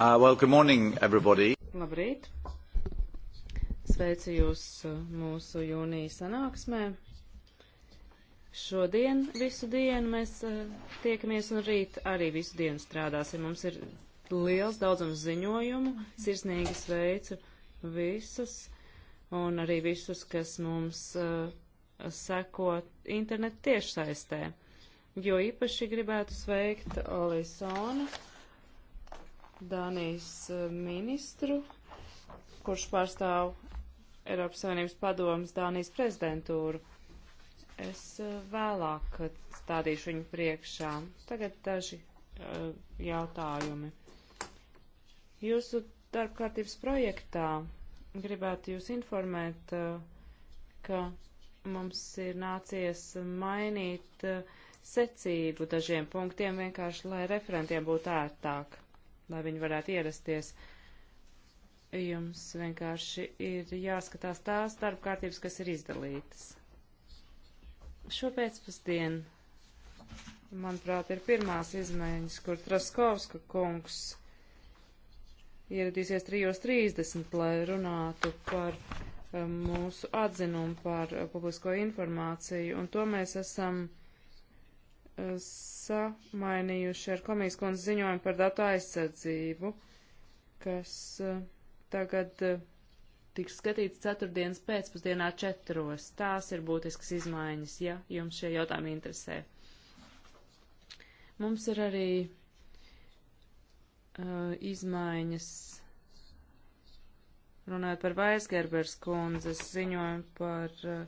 Uh, well, good morning, everybody. Labrīt. Sveicu jūs uh, mūsu jūnija sanāksmē. Šodien visu dienu mēs uh, tiekamies un rīt arī visu dienu strādāsim. Mums ir liels daudzums ziņojumu. Sirsnīgi sveicu visus un arī visus, kas mums uh, seko internetu tiešsaistē. Jo īpaši gribētu sveikt Olisonu Dānijas eh, ministru, kurš pārstāv Eiropas Savienības padomas Dānijas prezidentūru. Es eh, vēlāk stādīšu viņu priekšā. Tagad daži uh, jautājumi. Jūsu darbkārtības projektā gribētu jūs informēt, uh, ka mums ir nācies mainīt uh, secību dažiem punktiem vienkārši, lai referentiem būtu ērtāk lai viņi varētu ierasties. Jums vienkārši ir jāskatās tās darba kārtības, kas ir izdalītas. Šo pēcpusdienu, manuprāt, ir pirmās izmaiņas, kur Traskovska kungs ieradīsies 3.30, lai runātu par um, mūsu atzinumu par uh, publisko informāciju, un to mēs esam samainījuši ar komijas kundzes ziņojumu par datu aizsardzību, kas e, tagad e, tiks skatīts ceturtdienas pēcpusdienā četros. Tās ir būtiskas izmaiņas, ja jums šie jautājumi interesē. Mums ir arī uh, izmaiņas, runājot par Vaisgerbers kundzes ziņojumu par uh,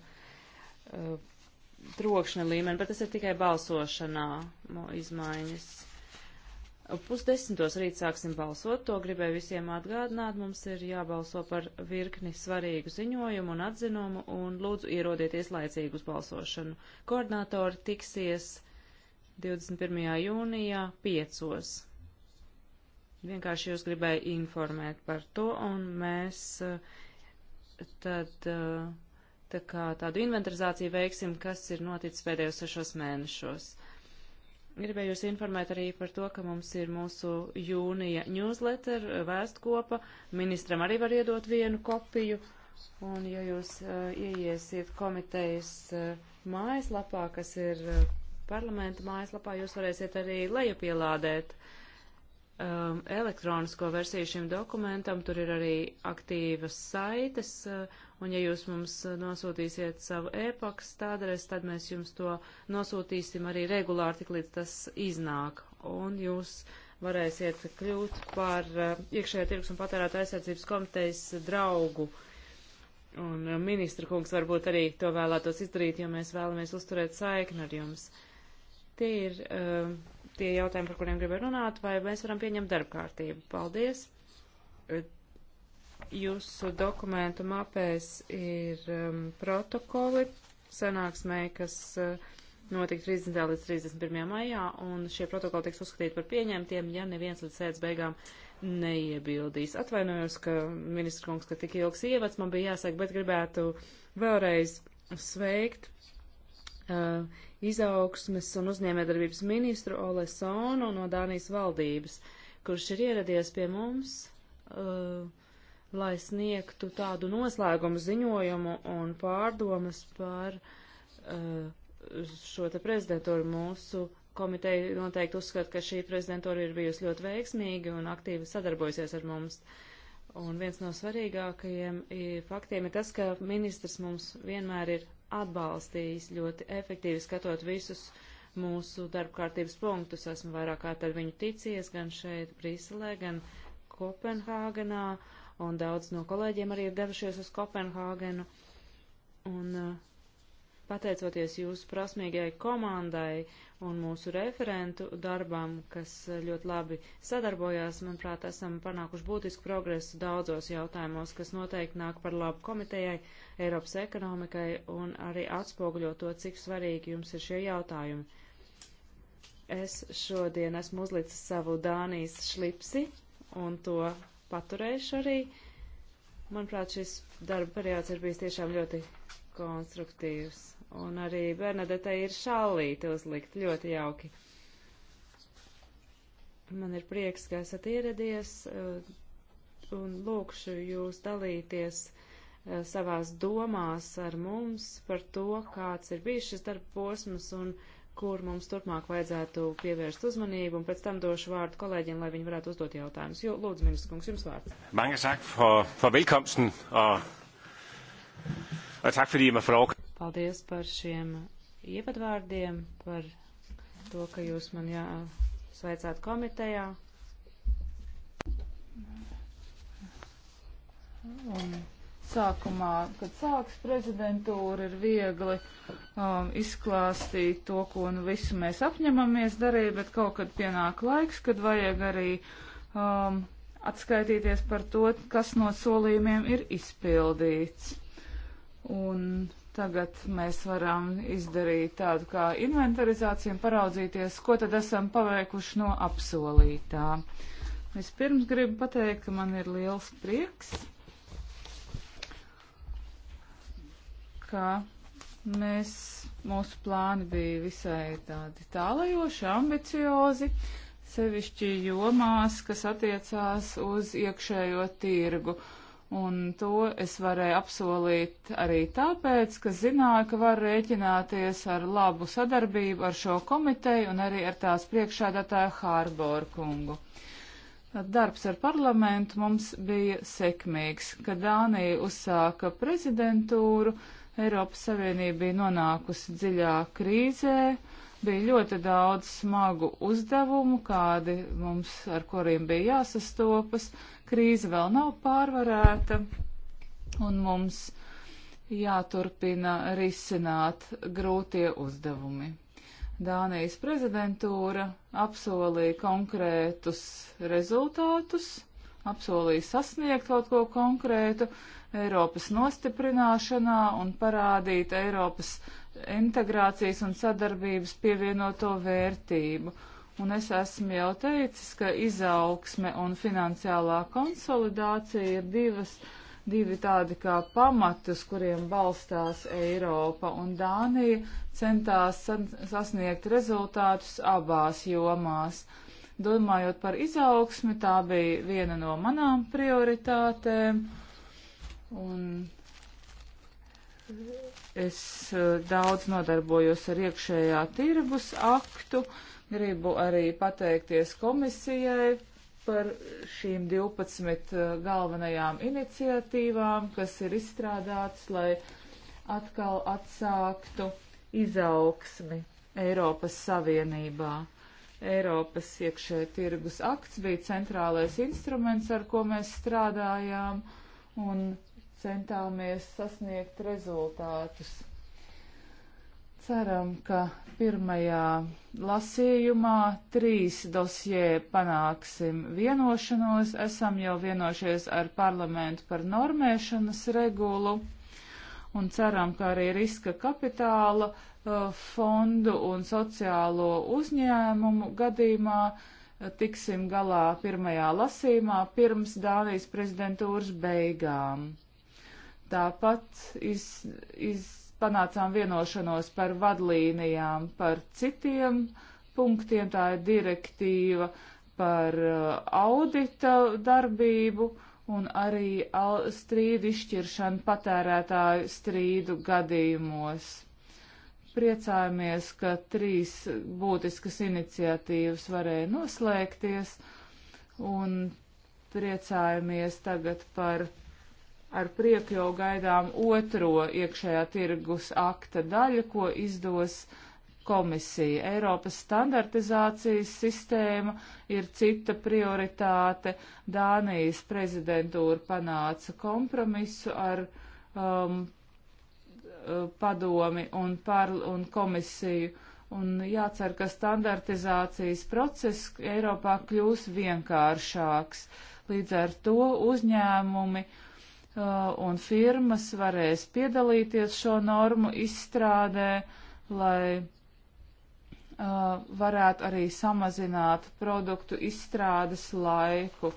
trokšņa līmeni, bet tas ir tikai balsošanā izmaiņas. Pusdesmitos rīt sāksim balsot, to gribēju visiem atgādināt. Mums ir jābalso par virkni svarīgu ziņojumu un atzinumu, un lūdzu ierodieties laicīgi uz balsošanu. Koordinātori tiksies 21. jūnijā 5. Vienkārši jūs gribēju informēt par to, un mēs eh, tad. Uh, tā kā tādu inventarizāciju veiksim, kas ir noticis pēdējos sešos mēnešos. Gribēju jūs informēt arī par to, ka mums ir mūsu jūnija newsletter eh, vēstkopa. Ministram arī var iedot vienu kopiju. Un ja jūs uh, ieiesiet komitejas uh, mājaslapā, kas ir uh, parlamenta mājaslapā, jūs varēsiet arī lejupielādēt um, elektronisko versiju šim dokumentam. Tur ir arī aktīvas saites. Uh, Un ja jūs mums nosūtīsiet savu e-pakstu adresi, tad mēs jums to nosūtīsim arī regulāri, tik līdz tas iznāk. Un jūs varēsiet kļūt par eh, iekšējā tirgus un patērētāja aizsardzības komitejas draugu. Un eh, ministra kungs varbūt arī to vēlētos izdarīt, jo mēs vēlamies uzturēt saikni ar jums. Tie ir uh, tie jautājumi, par kuriem gribēju runāt, vai mēs varam pieņemt darbkārtību. Paldies! Jūsu dokumentu mapēs ir um, protokoli sanāksmē, kas uh, notika 30. līdz 31. maijā, un šie protokoli tiks uzskatīti par pieņemtiem, ja neviens līdz sēdz beigām neiebildīs. Atvainojos, ka ministra kungs, ka tik ilgs ievads man bija jāsaka, bet gribētu vēlreiz sveikt uh, izaugsmes un uzņēmēdarbības ministru Olesonu no Dānijas valdības, kurš ir ieradies pie mums. Uh, lai sniegtu tādu noslēgumu ziņojumu un pārdomas par uh, šo te prezidentūru. Mūsu komiteja noteikti uzskata, ka šī prezidentūra ir bijusi ļoti veiksmīga un aktīvi sadarbojusies ar mums. Un viens no svarīgākajiem faktiem ir tas, ka ministrs mums vienmēr ir atbalstījis ļoti efektīvi skatot visus mūsu darbkārtības punktus. Esmu vairāk kārt ar viņu ticies gan šeit, Brīselē, gan Kopenhāganā. Uh, un daudz no kolēģiem arī ir devušies uz Kopenhāgenu. Un uh, pateicoties jūsu prasmīgajai komandai un mūsu referentu darbam, kas uh, ļoti labi sadarbojās, manuprāt, esam panākuši būtisku progresu daudzos jautājumos, kas noteikti nāk par labu komitejai, Eiropas ekonomikai un arī atspoguļo to, cik svarīgi jums ir šie jautājumi. Es šodien esmu uzlicis savu Dānijas šlipsi un to paturējuši arī. Manuprāt, šis darba periods ir bijis tiešām ļoti konstruktīvs. Un arī Bernadete ir šallīti uzlikt ļoti jauki. Man ir prieks, ka esat ieradies uh, un lūkšu jūs dalīties uh, savās domās ar mums par to, kāds ir bijis šis darba posms un uh, kur mums turpmāk vajadzētu pievērst uzmanību, un pēc tam došu vārdu kolēģiem, lai viņi varētu uzdot jautājumus. Jo, lūdzu, ministrs kungs, jums vārds. Mange tak for, for velkomsten, og, og tak fordi man får lov. Paldies par šiem ievadvārdiem, par to, ka jūs man jā, sveicāt komitejā. Un sākumā, kad sāks prezidentūra, ir viegli um, izklāstīt to, ko nu visu mēs apņemamies darīt, bet kaut kad pienāk laiks, kad vajag arī um, atskaitīties par to, kas no solījumiem ir izpildīts. Un tagad mēs varam izdarīt tādu kā inventarizāciju un paraudzīties, ko tad esam paveikuši no apsolītā. Vispirms gribu pateikt, ka man ir liels prieks ka mēs, mūsu plāni bija visai tādi tālajoši, ambiciozi, sevišķi jomās, kas attiecās uz iekšējo tirgu. Un to es varēju apsolīt arī tāpēc, ka zināju, ka var rēķināties ar labu sadarbību ar šo komiteju un arī ar tās priekšādātāju Hārboru kungu. Darbs ar parlamentu mums bija sekmīgs, kad Dānija uzsāka prezidentūru, uh, Eiropas Savienība bija nonākusi dziļā krīzē, bija ļoti daudz smagu uzdevumu, kādi mums ar kuriem bija jāsastopas. Krīze vēl nav pārvarēta un mums jāturpina risināt grūtie uzdevumi. Dānijas prezidentūra apsolīja konkrētus rezultātus, apsolīja sasniegt kaut ko konkrētu, Eiropas nostiprināšanā un parādīt Eiropas integrācijas un sadarbības pievienoto vērtību. Un es esmu jau teicis, ka izaugsme un finansiālā konsolidācija ir divas, divi tādi kā pamati, uz kuriem balstās Eiropa, un Dānija centās sasniegt rezultātus abās jomās. Domājot par izaugsmi, tā bija viena no manām prioritātēm. Un es eh, daudz nodarbojos ar iekšējā tirgus aktu. Gribu arī pateikties komisijai par šīm 12 eh, galvenajām iniciatīvām, kas ir izstrādāts, lai atkal atsāktu izaugsmi Eiropas Savienībā. Eiropas iekšē tirgus akts bija centrālais instruments, ar ko mēs strādājām, un centāmies sasniegt rezultātus. Ceram, ka pirmajā lasījumā trīs dosjē panāksim vienošanos. Esam jau vienošies ar parlamentu par normēšanas regulu un ceram, ka arī riska kapitāla uh, fondu un sociālo uzņēmumu gadījumā uh, tiksim galā pirmajā lasīmā pirms Dānijas prezidentūras beigām. Tāpat iz, iz, panācām vienošanos par vadlīnijām, par citiem punktiem. Tā ir direktīva par uh, audita darbību un arī strīdu izšķiršanu patērētāju strīdu gadījumos priecājamies, ka trīs būtiskas iniciatīvas varēja noslēgties un priecājamies tagad par ar prieku jau gaidām otro iekšējā tirgus akta daļu, ko izdos komisija. Eiropas standartizācijas sistēma ir cita prioritāte. Dānijas prezidentūra panāca kompromisu ar um, padomi un, par, un komisiju. Un jācer, ka standartizācijas process Eiropā kļūs vienkāršāks. Līdz ar to uzņēmumi uh, Uh, un firmas varēs piedalīties šo normu izstrādē, lai uh, varētu arī samazināt produktu izstrādes laiku.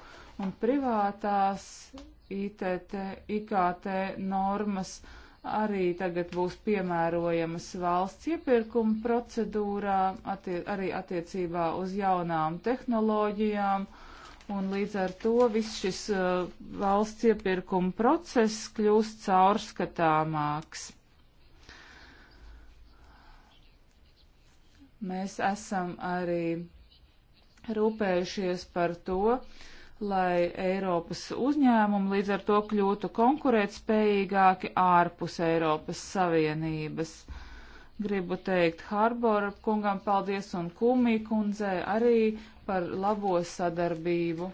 Un privātās ITT, IKT normas arī tagad būs piemērojamas valsts iepirkuma procedūrā, attie arī attiecībā uz jaunām tehnoloģijām un līdz ar to viss šis uh, valsts iepirkuma process kļūst caurskatāmāks. Mēs esam arī rūpējušies par to, lai Eiropas uzņēmumi līdz ar to kļūtu konkurētspējīgāki ārpus Eiropas Savienības. Gribu teikt Harbora kungam paldies un Kumī kundzei arī par labo sadarbību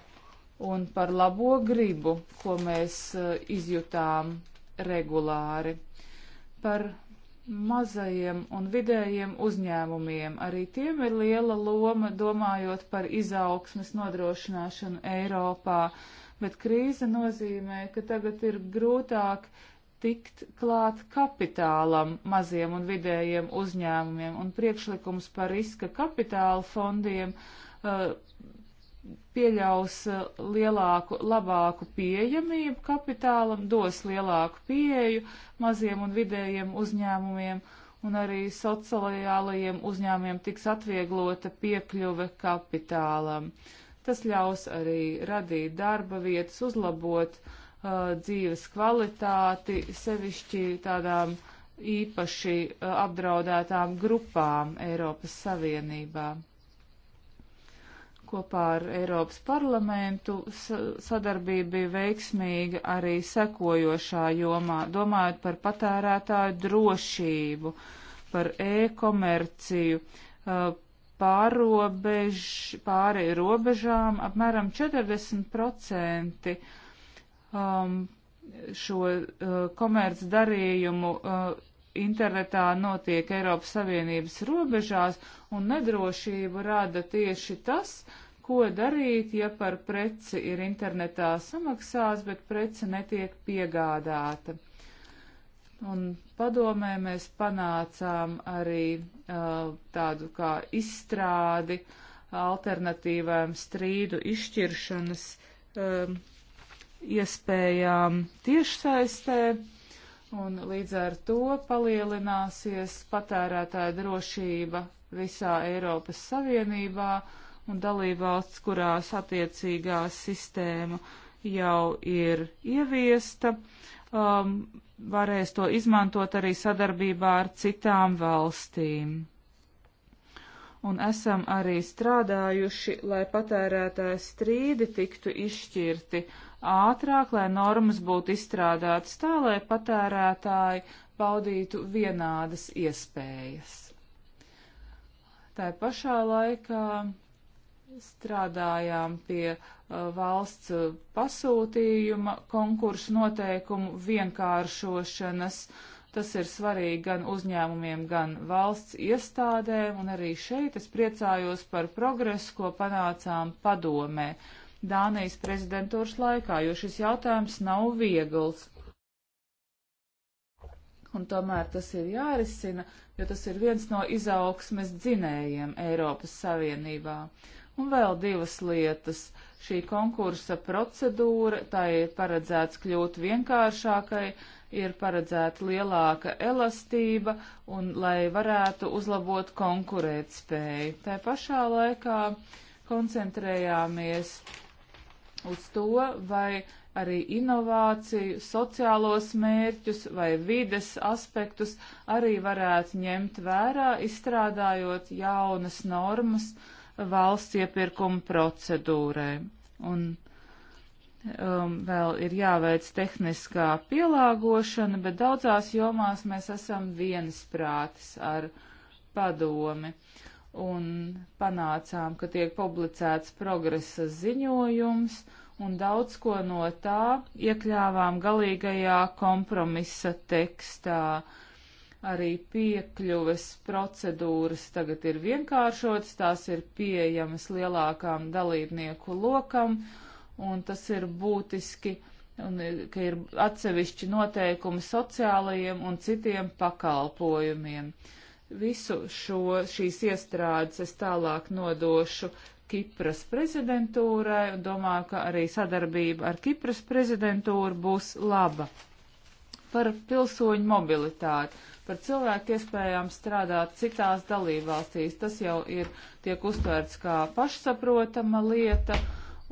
un par labo gribu, ko mēs eh, izjutām regulāri. Par mazajiem un vidējiem uzņēmumiem arī tiem ir liela loma, domājot par izaugsmes nodrošināšanu Eiropā, bet krīze nozīmē, ka tagad ir grūtāk tikt klāt kapitālam maziem un vidējiem uzņēmumiem, un priekšlikums par riska kapitāla fondiem pieļaus eh, lielāku, labāku pieejamību kapitālam, dos lielāku pieeju maziem un vidējiem uzņēmumiem, un arī sociālajiem uzņēmumiem tiks atvieglota piekļuve kapitālam. Tas ļaus arī radīt darba vietas, uzlabot uh, dzīves kvalitāti, sevišķi tādām īpaši uh, apdraudētām grupām Eiropas Savienībā kopā ar Eiropas parlamentu sadarbība bija veiksmīga arī sekojošā jomā, domājot par patērētāju drošību, par e-komerciju, eh, pārobež, pāri robežām apmēram 40% um, šo eh, komerc darījumu eh, internetā notiek Eiropas Savienības robežās, un nedrošību rada tieši tas, ko darīt, ja par preci ir internetā samaksās, bet preci netiek piegādāta. Un padomē mēs panācām arī uh, tādu kā izstrādi alternatīvām strīdu izšķiršanas um, iespējām tiešsaistē, un līdz ar to palielināsies patērētāja drošība visā Eiropas Savienībā. Uh, un dalībvalsts, kurās attiecīgā sistēma jau ir ieviesta, um, varēs to izmantot arī sadarbībā ar citām valstīm. Un esam arī strādājuši, lai patērētāju strīdi tiktu izšķirti ātrāk, lai normas būtu izstrādātas tā, lai patērētāji baudītu vienādas iespējas. Tā pašā laikā strādājām pie uh, valsts uh, pasūtījuma konkursu noteikumu vienkāršošanas. Tas ir svarīgi gan uzņēmumiem, gan valsts iestādēm, un arī šeit es priecājos par progresu, ko panācām padomē Dānijas prezidentūras laikā, jo šis jautājums nav viegls. Un tomēr tas ir jārisina, jo tas ir viens no izaugsmes dzinējiem Eiropas Savienībā. Uh, Un vēl divas lietas. Šī konkursa procedūra, tā ir paredzēts kļūt vienkāršākai, ir paredzēta lielāka elastība un lai varētu uzlabot konkurētspēju. Tā pašā laikā koncentrējāmies uz to, vai arī inovāciju, sociālos mērķus vai vides aspektus arī varētu ņemt vērā, izstrādājot jaunas normas valsts iepirkuma procedūrai. Un um, vēl ir jāveic tehniskā pielāgošana, bet daudzās jomās mēs esam viensprātis ar padomi un panācām, ka tiek publicēts progresa ziņojums un daudz ko no tā iekļāvām galīgajā kompromisa tekstā. Uh, Arī piekļuves procedūras tagad ir vienkāršotas, tās ir pieejamas lielākām dalībnieku lokam, un tas ir būtiski, un, eh, ka ir atsevišķi noteikumi sociālajiem un citiem pakalpojumiem. Visu šo, šīs iestrādes es tālāk nodošu Kipras prezidentūrai un domāju, ka arī sadarbība ar Kipras prezidentūru būs laba. Par pilsoņu mobilitāti par cilvēku iespējām strādāt citās dalībvalstīs. Tas jau ir tiek uztvērts kā pašsaprotama lieta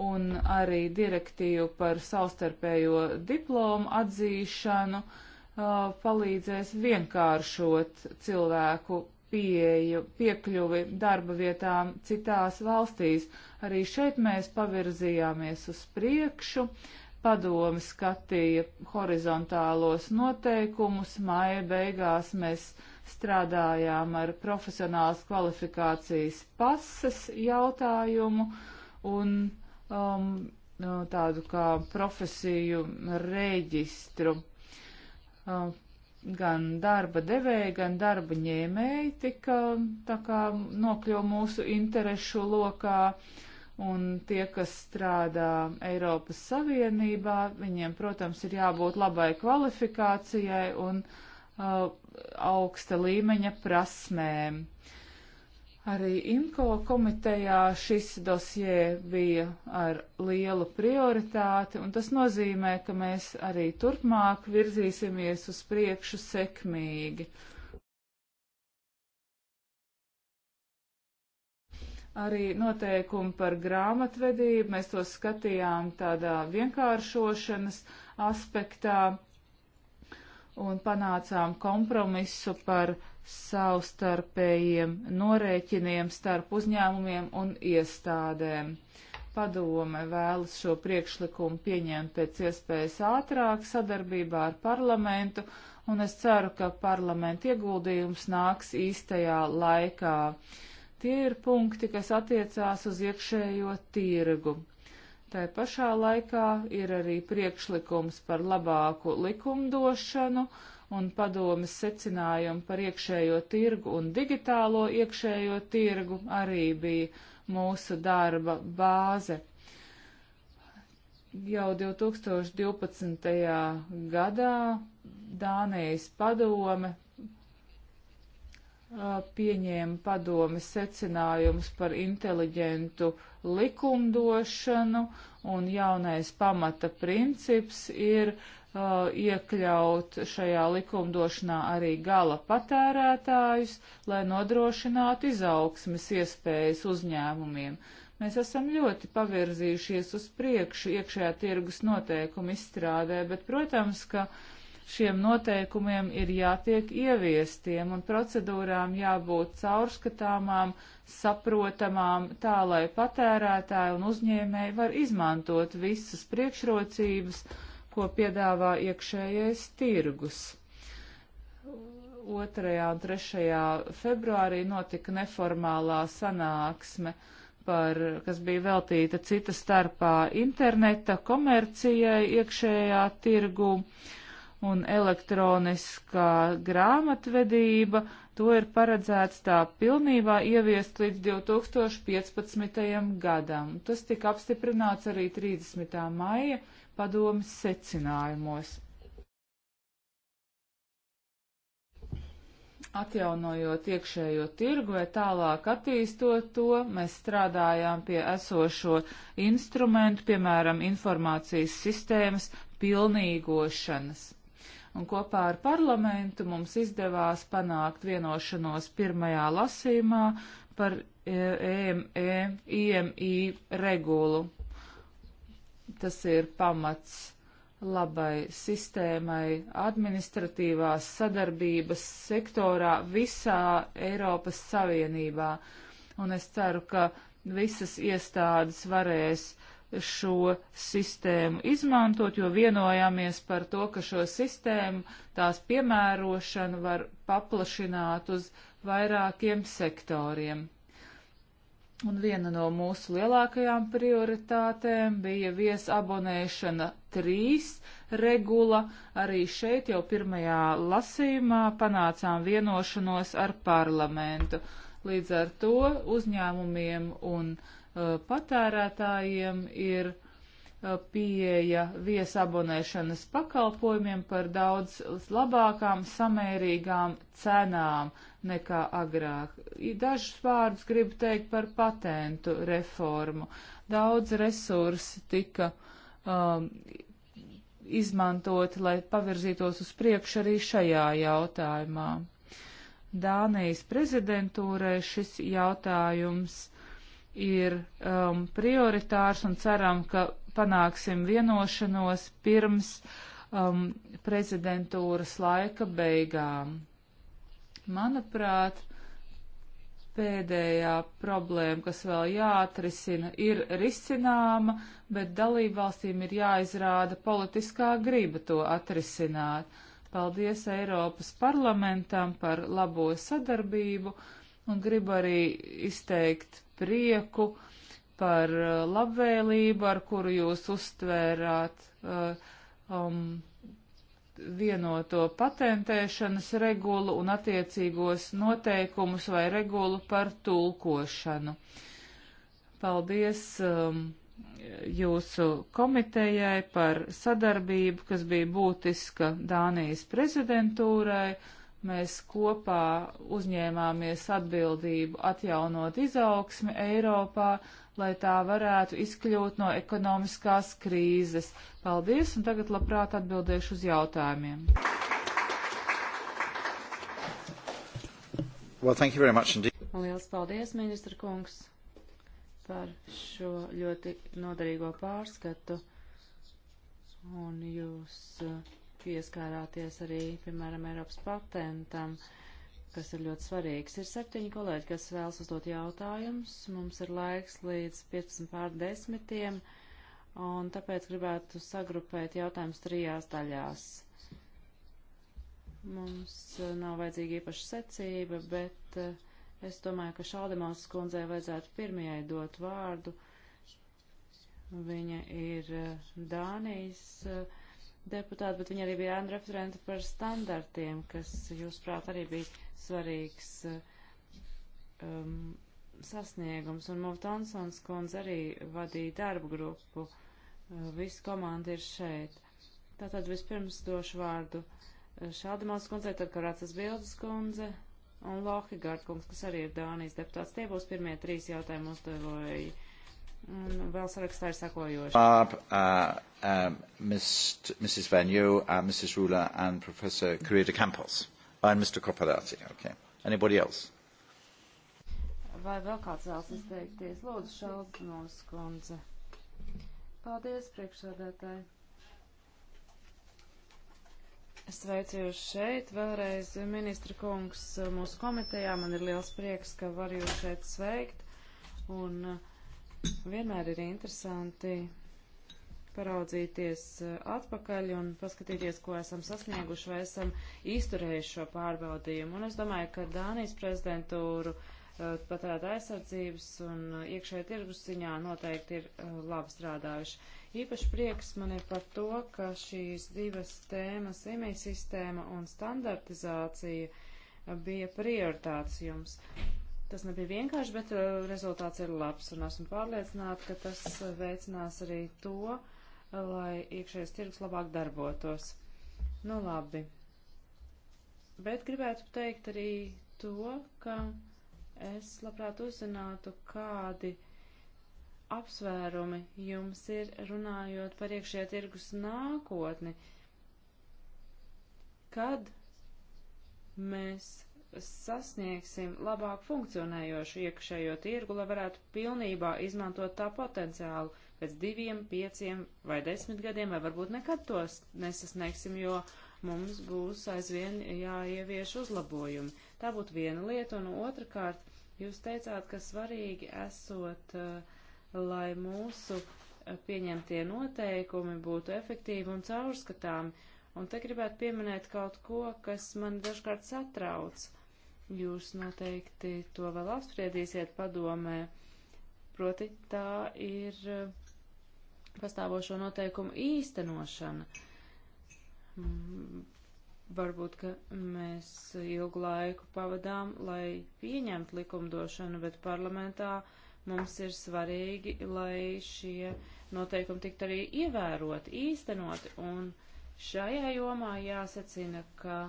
un arī direktīvu par savstarpējo diplomu atzīšanu uh, palīdzēs vienkāršot cilvēku pieeju, piekļuvi darba vietām citās valstīs. Arī šeit mēs pavirzījāmies uz priekšu. Uh, Padome skatīja horizontālos noteikumus, maija beigās mēs strādājām ar profesionālas kvalifikācijas pases jautājumu un um, tādu kā profesiju reģistru. Um, gan darba devēji, gan darba ņēmēji tika tā kā nokļuva mūsu interešu lokā. Uh, un tie, kas strādā Eiropas Savienībā, viņiem, protams, ir jābūt labai kvalifikācijai un uh, augsta līmeņa prasmēm. Arī IMCO komitejā šis dosie bija ar lielu prioritāti, un tas nozīmē, ka mēs arī turpmāk virzīsimies uz priekšu sekmīgi. Uh, Arī noteikumi par grāmatvedību, mēs to skatījām tādā vienkāršošanas aspektā un panācām kompromisu par savstarpējiem norēķiniem starp uzņēmumiem un iestādēm. Padome vēlas šo priekšlikumu pieņemt pēc iespējas ātrāk sadarbībā ar parlamentu, un es ceru, ka parlamenta ieguldījums nāks īstajā laikā. Uh, Tie ir punkti, kas attiecās uz iekšējo tirgu. Tā pašā laikā ir arī priekšlikums par labāku likumdošanu un padomas secinājumu par iekšējo tirgu un digitālo iekšējo tirgu arī bija mūsu darba bāze. Jau 2012. gadā Dānijas padome pieņēma padomi secinājumus par inteliģentu likumdošanu, un jaunais pamata princips ir uh, iekļaut šajā likumdošanā arī gala patērētājus, lai nodrošinātu izaugsmes iespējas uzņēmumiem. Mēs esam ļoti pavirzījušies uz priekšu iekšējā tirgus noteikumu izstrādē, bet, protams, ka uh, šiem noteikumiem ir jātiek ieviestiem un procedūrām jābūt caurskatāmām, saprotamām, tā lai patērētāji un uzņēmēji var izmantot visas priekšrocības, ko piedāvā iekšējais tirgus. 2. un 3. februārī notika neformālā sanāksme par, kas bija veltīta cita starpā interneta komercijai iekšējā tirgu. Uh, un elektroniskā grāmatvedība, to ir paredzēts tā pilnībā ieviest līdz 2015. gadam. Tas tika apstiprināts arī 30. maija padomas secinājumos. Atjaunojot iekšējo tirgu vai tālāk attīstot to, mēs strādājām pie esošo instrumentu, piemēram, informācijas sistēmas pilnīgošanas un kopā ar parlamentu mums izdevās panākt vienošanos pirmajā lasīmā par EME, e IMI regulu. Tas ir pamats labai sistēmai administratīvās sadarbības sektorā visā Eiropas Savienībā. Un es ceru, ka visas iestādes varēs uh, šo sistēmu izmantot, jo vienojāmies par to, ka šo sistēmu tās piemērošanu var paplašināt uz vairākiem sektoriem. Un viena no mūsu lielākajām prioritātēm bija viesabonēšana 3 regula. Arī šeit jau pirmajā lasījumā panācām vienošanos ar parlamentu. Līdz ar to uzņēmumiem un uh, Uh, patērētājiem ir uh, pieeja viesabonēšanas pakalpojumiem par daudz labākām, samērīgām cenām nekā agrāk. Dažus vārdus gribu teikt par patentu reformu. Daudz resursi tika um, izmantoti, lai pavirzītos uz priekšu arī šajā jautājumā. Dānijas prezidentūrē šis jautājums ir um, prioritārs un ceram, ka panāksim vienošanos pirms um, prezidentūras laika beigām. Manuprāt, pēdējā problēma, kas vēl jāatrisina, ir risināma, bet dalībvalstīm ir jāizrāda politiskā griba to atrisināt. Paldies Eiropas parlamentam par labo sadarbību un gribu arī izteikt prieku, par uh, labvēlību, ar kuru jūs uztvērāt uh, um, vienoto patentēšanas regulu un attiecīgos noteikumus vai regulu par tulkošanu. Paldies um, jūsu komitejai par sadarbību, kas bija būtiska Dānijas prezidentūrai Mēs kopā uzņēmāmies atbildību atjaunot izaugsmi Eiropā, lai tā varētu izkļūt no ekonomiskās krīzes. Paldies, un tagad labprāt atbildēšu uz jautājumiem. Well, thank you very much indeed. Liels paldies, ministra kungs, par šo ļoti noderīgo pārskatu. Un jūs uh, pieskārāties arī, piemēram, Eiropas patentam, kas ir ļoti svarīgs. Ir septiņi kolēģi, kas vēlas uzdot jautājumus. Mums ir laiks līdz 15 pār desmitiem, un tāpēc gribētu sagrupēt jautājumus trijās daļās. Mums eh, nav vajadzīga īpaša secība, bet eh, es domāju, ka Šaldemās skundzei vajadzētu pirmajai dot vārdu. Viņa ir eh, Dānijas uh, deputāti, bet viņa arī bija ēna referente par standartiem, kas, jūsuprāt, arī bija svarīgs eh, um, sasniegums. Un Mov Tonsons kundze arī vadīja darbu grupu. Eh, Visi komandi ir šeit. Tātad vispirms došu vārdu eh, Šaldemās kundzei, tad Karācas Bildes kundze un Lohigārd kungs, kas arī ir Dānijas deputāts. Tie būs pirmie trīs jautājumu uzdevoji Un vēl sarakstā ir sakojoši. Barb, uh, um, Mr, Mrs. Venue, uh, Mrs. Rula and Professor Correa de Campos. And Mr. Copperati. Okay. Anybody else? Vai vēl kāds vēlas izteikties? Lūdzu, Šaldinos kundze. Paldies, priekšsādātāji. Sveicu jūs šeit. Vēlreiz, ministra kungs, mūsu komitejā man ir liels prieks, ka var jūs šeit sveikt. Un uh, Vienmēr ir interesanti paraudzīties eh, atpakaļ un paskatīties, ko esam sasnieguši vai esam izturējuši šo pārbaudījumu. Un es domāju, ka Dānijas prezidentūru eh, patērēta aizsardzības un iekšējā tirgus ziņā noteikti ir eh, labi strādājuši. Īpaši prieks man ir par to, ka šīs divas tēmas, emisijas sistēma un standartizācija, bija prioritāts jums. Tas nebija vienkārši, bet uh, rezultāts ir labs, un esmu pārliecināta, ka tas uh, veicinās arī to, uh, lai iekšējais tirgus labāk darbotos. Nu labi. Bet gribētu teikt arī to, ka es labprāt uzzinātu, kādi apsvērumi jums ir runājot par iekšējā tirgus nākotni. Kad mēs sasniegsim labāk funkcionējošu iekšējo tirgu, lai varētu pilnībā izmantot tā potenciālu pēc diviem, pieciem vai desmit gadiem, vai varbūt nekad tos nesasniegsim, jo mums būs aizvien jāievieš uzlabojumi. Tā būtu viena lieta, un otrkārt, jūs teicāt, ka svarīgi esot, eh, lai mūsu eh, pieņemtie noteikumi būtu efektīvi un caurskatāmi, un te gribētu pieminēt kaut ko, kas man dažkārt satrauc. Uh, Jūs noteikti to vēl apspriedīsiet padomē. Proti tā ir eh, pastāvošo noteikumu īstenošana. Mm, varbūt, ka mēs ilgu laiku pavadām, lai pieņemtu likumdošanu, bet parlamentā mums ir svarīgi, lai šie noteikumi tiktu arī ievēroti, īstenoti. Un šajā jomā jāsacina, ka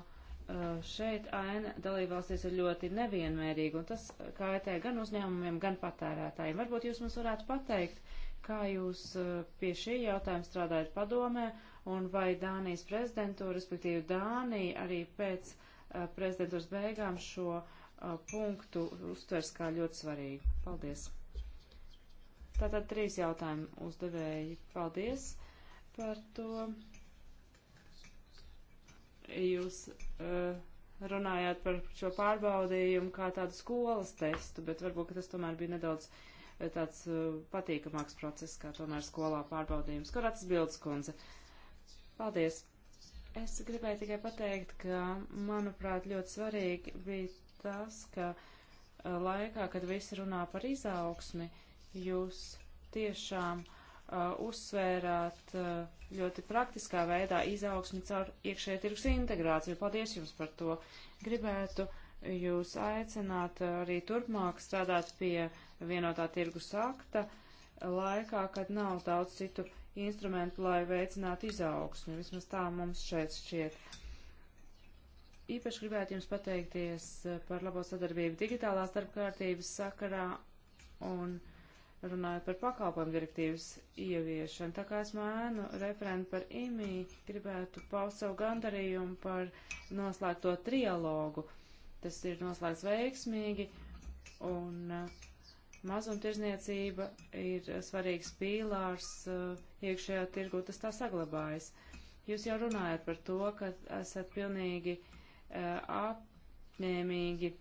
Eh, šeit aina dalībvalstīs ir ļoti nevienmērīga, un tas kaitē gan uzņēmumiem, gan patērētājiem. Varbūt jūs mums varētu pateikt, kā jūs eh, pie šī jautājuma strādājat padomē, un vai Dānijas prezidentūra, respektīvi Dānija, arī pēc eh, prezidentūras beigām šo punktu uztvers kā ļoti svarīgu. Paldies! Tātad trīs jautājumu uzdevēji. Paldies par to! Jūs uh, runājāt par šo pārbaudījumu kā tādu skolas testu, bet varbūt tas tomēr bija nedaudz eh, tāds uh, patīkamāks process, kā tomēr skolā pārbaudījums. Kur atsbildes, kundze? Paldies! Es gribēju tikai pateikt, ka, manuprāt, ļoti svarīgi bija tas, ka uh, laikā, kad visi runā par izaugsmi, jūs tiešām uh, Uh, uzsvērāt uh, ļoti praktiskā veidā izaugsmi caur iekšējā tirgus integrāciju. Paldies jums par to. Gribētu jūs aicināt arī turpmāk strādāt pie vienotā tirgus akta laikā, kad nav daudz citu instrumentu, lai veicinātu izaugsmi. Vismaz tā mums šeit šķiet. Īpaši gribētu jums pateikties par labo sadarbību digitālās darbkārtības sakarā un runājot par pakalpojumu direktīvas ieviešanu. Tā kā es mēnu referentu par IMI, gribētu paust savu gandarījumu par noslēgto trialogu. Tas ir noslēgts veiksmīgi, un uh, mazumtirzniecība ir svarīgs pīlārs uh, iekšējā tirgu, tas tā saglabājas. Jūs jau runājat par to, ka esat pilnīgi uh, apņēmīgi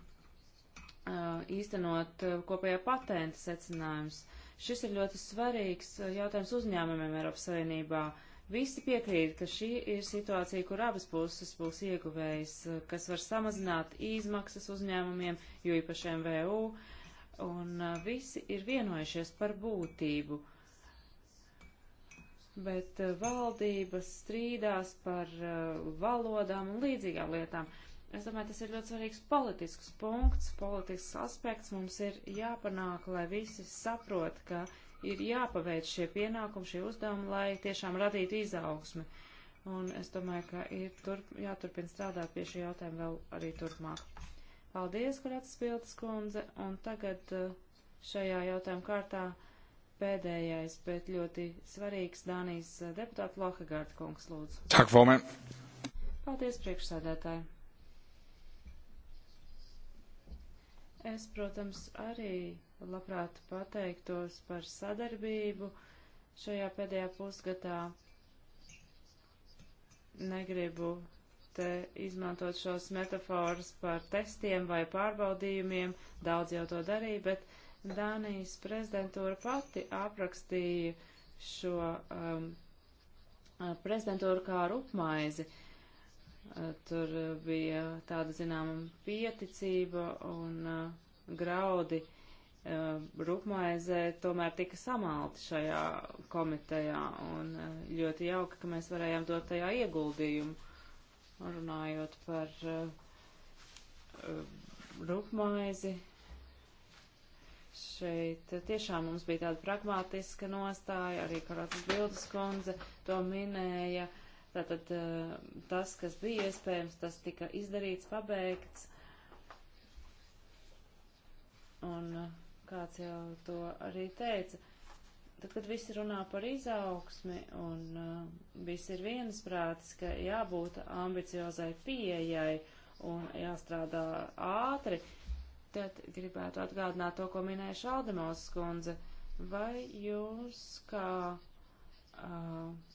īstenot kopējā patenta secinājumus. Šis ir ļoti svarīgs jautājums uzņēmumiem Eiropas Savienībā. Visi piekrīt, ka šī ir situācija, kur abas puses būs ieguvējis, kas var samazināt izmaksas uzņēmumiem, jo īpaši MVU, un visi ir vienojušies par būtību. Bet valdības strīdās par valodām un līdzīgām lietām. Uh, Es domāju, tas ir ļoti svarīgs politisks punkts, politisks aspekts. Mums ir jāpanāk, lai visi saprot, ka ir jāpaveic šie pienākumi, šie uzdevumi, lai tiešām radītu izaugsmi. Un es domāju, ka ir turp, jāturpina strādāt pie šī jautājuma vēl arī turpmāk. Paldies, Kurats Spiltas kundze, un tagad eh, šajā jautājuma kārtā pēdējais, bet ļoti svarīgs Dānijas eh, deputāta Lohegārda kungs lūdzu. Tak, Paldies, priekšsēdētāji! Es, protams, arī labprāt pateiktos par sadarbību šajā pēdējā pusgadā. Negribu te izmantot šos metaforus par testiem vai pārbaudījumiem, daudz jau to darīja, bet Dānijas prezidentūra pati aprakstīja šo um, prezidentūru kā rupmaizi. Uh, Tur bija tāda zināma pieticība un uh, graudi uh, rūpmaizē tomēr tika samalti šajā komitejā un uh, ļoti jauki, ka mēs varējām dot tajā ieguldījumu, runājot par rūpmaizi. Šeit tiešām mums bija tāda pragmātiska nostāja, arī Karotas Bildes kundze to minēja. Uh, Tātad eh, tas, kas bija iespējams, tas tika izdarīts, pabeigts. Un eh, kāds jau to arī teica, tad, kad visi runā par izaugsmi un eh, visi ir viensprātis, ka jābūt ambiciozai pieejai un jāstrādā ātri, tad gribētu atgādināt to, ko minēja Šaldemos skundze. Vai jūs kā uh,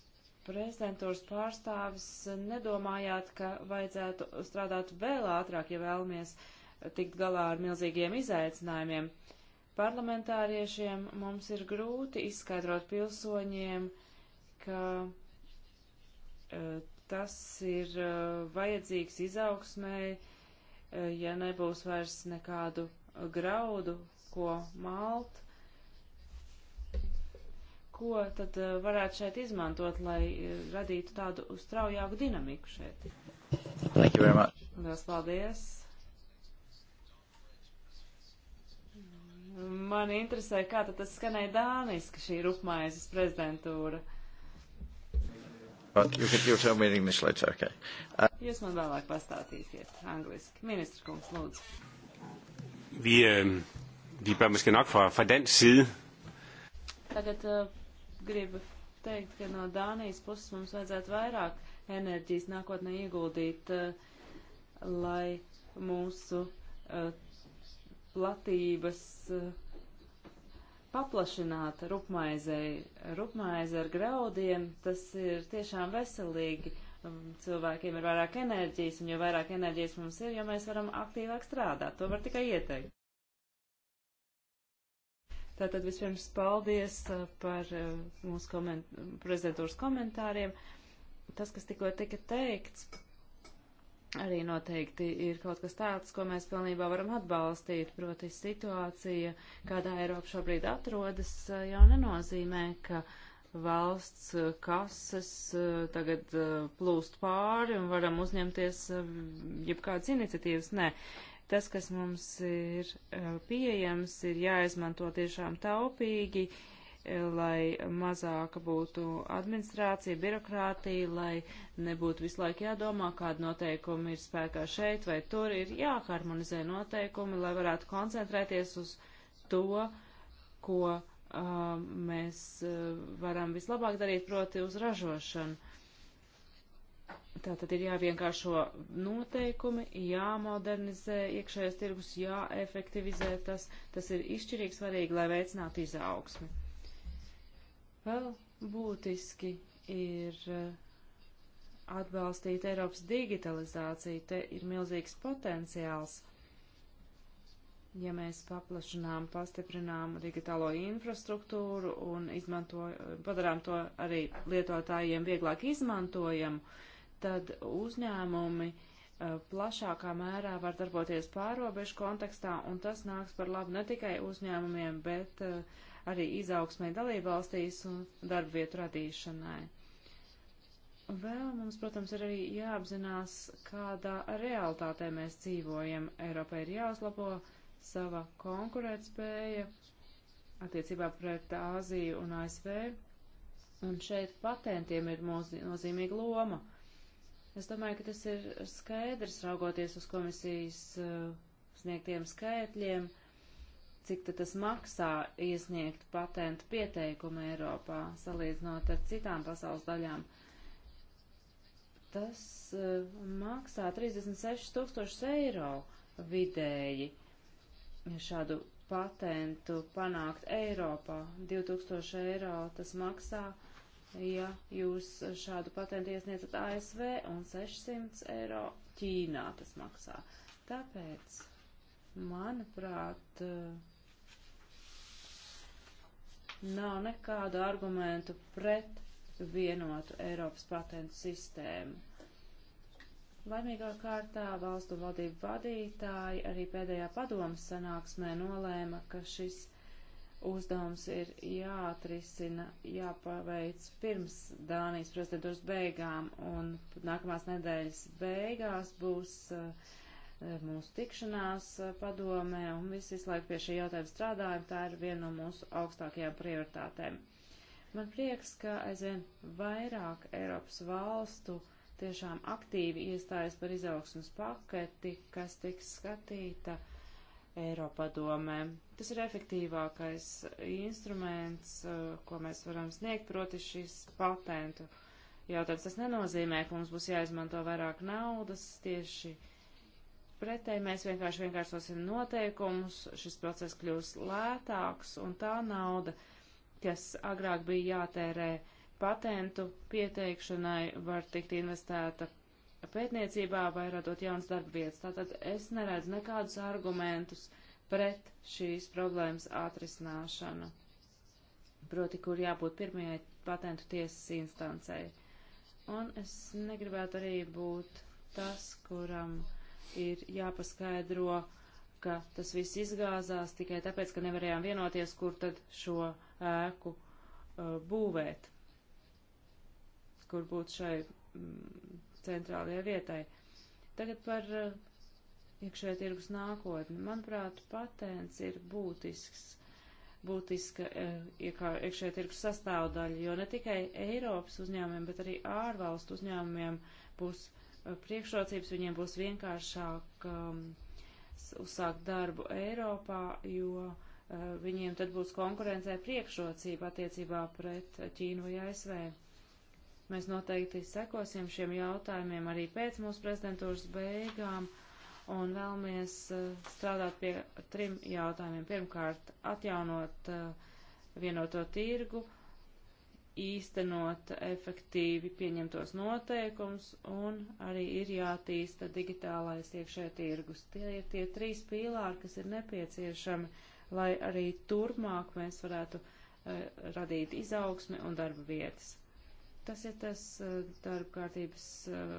prezidentūras pārstāvis, nedomājāt, ka vajadzētu strādāt vēl ātrāk, ja vēlamies tikt galā ar milzīgiem izaicinājumiem. Parlamentāriešiem mums ir grūti izskaidrot pilsoņiem, ka eh, tas ir eh, vajadzīgs izaugsmēji, eh, ja nebūs vairs nekādu graudu, ko malt ko tad eh, varētu šeit izmantot, lai eh, radītu tādu straujāku dinamiku šeit? Thank you very much. Lielas paldies. Man interesē, kā tad tas skanēja dāniski šī rupmaizes prezidentūra. But you could, you tell me in English later, okay. Uh, Jūs man vēlāk pastāstīsiet angliski. Ministra kungs, lūdzu. Vi, øh, vi bør måske nok fra, fra dansk side. Tagad eh, gribu teikt, ka no Dānijas puses mums vajadzētu vairāk enerģijas nākotnē ieguldīt, eh, lai mūsu eh, platības eh, paplašināta rupmaizei, rupmaize ar graudiem, tas ir tiešām veselīgi. Cilvēkiem ir vairāk enerģijas, un jo vairāk enerģijas mums ir, jo mēs varam aktīvāk strādāt. To var tikai ieteikt. Tātad vispirms paldies uh, par uh, mūsu koment prezidentūras komentāriem. Tas, kas tikko tika teikts, arī noteikti ir kaut kas tāds, ko mēs pilnībā varam atbalstīt. Proti situācija, kādā Eiropa šobrīd atrodas, uh, jau nenozīmē, ka valsts kases tagad plūst pāri un varam uzņemties jebkādas iniciatīvas. Nē, Tas, kas mums ir eh, pieejams, ir jāizmanto tiešām taupīgi, eh, lai mazāka būtu administrācija, birokrātija, lai nebūtu visu laiku jādomā, kāda noteikuma ir spēkā šeit vai tur. Ir jāharmonizē noteikumi, lai varētu koncentrēties uz to, ko uh, mēs uh, varam vislabāk darīt, proti uz ražošanu. Tātad ir jāvienkāršo noteikumi, jāmodernizē iekšējais tirgus, jāefektivizē tas. Tas ir izšķirīgi svarīgi, lai veicinātu izaugsmi. Vēl būtiski ir eh, atbalstīt Eiropas digitalizāciju. Te ir milzīgs potenciāls. Ja mēs paplašinām, pastiprinām digitālo infrastruktūru un padarām to arī lietotājiem vieglāk izmantojamu, tad uzņēmumi eh, plašākā mērā var darboties pārobežu kontekstā, un tas nāks par labu ne tikai uzņēmumiem, bet eh, arī izaugsmē dalībvalstīs un darba vietu radīšanai. Vēl mums, protams, ir arī jāapzinās, kādā realitātē mēs dzīvojam. Eiropai ir jāuzlabo sava konkurētspēja attiecībā pret Āziju un ASV, un šeit patentiem ir nozīmīga loma. Es domāju, ka tas ir skaidrs, raugoties uz komisijas uh, sniegtiem skaitļiem, cik tas maksā iesniegt patentu pieteikumu Eiropā, salīdzinot ar citām pasaules daļām. Tas uh, maksā 36 tūkstošus eiro vidēji šādu patentu panākt Eiropā. 2000 eiro tas maksā ja jūs šādu patentu iesniedzat ASV un 600 eiro Ķīnā tas maksā. Tāpēc, manuprāt, eh, nav nekādu argumentu pret vienotu Eiropas patentu sistēmu. Laimīgā kārtā valstu valdību vadītāji arī pēdējā padomas sanāksmē nolēma, ka šis uzdevums ir jāatrisina, jāpaveic pirms Dānijas prezidentūras beigām, un nākamās nedēļas beigās būs uh, mūsu tikšanās uh, padomē, un viss visu laiku pie šī jautājuma strādājam, tā ir viena no mūsu augstākajām prioritātēm. Man prieks, ka aizvien vairāk Eiropas valstu tiešām aktīvi iestājas par izaugsmas paketi, kas tiks skatīta uh, Eiropadomē. Tas ir efektīvākais instruments, eh, ko mēs varam sniegt, proti šis patentu jautājums. Tas nenozīmē, ka mums būs jāizmanto vairāk naudas tieši pretēji. Mēs vienkārši vienkāršosim noteikumus, šis process kļūs lētāks un tā nauda, kas agrāk bija jātērē patentu pieteikšanai, var tikt investēta pētniecībā vai radot jaunas darba vietas. Tātad es neredzu nekādus argumentus pret šīs problēmas atrisināšanu, proti, kur jābūt pirmajai patentu tiesas instancei. Un es negribētu arī būt tas, kuram ir jāpaskaidro, ka tas viss izgāzās tikai tāpēc, ka nevarējām vienoties, kur tad šo ēku uh, būvēt, kur būtu šai mm, centrālajai vietai. Tagad par eh, iekšējā tirgus nākotni. Manuprāt, patents ir būtisks, būtiska eh, iekšējā tirgus sastāvdaļa, jo ne tikai Eiropas uzņēmumiem, bet arī ārvalstu uzņēmumiem būs eh, priekšrocības, viņiem būs vienkāršāk um, uzsākt darbu Eiropā, jo uh, viņiem tad būs konkurencē priekšrocība attiecībā pret Ķīnu vai ASV. Mēs noteikti sekosim šiem jautājumiem arī pēc mūsu prezidentūras beigām un vēlamies eh, strādāt pie trim jautājumiem. Pirmkārt, atjaunot eh, vienoto tirgu, īstenot efektīvi pieņemtos noteikums un arī ir jātīsta digitālais iekšē tirgus. Tie ir tie trīs pīlāri, kas ir nepieciešami, lai arī turpmāk mēs varētu eh, radīt izaugsmi un darba vietas. Tas ir tas eh, darbkārtības eh,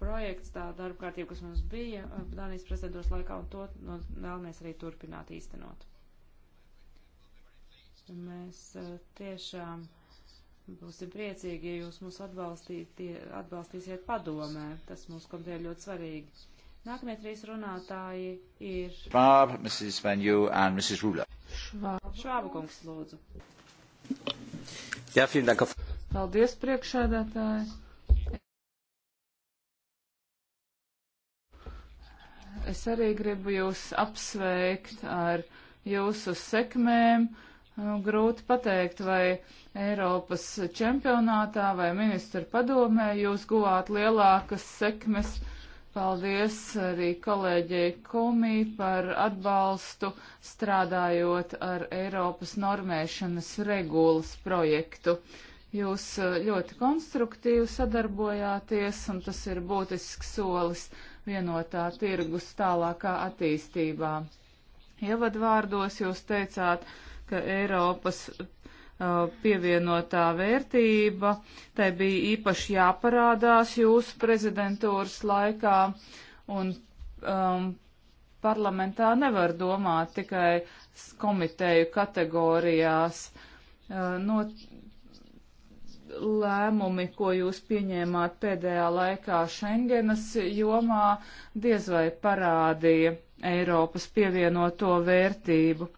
projekts, tā darbkārtība, kas mums bija eh, Danijas prezidentūras laikā, un to nu, vēlamies arī turpināt īstenot. Mēs tiešām būsim priecīgi, ja jūs mūs atbalstīsiet padomē. Tas mūsu komitē ir ļoti svarīgi. Nākamie trīs runātāji ir Švāb, Mrs. Venju un Mrs. Rula. Švāba kungs, lūdzu. Jā, ja, vielen dank. Paldies, priekšēdētāji. Es arī gribu jūs apsveikt ar jūsu sekmēm. Nu, grūti pateikt, vai Eiropas čempionātā vai ministra padomē jūs guvāt lielākas sekmes. Paldies arī kolēģei Komī par atbalstu strādājot ar Eiropas normēšanas regulas projektu. Jūs e, ļoti konstruktīvi sadarbojāties, un tas ir būtisks solis vienotā tirgus tālākā attīstībā. Ievadvārdos jūs teicāt, ka Eiropas e, pievienotā vērtība. Tai bija īpaši jāparādās jūsu prezidentūras laikā, un um, parlamentā nevar domāt tikai komiteju kategorijās. Uh, no, lēmumi, ko jūs pieņēmāt pēdējā laikā Schengenas jomā, diez vai parādīja Eiropas pievienoto vērtību.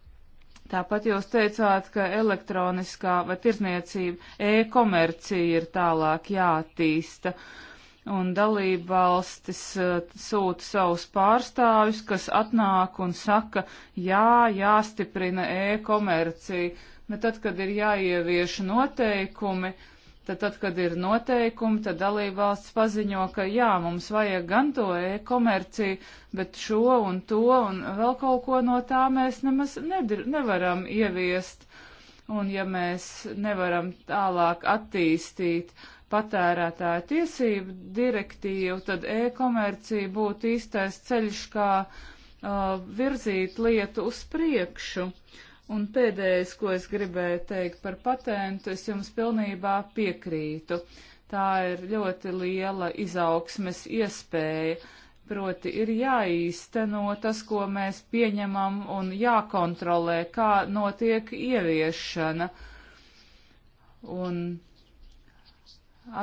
Tāpat jūs teicāt, ka elektroniskā vai tirzniecība, e-komercija ir tālāk jātīsta. Un dalība valstis e, sūta savus pārstāvis, kas atnāk un saka, jā, jāstiprina e-komercija bet tad, kad ir jāievieš noteikumi, Tad, tad, kad ir noteikumi, tad dalībvalsts paziņo, ka jā, mums vajag gan to e-komerciju, bet šo un to un vēl kaut ko no tā mēs nemaz nedir, nevaram ieviest. Un ja mēs nevaram tālāk attīstīt patērētāja tiesību direktīvu, tad e-komercija būtu īstais ceļš, kā uh, virzīt lietu uz priekšu. Uh, Un pēdējais, ko es gribēju teikt par patentu, es jums pilnībā piekrītu. Tā ir ļoti liela izaugsmes iespēja, proti ir jāīsteno tas, ko mēs pieņemam un jākontrolē, kā notiek ieviešana. Un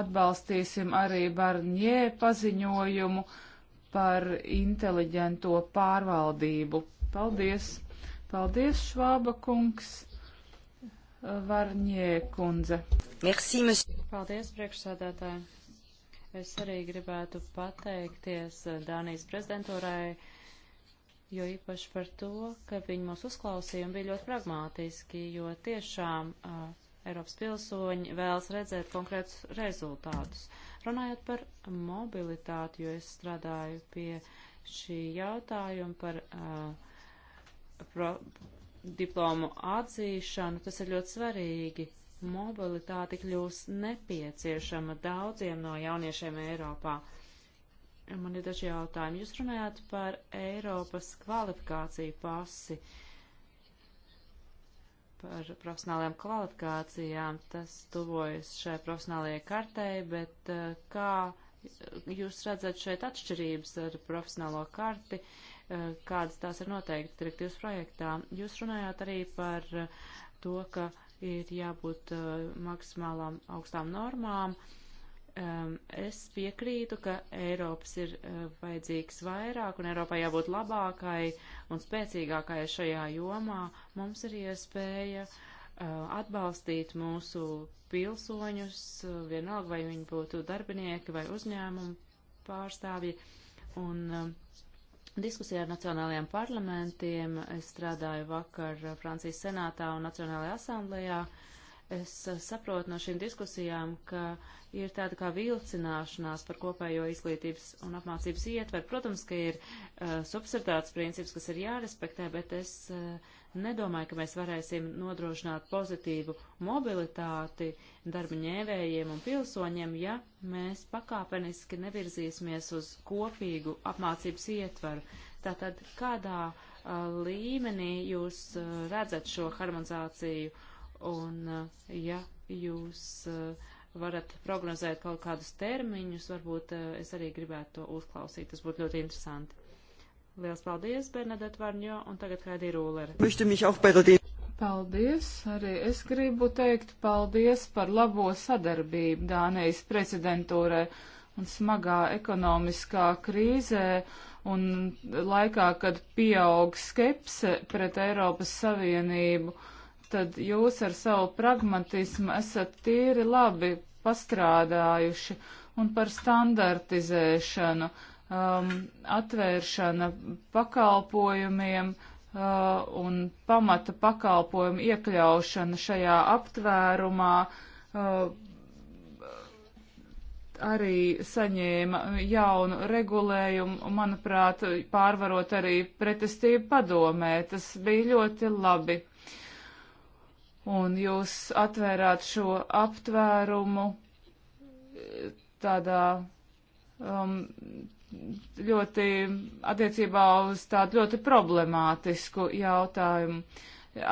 atbalstīsim arī Barņē paziņojumu par inteliģento pārvaldību. Paldies! Paldies, Švāba kungs, Varņie kundze. Merci, monsieur. Paldies, priekšsādātāji. Es arī gribētu pateikties Dānijas prezidentūrai, jo īpaši par to, ka viņi mūs uzklausīja un bija ļoti pragmātiski, jo tiešām uh, Eiropas pilsoņi vēlas redzēt konkrētus rezultātus. Runājot par mobilitāti, jo es strādāju pie šī jautājuma par uh, pro, diplomu atzīšanu, tas ir ļoti svarīgi. Mobilitāte kļūs nepieciešama daudziem no jauniešiem Eiropā. Man ir daži jautājumi. Jūs runājāt par Eiropas kvalifikāciju pasi, par profesionālajām kvalifikācijām. Tas tuvojas šai profesionālajai kartei, bet eh, kā jūs redzat šeit atšķirības ar profesionālo karti? Uh, kādas tās ir noteikti direktīvas projektā. Jūs runājāt arī par uh, to, ka ir jābūt uh, maksimālām augstām normām. Um, es piekrītu, ka Eiropas ir uh, vajadzīgs vairāk un Eiropai jābūt labākai un spēcīgākai šajā jomā. Mums ir iespēja atbalstīt mūsu pilsoņus, vienalga vai viņi būtu darbinieki vai uzņēmumu pārstāvji. Un uh, Diskusijā ar nacionālajiem parlamentiem es strādāju vakar Francijas senātā un Nacionālajā asamblējā. Es eh, saprotu no šīm diskusijām, ka ir tāda kā vilcināšanās par kopējo izglītības un apmācības ietveru. Protams, ka ir uh, subsidētas princips, kas ir jārespektē, bet es uh, nedomāju, ka mēs varēsim nodrošināt pozitīvu mobilitāti darba ņēvējiem un pilsoņiem, ja mēs pakāpeniski nevirzīsimies uz kopīgu apmācības ietvaru. Tātad, kādā uh, līmenī jūs uh, redzat šo harmonizāciju un, uh, ja jūs uh, varat prognozēt kaut kādus termiņus, varbūt uh, es arī gribētu to uzklausīt. Tas būtu ļoti interesanti. Liels paldies, Bernadette Varņo, un tagad Heidi Rūlere. Paldies! Arī es gribu teikt paldies par labo sadarbību Dānijas prezidentūrai un smagā ekonomiskā krīzē un laikā, kad pieaug skepse pret Eiropas Savienību, tad jūs ar savu pragmatismu esat tīri labi pastrādājuši un par standartizēšanu um, atvēršana pakalpojumiem uh, un pamata pakalpojumu iekļaušana šajā aptvērumā uh, arī saņēma jaunu regulējumu, manuprāt, pārvarot arī pretestību padomē. Tas bija ļoti labi. Un jūs atvērāt šo aptvērumu uh, tādā um, ļoti attiecībā uz tādu ļoti problemātisku jautājumu.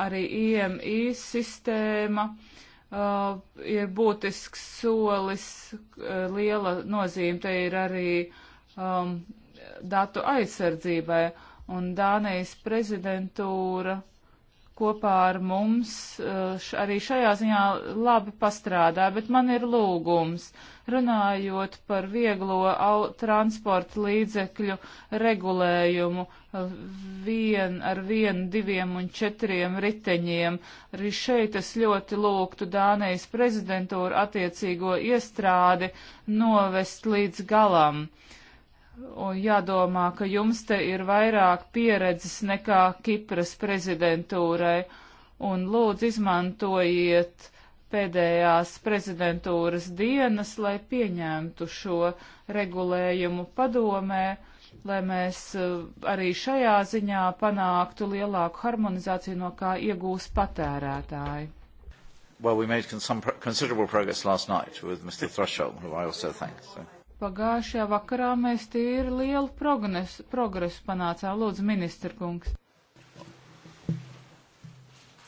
Arī IMI sistēma uh, ir būtisks solis, uh, liela nozīme te ir arī um, datu aizsardzībai, un Dānijas prezidentūra kopā ar mums eh, arī šajā ziņā labi pastrādā, bet man ir lūgums, runājot par vieglo transporta līdzekļu regulējumu eh, vien ar vienu, diviem un četriem riteņiem. Arī šeit es ļoti lūgtu Dānijas prezidentūru attiecīgo iestrādi novest līdz galam. Uh, un jādomā, ka jums te ir vairāk pieredzes nekā Kipras prezidentūrai, un lūdzu izmantojiet pēdējās prezidentūras dienas, lai pieņemtu šo regulējumu padomē, lai mēs eh, arī šajā ziņā panāktu lielāku harmonizāciju, no kā iegūs patērētāji. Well, we made some considerable progress last night with Mr. Threshold, who I also thank. So. Pagājušajā vakarā mēs tīri lielu progresu, progresu panācām. Lūdzu, ministra kungs.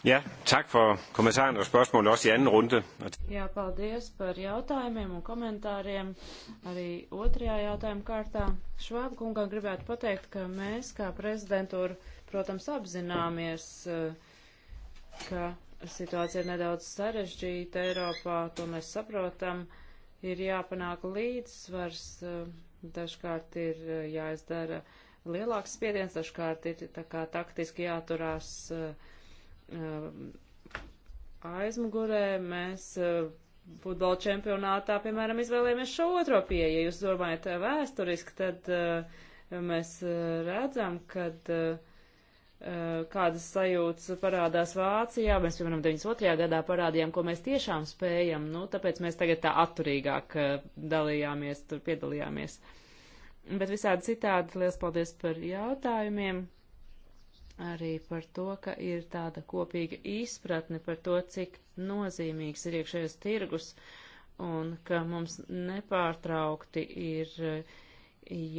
Ja, tak for kommentaren og spørgsmål også i anden runde. Jā, paldies par jautājumiem un komentāriem. Arī otrajā jautājuma kārtā Švāba kungam gribētu pateikt, ka mēs kā prezidentūra, protams, apzināmies, eh, ka situācija ir nedaudz sarežģīta Eiropā, to mēs saprotam. Uh, ir jāpanāk līdzsvars, eh, dažkārt ir eh, jāizdara lielāks spiediens, dažkārt ir tā kā taktiski jāturās eh, aizmugurē. Mēs futbola čempionātā, piemēram, izvēlējamies šo otro pieeju. Ja jūs domājat vēsturiski, tad mēs redzam, kad uh, Eh, kādas sajūtas parādās Vācijā. Mēs, piemēram, 92. gadā parādījām, ko mēs tiešām spējam, nu, tāpēc mēs tagad tā atturīgāk eh, dalījāmies, tur piedalījāmies. Bet visādi citādi, liels paldies par jautājumiem, arī par to, ka ir tāda kopīga izpratne par to, cik nozīmīgs ir iekšējais tirgus un ka mums nepārtraukti ir eh,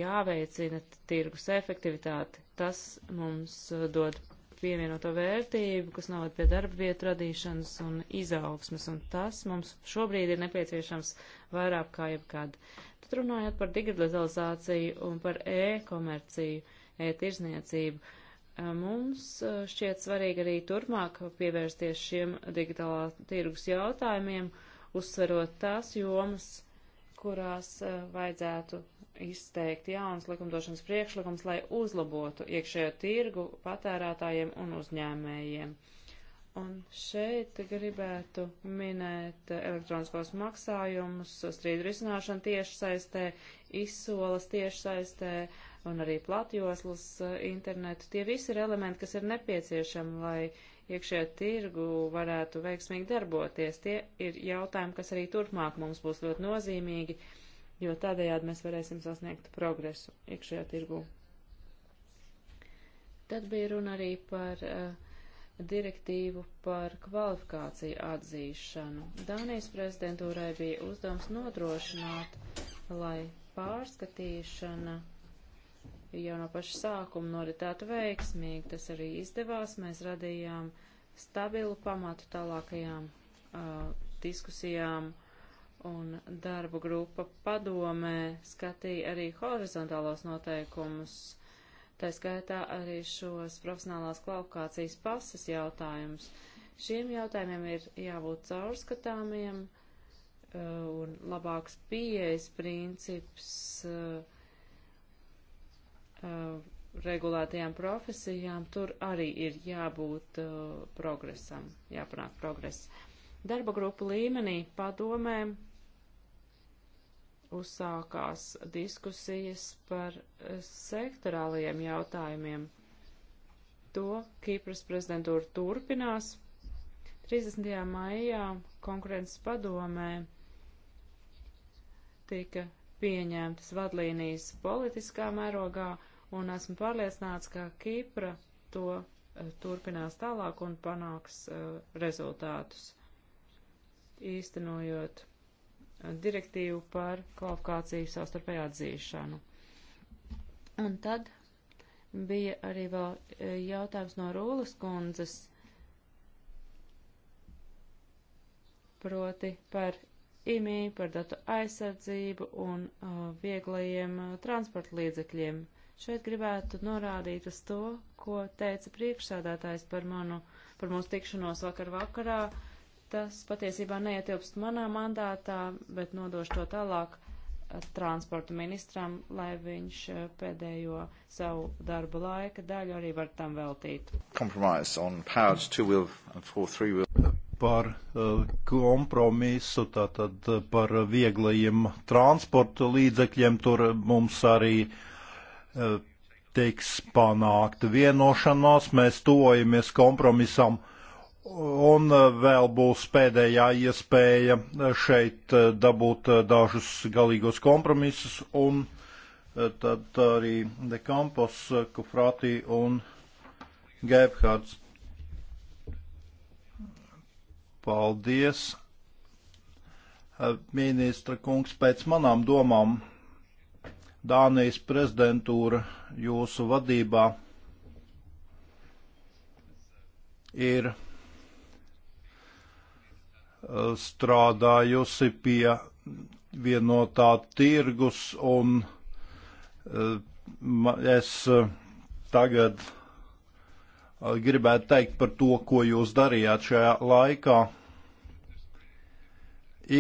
jāveicina tirgus efektivitāti tas mums uh, dod pievienoto vērtību, kas noved pie darba vietu radīšanas un izaugsmas, un tas mums šobrīd ir nepieciešams vairāk kā jebkad. Tad runājot par digitalizāciju un par e-komerciju, e-tirzniecību, uh, mums uh, šķiet svarīgi arī turpmāk pievērsties šiem digitālā tirgus jautājumiem, uzsverot tās jomas, kurās e, vajadzētu izteikt jaunas likumdošanas priekšlikums, lai uzlabotu iekšējo tirgu patērētājiem un uzņēmējiem. Un šeit gribētu minēt elektroniskos maksājumus, strīdu risināšanu tiešsaistē, izsolas tiešsaistē un arī platjoslas e, internetu. Tie visi ir elementi, kas ir nepieciešami, lai iekšējā tirgu varētu veiksmīgi darboties. Tie ir jautājumi, kas arī turpmāk mums būs ļoti nozīmīgi, jo tādējādi mēs varēsim sasniegt progresu iekšējā tirgu. Tad bija runa arī par uh, direktīvu par kvalifikāciju atzīšanu. Dānijas prezidentūrai bija uzdevums nodrošināt, lai pārskatīšana jau no paša sākuma noritētu veiksmīgi. Tas arī izdevās. Mēs radījām stabilu pamatu tālākajām uh, diskusijām, un darba grupa padomē skatīja arī horizontālos noteikumus, tā skaitā arī šos profesionālās kvalifikācijas pasas jautājumus. Šiem jautājumiem ir jābūt caurskatāmiem uh, un labāks pieejas princips. Uh, Uh, regulētajām profesijām, tur arī ir jābūt uh, progresam, jāpanāk progress. Darba grupu līmenī padomē uzsākās diskusijas par uh, sektorālajiem jautājumiem. To Kīpras prezidentūra turpinās. 30. maijā konkurences padomē tika pieņemtas vadlīnijas politiskā mērogā, uh, un esmu pārliecināts, ka Kīpra to eh, turpinās tālāk un panāks eh, rezultātus, īstenojot eh, direktīvu par kvalifikāciju savstarpēju atzīšanu. Un tad bija arī vēl jautājums no Rūlas kundzes, proti par IMI, par datu aizsardzību un uh, vieglajiem transporta līdzekļiem. Uh, Šeit gribētu norādīt uz to, ko teica priekšsādātājs par, manu, par mūsu tikšanos vakar vakarā. Tas patiesībā neietilpst manā mandātā, bet nodošu to tālāk eh, transporta ministram, lai viņš eh, pēdējo savu darba laika daļu arī var tam veltīt. Par eh, kompromisu, tātad par vieglajiem transporta līdzekļiem, tur mums arī uh, tiks panākta vienošanās, mēs tojamies kompromisam un eh, vēl būs pēdējā iespēja eh, šeit eh, dabūt dažus galīgos kompromisus un tad arī Dekampos, Kufrati un Gebhards. Paldies! Ministra kungs, pēc manām domām Dānijas prezidentūra jūsu vadībā ir eh, strādājusi pie vienotā tirgus, un eh, es eh, tagad gribētu teikt par to, ko jūs darījāt šajā laikā.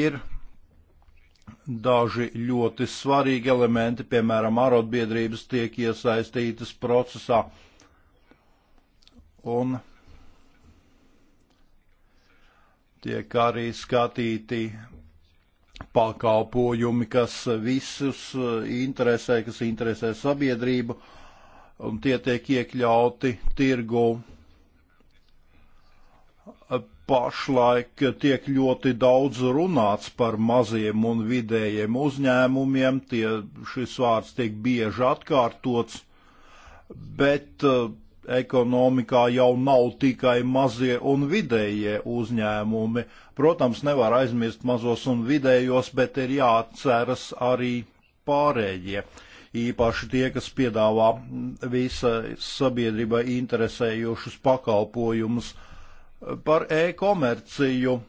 Ir daži ļoti svarīgi elementi, piemēram, arotbiedrības tiek iesaistītas procesā. Un tiek arī skatīti pakalpojumi, kas visus interesē, kas interesē sabiedrību, un tie tiek iekļauti tirgu pašlaik tiek ļoti daudz runāts par maziem un vidējiem uzņēmumiem, tie, šis vārds tiek bieži atkārtots, bet eh, ekonomikā jau nav tikai mazie un vidējie uzņēmumi. Protams, nevar aizmirst mazos un vidējos, bet ir jāatceras arī pārējie. Īpaši tie, kas piedāvā visai sabiedrībai interesējošus pakalpojumus. Uh, par e-komerciju.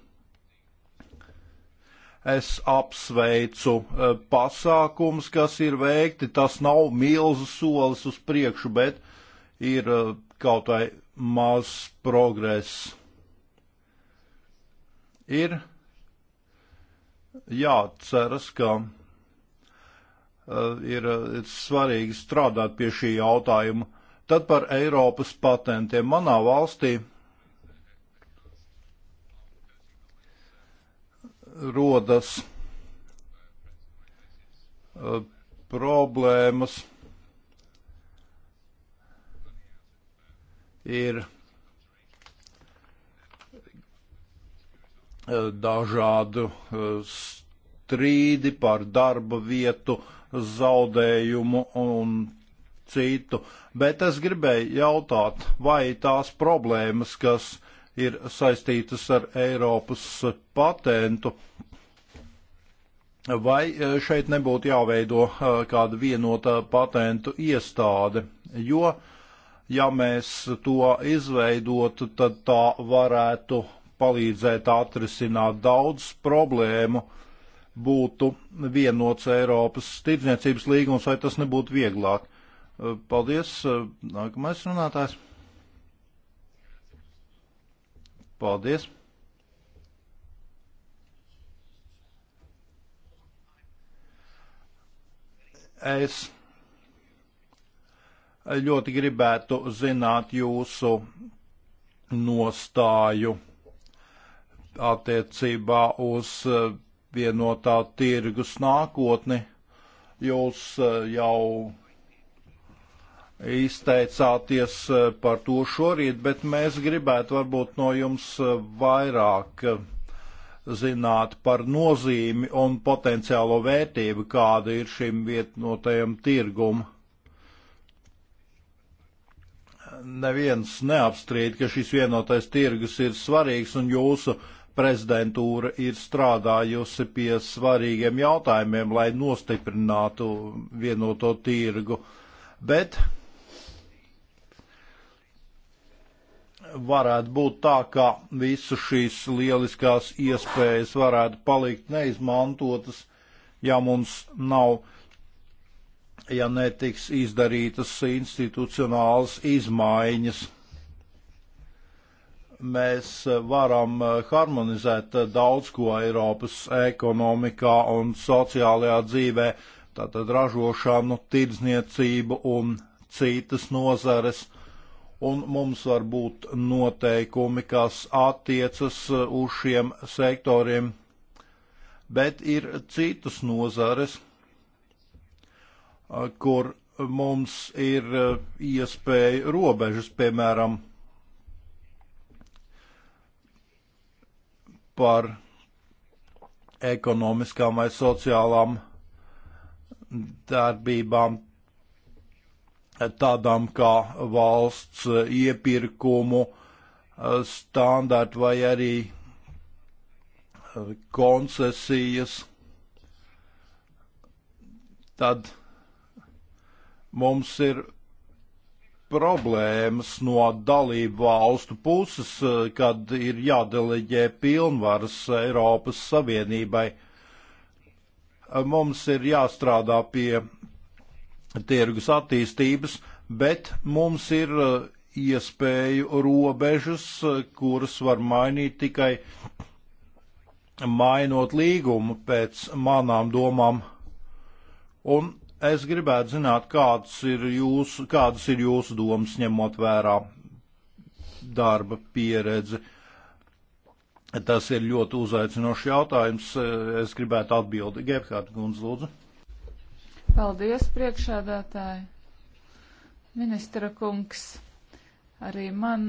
Es apsveicu e, pasākums, kas ir veikti. Tas nav milzu solis uz priekšu, bet ir e, kaut vai maz progress. Ir jāceras, ka e, ir, ir svarīgi strādāt pie šī jautājuma. Tad par Eiropas patentiem manā valstī rodas eh, problēmas ir eh, dažādu eh, strīdi par darba vietu zaudējumu un citu, bet es gribēju jautāt, vai tās problēmas, kas uh, ir saistītas ar Eiropas patentu. Vai e, šeit nebūtu jāveido e, kāda vienota patentu iestāde? Jo, ja mēs to izveidotu, tad tā varētu palīdzēt atrisināt daudz problēmu, būtu vienots Eiropas tirdzniecības līgums, vai tas nebūtu vieglāk. E, paldies, nākamais runātājs. Paldies! Es ļoti gribētu zināt jūsu nostāju attiecībā uz eh, vienotā tirgus nākotni. Jūs eh, jau izteicāties eh, par to šorīt, bet mēs gribētu varbūt no jums eh, vairāk eh, zināt par nozīmi un potenciālo vērtību, kāda ir šim vietnotajam tirgum. Neviens neapstrīd, ka šis vienotais tirgus ir svarīgs un jūsu prezidentūra ir strādājusi pie svarīgiem jautājumiem, lai nostiprinātu vienoto tirgu. Bet varētu būt tā, ka visas šīs lieliskās iespējas varētu palikt neizmantotas, ja mums nav, ja netiks izdarītas institucionālas izmaiņas. Mēs eh, varam eh, harmonizēt eh, daudz ko Eiropas ekonomikā un sociālajā dzīvē, tātad ražošanu, tirdzniecību un citas nozares un mums var būt noteikumi, kas attiecas uh, uz šiem sektoriem, bet ir citas nozares, uh, kur mums ir uh, iespēja robežas, piemēram, par ekonomiskām vai sociālām darbībām tādām kā valsts eh, iepirkumu eh, standarti vai arī eh, koncesijas, tad mums ir problēmas no dalību valstu puses, kad ir jādeleģē pilnvaras Eiropas Savienībai. Mums ir jāstrādā pie tirgus attīstības, bet mums ir uh, iespēju robežas, uh, kuras var mainīt tikai mainot līgumu pēc manām domām. Un es gribētu zināt, kādas ir jūsu, kādas ir jūsu domas, ņemot vērā darba pieredzi. Tas ir ļoti uzaicinošs jautājums. Es gribētu atbildi. Gebhārda Gunz, lūdzu. Paldies, priekšādātāji. Ministra kungs, arī man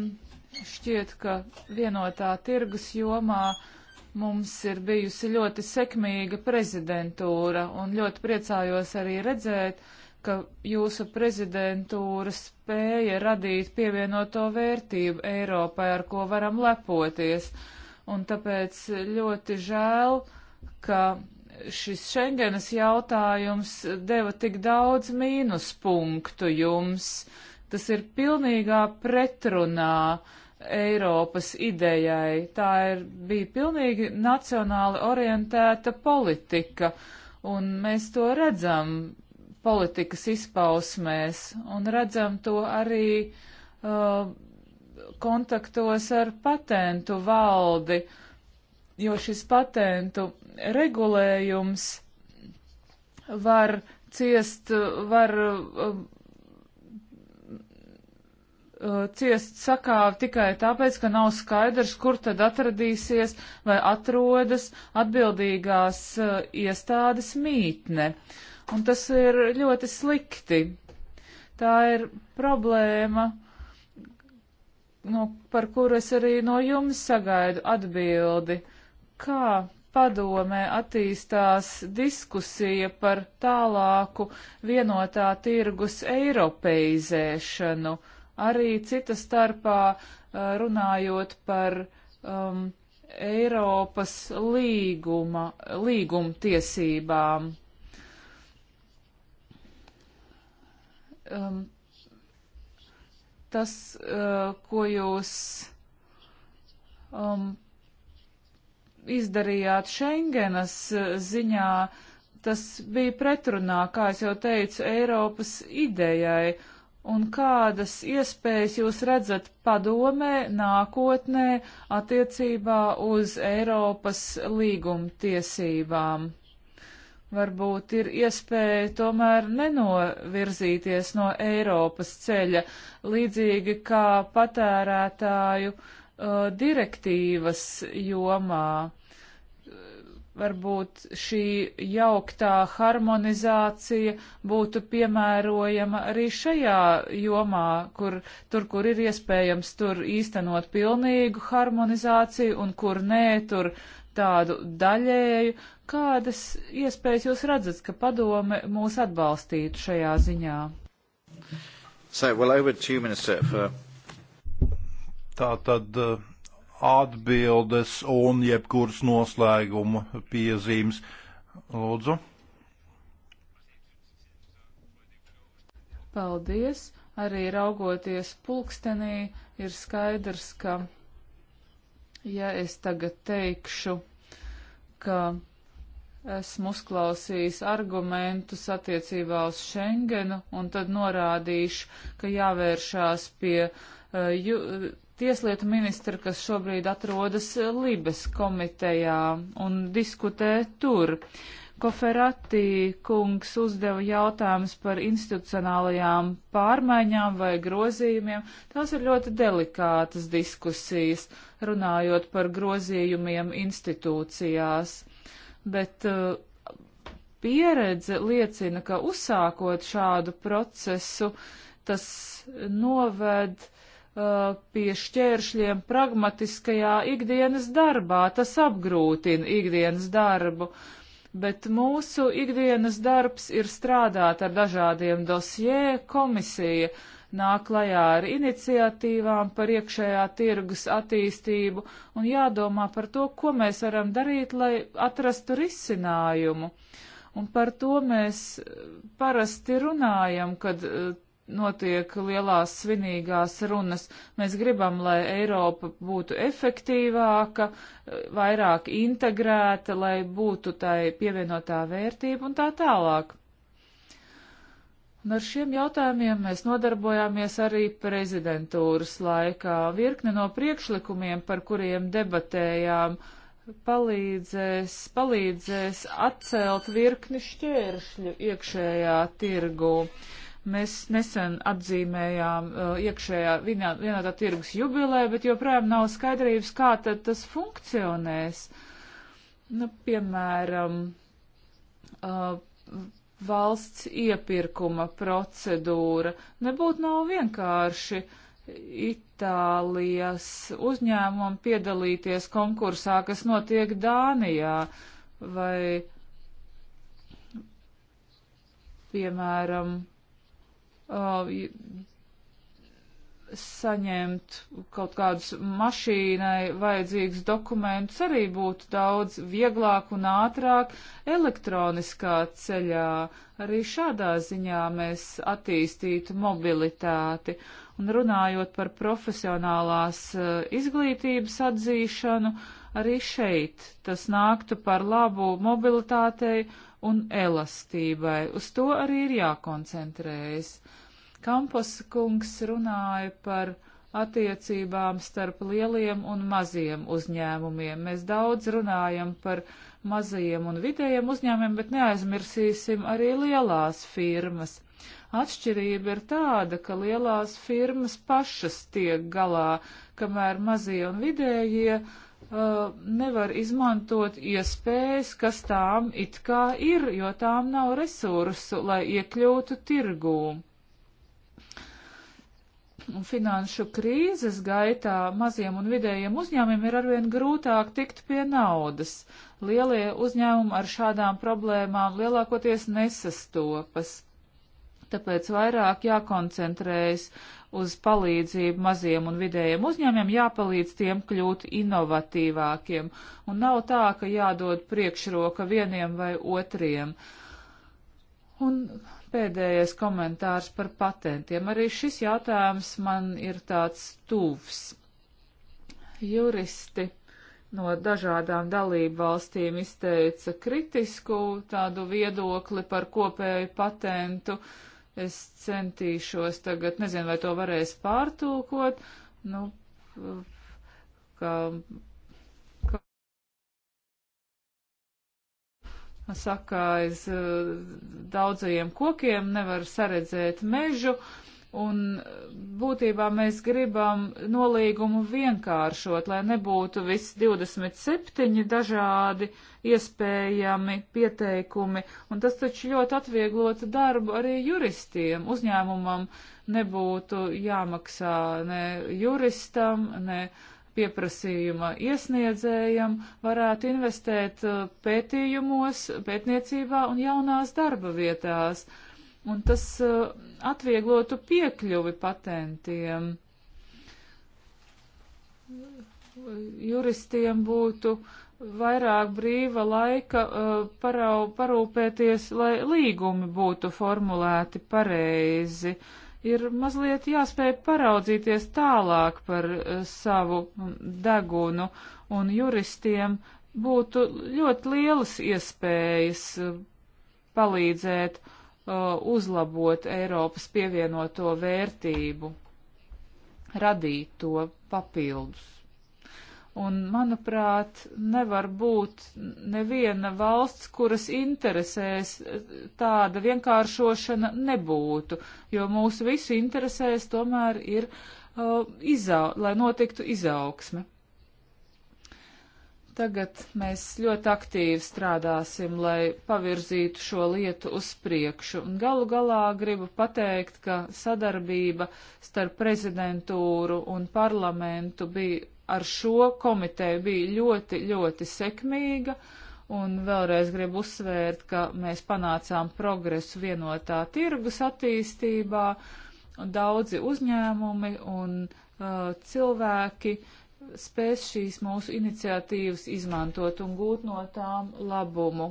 šķiet, ka vienotā tirgus jomā mums ir bijusi ļoti sekmīga prezidentūra un ļoti priecājos arī redzēt, ka jūsu prezidentūra spēja radīt pievienoto vērtību Eiropai, ar ko varam lepoties. Un tāpēc ļoti žēl, ka šis Schengenas jautājums deva tik daudz mīnuspunktu jums. Tas ir pilnīgā pretrunā Eiropas idejai. Tā ir, bija pilnīgi nacionāli orientēta politika, un mēs to redzam politikas izpausmēs, un redzam to arī uh, kontaktos ar patentu valdi, jo šis patentu regulējums var ciest, var uh, uh, ciest sakāvi tikai tāpēc, ka nav skaidrs, kur tad atradīsies vai atrodas atbildīgās uh, iestādes mītne. Un tas ir ļoti slikti. Tā ir problēma, no, nu, par kuru es arī no jums sagaidu atbildi. Kā padomē attīstās diskusija par tālāku vienotā tirgus eiropeizēšanu, arī cita starpā eh, runājot par um, Eiropas līguma, līgumtiesībām. Um, tas, uh, ko jūs um, izdarījāt Schengenas eh, ziņā, tas bija pretrunā, kā es jau teicu, Eiropas idejai. Un kādas iespējas jūs redzat padomē nākotnē attiecībā uz Eiropas līgumtiesībām? Varbūt ir iespēja tomēr nenovirzīties no Eiropas ceļa, līdzīgi kā patērētāju uh, uh, direktīvas jomā. Uh, varbūt šī jauktā harmonizācija būtu piemērojama arī šajā jomā, kur tur, kur ir iespējams tur īstenot pilnīgu harmonizāciju un kur nē, tur tādu daļēju. Kādas iespējas jūs redzat, ka padome mūs atbalstītu šajā ziņā? So, well, over to you, Minister, for Tātad eh, atbildes un jebkuras noslēguma piezīmes. Lūdzu. Paldies. Arī raugoties pulkstenī, ir skaidrs, ka, ja es tagad teikšu, ka esmu uzklausījis argumentus attiecībā uz Schengenu un tad norādīšu, ka jāvēršās pie uh, tieslietu ministra, kas šobrīd atrodas Libes komitejā un diskutē tur. Koferati kungs uzdeva jautājumus par institucionālajām pārmaiņām vai grozījumiem. Tās ir ļoti delikātas diskusijas, runājot par grozījumiem institūcijās. Bet uh, pieredze liecina, ka uzsākot šādu procesu, tas noved uh, Uh, pie šķēršļiem pragmatiskajā ikdienas darbā. Tas apgrūtina ikdienas darbu, bet mūsu ikdienas darbs ir strādāt ar dažādiem dosjē, komisija nāk klajā ar iniciatīvām par iekšējā tirgus attīstību un jādomā par to, ko mēs varam darīt, lai atrastu risinājumu. Un par to mēs parasti runājam, kad uh, notiek lielās svinīgās runas. Mēs gribam, lai Eiropa būtu efektīvāka, vairāk integrēta, lai būtu tai pievienotā vērtība un tā tālāk. Un ar šiem jautājumiem mēs nodarbojāmies arī prezidentūras laikā. Virkne no priekšlikumiem, par kuriem debatējām, palīdzēs, palīdzēs atcelt virkni šķēršļu iekšējā tirgū. Mēs nesen atzīmējām uh, iekšējā vienā, vienā tā tirgus jubilē, bet joprojām nav skaidrības, kā tad tas funkcionēs. Nu, piemēram, uh, valsts iepirkuma procedūra nebūtu nav vienkārši. Itālijas uzņēmumam piedalīties konkursā, kas notiek Dānijā, vai, piemēram, uh, saņemt kaut kādus mašīnai vajadzīgus dokumentus arī būtu daudz vieglāk un ātrāk elektroniskā ceļā. Arī šādā ziņā mēs attīstītu mobilitāti. Un runājot par profesionālās uh, izglītības atzīšanu, arī šeit tas nāktu par labu mobilitātei un elastībai. Uz to arī ir jākoncentrējas. Kampos kungs runāja par attiecībām starp lieliem un maziem uzņēmumiem. Mēs daudz runājam par mazajiem un vidējiem uzņēmumiem, bet neaizmirsīsim arī lielās firmas. Atšķirība ir tāda, ka lielās firmas pašas tiek galā, kamēr mazie un vidējie uh, nevar izmantot iespējas, kas tām it kā ir, jo tām nav resursu, lai iekļūtu tirgū. Un finanšu krīzes gaitā maziem un vidējiem uzņēmumiem ir arvien grūtāk tikt pie naudas. Lielie uzņēmumi ar šādām problēmām lielākoties nesastopas. Tāpēc vairāk jākoncentrējas uz palīdzību maziem un vidējiem uzņēmiem, jāpalīdz tiem kļūt inovatīvākiem. Un nav tā, ka jādod priekšroka vieniem vai otriem. Un pēdējais komentārs par patentiem. Arī šis jautājums man ir tāds tuvs. Juristi no dažādām dalību valstīm izteica kritisku tādu viedokli par kopēju patentu uh, Es centīšos tagad, nezinu, vai to varēs pārtulkot, nu, kā, kā saka, aiz eh, daudzajiem kokiem nevar saredzēt mežu, uh, Un būtībā mēs gribam nolīgumu vienkāršot, lai nebūtu viss 27 dažādi iespējami pieteikumi. Un tas taču ļoti atvieglotu darbu arī juristiem. Uzņēmumam nebūtu jāmaksā ne juristam, ne pieprasījuma iesniedzējam, varētu investēt uh, pētījumos, pētniecībā un jaunās darba vietās. Uh, un tas uh, atvieglotu piekļuvi patentiem. Juristiem būtu vairāk brīva laika uh, parau, parūpēties, lai līgumi būtu formulēti pareizi. Ir mazliet jāspēj paraudzīties tālāk par uh, savu degunu, un juristiem būtu ļoti lielas iespējas uh, palīdzēt uh, Uh, uzlabot Eiropas pievienoto vērtību, radīt to papildus. Un, manuprāt, nevar būt neviena valsts, kuras interesēs uh, tāda vienkāršošana nebūtu, jo mūsu visu interesēs tomēr ir, uh, izau lai notiktu izaugsme. Tagad mēs ļoti aktīvi strādāsim, lai pavirzītu šo lietu uz priekšu. Un galu galā gribu pateikt, ka sadarbība starp prezidentūru un parlamentu bija ar šo komiteju bija ļoti, ļoti sekmīga. Un vēlreiz gribu uzsvērt, ka mēs panācām progresu vienotā tirgus attīstībā. Daudzi uzņēmumi un uh, cilvēki uh, spēs šīs mūsu iniciatīvas izmantot un gūt no tām labumu.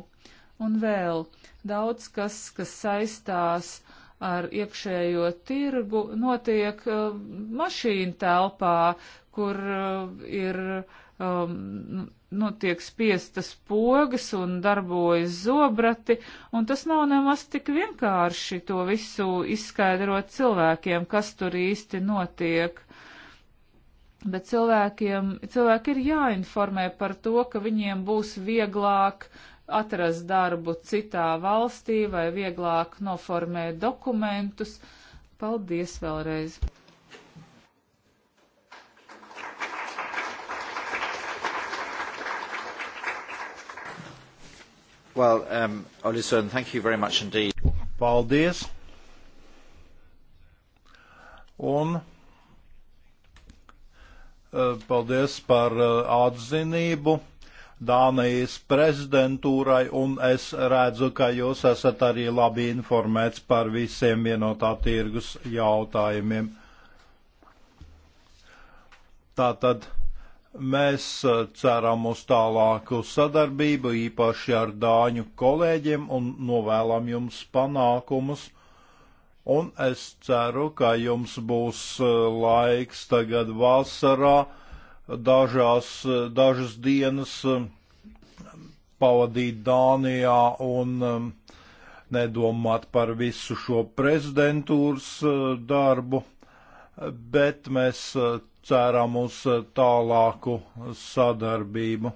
Un vēl daudz kas, kas saistās ar iekšējo tirgu, notiek uh, mašīnu telpā, kur uh, ir, um, notiek nu, spiestas pogas un darbojas zobrati, un tas nav nemaz tik vienkārši to visu izskaidrot cilvēkiem, kas tur īsti notiek. Bet cilvēkiem, cilvēki ir jāinformē par to, ka viņiem būs vieglāk atrast darbu citā valstī vai vieglāk noformēt dokumentus. Paldies vēlreiz! Well, um, Olison, thank you very much indeed. Paldies! Un Eh, paldies par eh, atzinību Dānijas prezidentūrai, un es redzu, ka jūs esat arī labi informēts par visiem vienotā tirgus jautājumiem. Tātad mēs eh, ceram uz tālāku sadarbību, īpaši ar dāņu kolēģiem, un novēlam jums panākumus. Un es ceru, ka jums būs e, laiks tagad vasarā dažās, e, dažas dienas e, pavadīt Dānijā un nedomāt par visu šo prezidentūras darbu, bet mēs ceram uz tālāku sadarbību.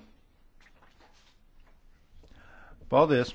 Paldies!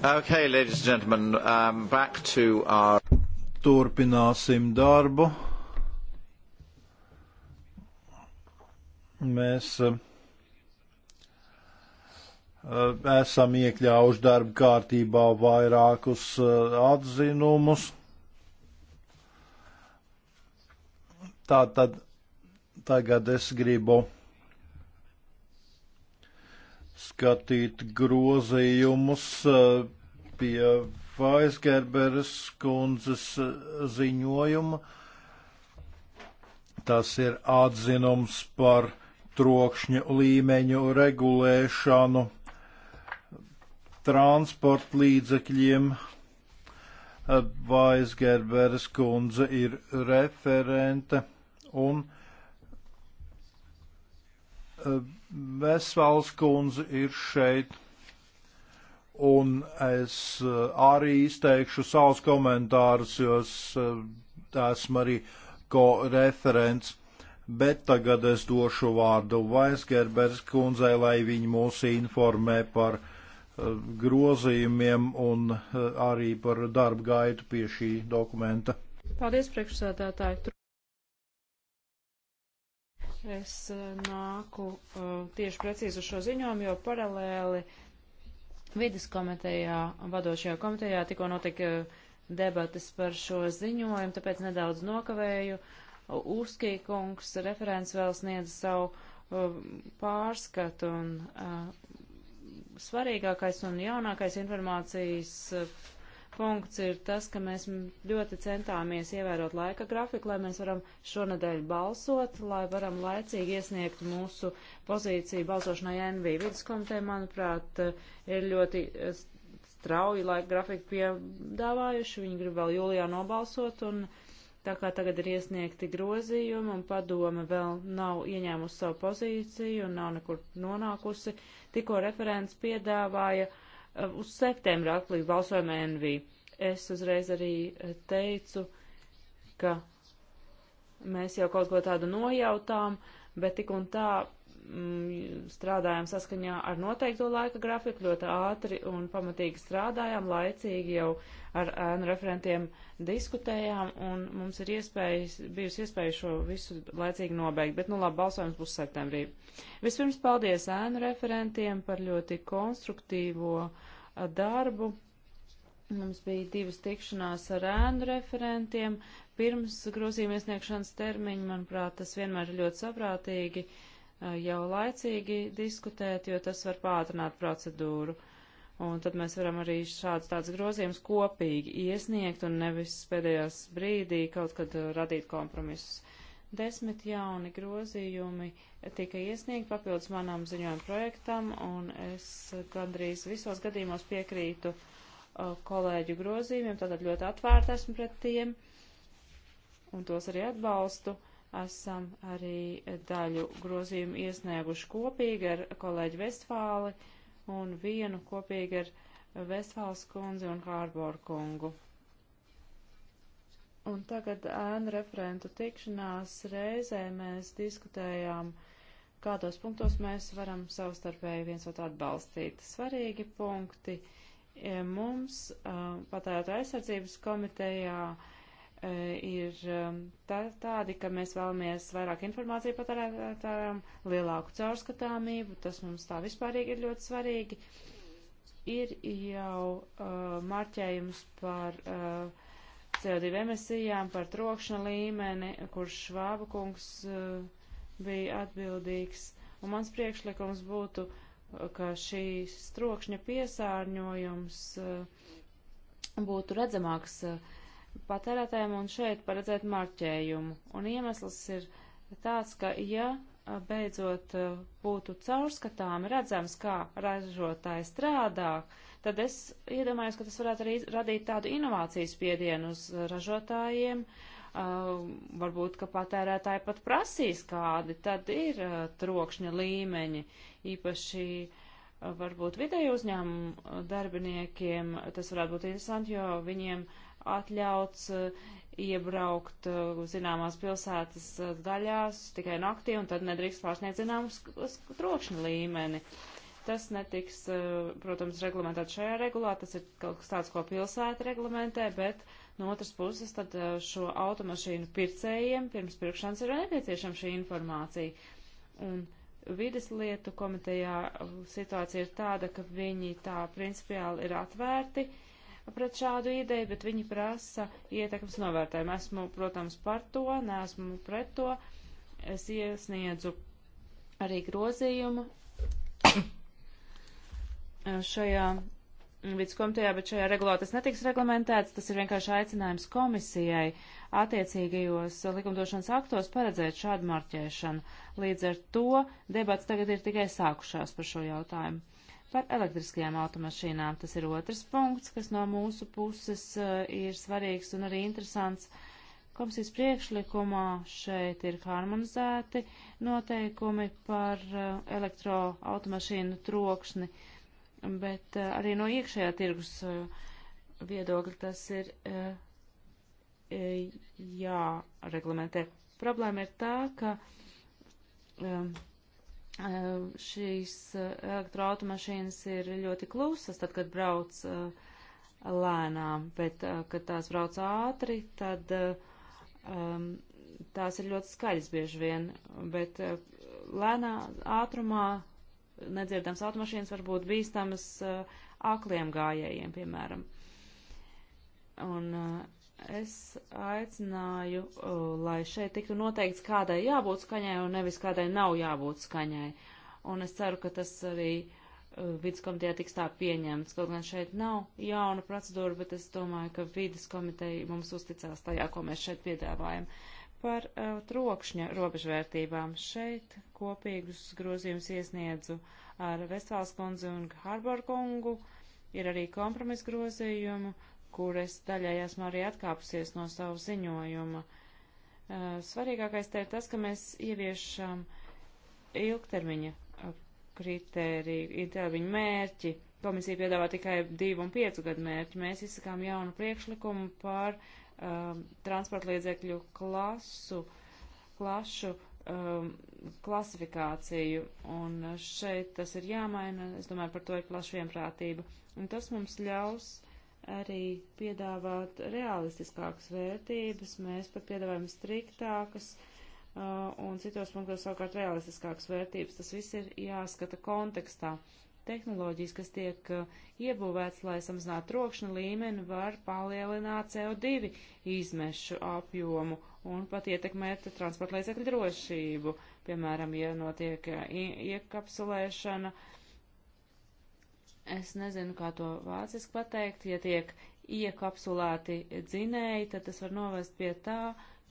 Okay, ladies and gentlemen, um, back to our... Turpināsim darbu. Mēs uh, uh esam iekļāvuši darba kārtībā vairākus uh, atzinumus. Tātad tagad es gribu skatīt grozījumus eh, pie Vaisgerberes kundzes eh, ziņojuma. Tas ir atzinums par trokšņu līmeņu regulēšanu transporta līdzekļiem. Vaisgerberes eh, kundze ir referente un uh, Vesvāls kundze ir šeit, un es eh, arī izteikšu savus komentārus, jo es eh, esmu arī ko-referents, bet tagad es došu vārdu Vaisgerbers kundzei, lai viņi mūs informē par eh, grozījumiem un arī par darba gaitu pie šī dokumenta. Paldies, priekšsēdētāji! Es eh, nāku eh, tieši precīzi uz šo ziņojumu, jo paralēli vidas komitejā, vadošajā komitejā tikko notika eh, debatas par šo ziņojumu, tāpēc nedaudz nokavēju. Uskī kungs referents vēl sniedz savu pārskatu un svarīgākais un jaunākais informācijas punkts ir tas, ka mēs ļoti centāmies ievērot laika grafiku, lai mēs varam šonadēļ balsot, lai varam laicīgi iesniegt mūsu pozīciju balsošanai NV viduskomitē, manuprāt, eh, ir ļoti eh, strauji laika grafiku piedāvājuši, viņi grib vēl jūlijā nobalsot un tā kā tagad ir iesniegti grozījumi un padome vēl nav ieņēmusi savu pozīciju un nav nekur nonākusi, tikko referents piedāvāja uh, Uh, uz septembra atklīja balsojuma NV. Es uzreiz arī uh, teicu, ka mēs jau kaut ko tādu nojautām, bet tik un tā Mm, strādājām saskaņā ar noteikto laika grafiku, ļoti ātri un pamatīgi strādājām, laicīgi jau ar ēnu referentiem diskutējām, un mums ir iespējas, bijusi iespēja šo visu laicīgi nobeigt, bet, nu labi, balsojums būs septembrī. Vispirms paldies ēnu referentiem par ļoti konstruktīvo darbu. Mums bija divas tikšanās ar ēnu referentiem. Pirms grozījuma iesniegšanas termiņa, manuprāt, tas vienmēr ir ļoti saprātīgi. Uh, jau laicīgi diskutēt, jo tas var pātrināt procedūru. Un tad mēs varam arī šāds tāds grozījums kopīgi iesniegt un nevis pēdējās brīdī kaut kad radīt kompromisus. Desmit jauni grozījumi tika iesniegti papildus manam ziņojuma projektam, un es gandrīz visos gadījumos piekrītu uh, kolēģu grozījumiem, tātad ļoti atvērti esmu pret tiem, un tos arī atbalstu. Uh, esam arī daļu grozījumu iesnieguši kopīgi ar kolēģi Vestfāli un vienu kopīgi ar Vestfāls kundzi un Hārboru kungu. Un tagad ēnu referentu tikšanās reizē mēs diskutējām, kādos punktos mēs varam savstarpēji viens otru atbalstīt. Svarīgi punkti mums patērētāju aizsardzības komitejā E, ir um, tā, tādi, ka mēs vēlamies vairāk informāciju patērētājiem, lielāku caurskatāmību, tas mums tā vispārīgi ir ļoti svarīgi. Ir jau uh, marķējums par uh, CO2 emisijām, par trokšņa līmeni, kurš Švāba kungs uh, bija atbildīgs. Un mans priekšlikums būtu, uh, ka šīs trokšņa piesārņojums uh, būtu redzamāks. Uh, patērētājiem un šeit paredzēt marķējumu. Un iemesls ir tāds, ka ja beidzot būtu caurskatām redzams, kā ražotāji strādā, tad es iedomājos, ka tas varētu arī radīt tādu inovācijas spiedienu uz ražotājiem. Uh, varbūt, ka patērētāji pat prasīs, kādi tad ir uh, trokšņa līmeņi, īpaši uh, varbūt vidēju uzņēmumu darbiniekiem tas varētu būt interesanti, jo viņiem atļauts eh, iebraukt eh, zināmās pilsētas eh, daļās tikai naktī un tad nedrīkst pārsniegt zināmas trokšņa līmeni. Tas netiks, protams, reglamentēt šajā regulā, tas ir kaut kas tāds, ko pilsēta reglamentē, bet no otras puses tad šo automašīnu pircējiem pirms pirkšanas ir nepieciešama šī informācija. Un vides lietu komitejā situācija ir tāda, ka viņi tā principiāli ir atvērti uh, pret šādu ideju, bet viņi prasa ietekmes novērtējumu. Esmu, protams, par to, neesmu pret to. Es iesniedzu arī grozījumu šajā vidskomitejā, bet šajā regulā tas netiks reglamentēts. Tas ir vienkārši aicinājums komisijai attiecīgajos likumdošanas aktos paredzēt šādu marķēšanu. Līdz ar to debats tagad ir tikai sākušās par šo jautājumu. Par elektriskajām automašīnām tas ir otrs punkts, kas no mūsu puses eh, ir svarīgs un arī interesants. Komisijas priekšlikumā šeit ir harmonizēti noteikumi par eh, elektroautomašīnu trokšni, bet eh, arī no iekšējā tirgus viedokļa tas ir jāreglamentē. Problēma ir tā, ka šīs elektroautomašīnas ir ļoti klusas, tad, kad brauc lēnām, bet, kad tās brauc ātri, tad um, tās ir ļoti skaļas bieži vien, bet lēnā ātrumā nedzirdams automašīnas var būt bīstamas akliem gājējiem, piemēram. Un Es aicināju, uh, lai šeit tiktu noteikts, kādai jābūt skaņai un nevis kādai nav jābūt skaņai. Un es ceru, ka tas arī uh, vidas komitejā tiks tā pieņemts. Kaut gan šeit nav jauna procedūra, bet es domāju, ka vidas komiteja mums uzticās tajā, ko mēs šeit piedāvājam. Par uh, trokšņa robežvērtībām šeit kopīgus grozījumus iesniedzu ar Vestvāls kundzi un Harborkungu. Ir arī kompromis grozījumu. Uh, kur es daļai esmu arī atkāpusies no savu ziņojuma. Svarīgākais te ir tas, ka mēs ieviešam ilgtermiņa kritēriju, ilgtermiņa mērķi. Komisija piedāvā tikai divu un piecu gadu mērķi. Mēs izsakām jaunu priekšlikumu par um, transporta līdzekļu klasu, klašu um, klasifikāciju, un šeit tas ir jāmaina. Es domāju, par to ir plaša vienprātība. Un tas mums ļaus uh, arī piedāvāt realistiskākas vērtības, mēs pat piedāvājam striktākas uh, un citos punktos savukārt realistiskākas vērtības. Tas viss ir jāskata kontekstā. Tehnoloģijas, kas tiek uh, iebūvēts, lai samazinātu trokšņa līmeni, var palielināt CO2 izmešu apjomu un pat ietekmēt transporta līdzekļu drošību. Piemēram, ja notiek uh, iekapsulēšana, uh, es nezinu, kā to vāciski pateikt, ja tiek iekapsulēti dzinēji, tad tas var novest pie tā,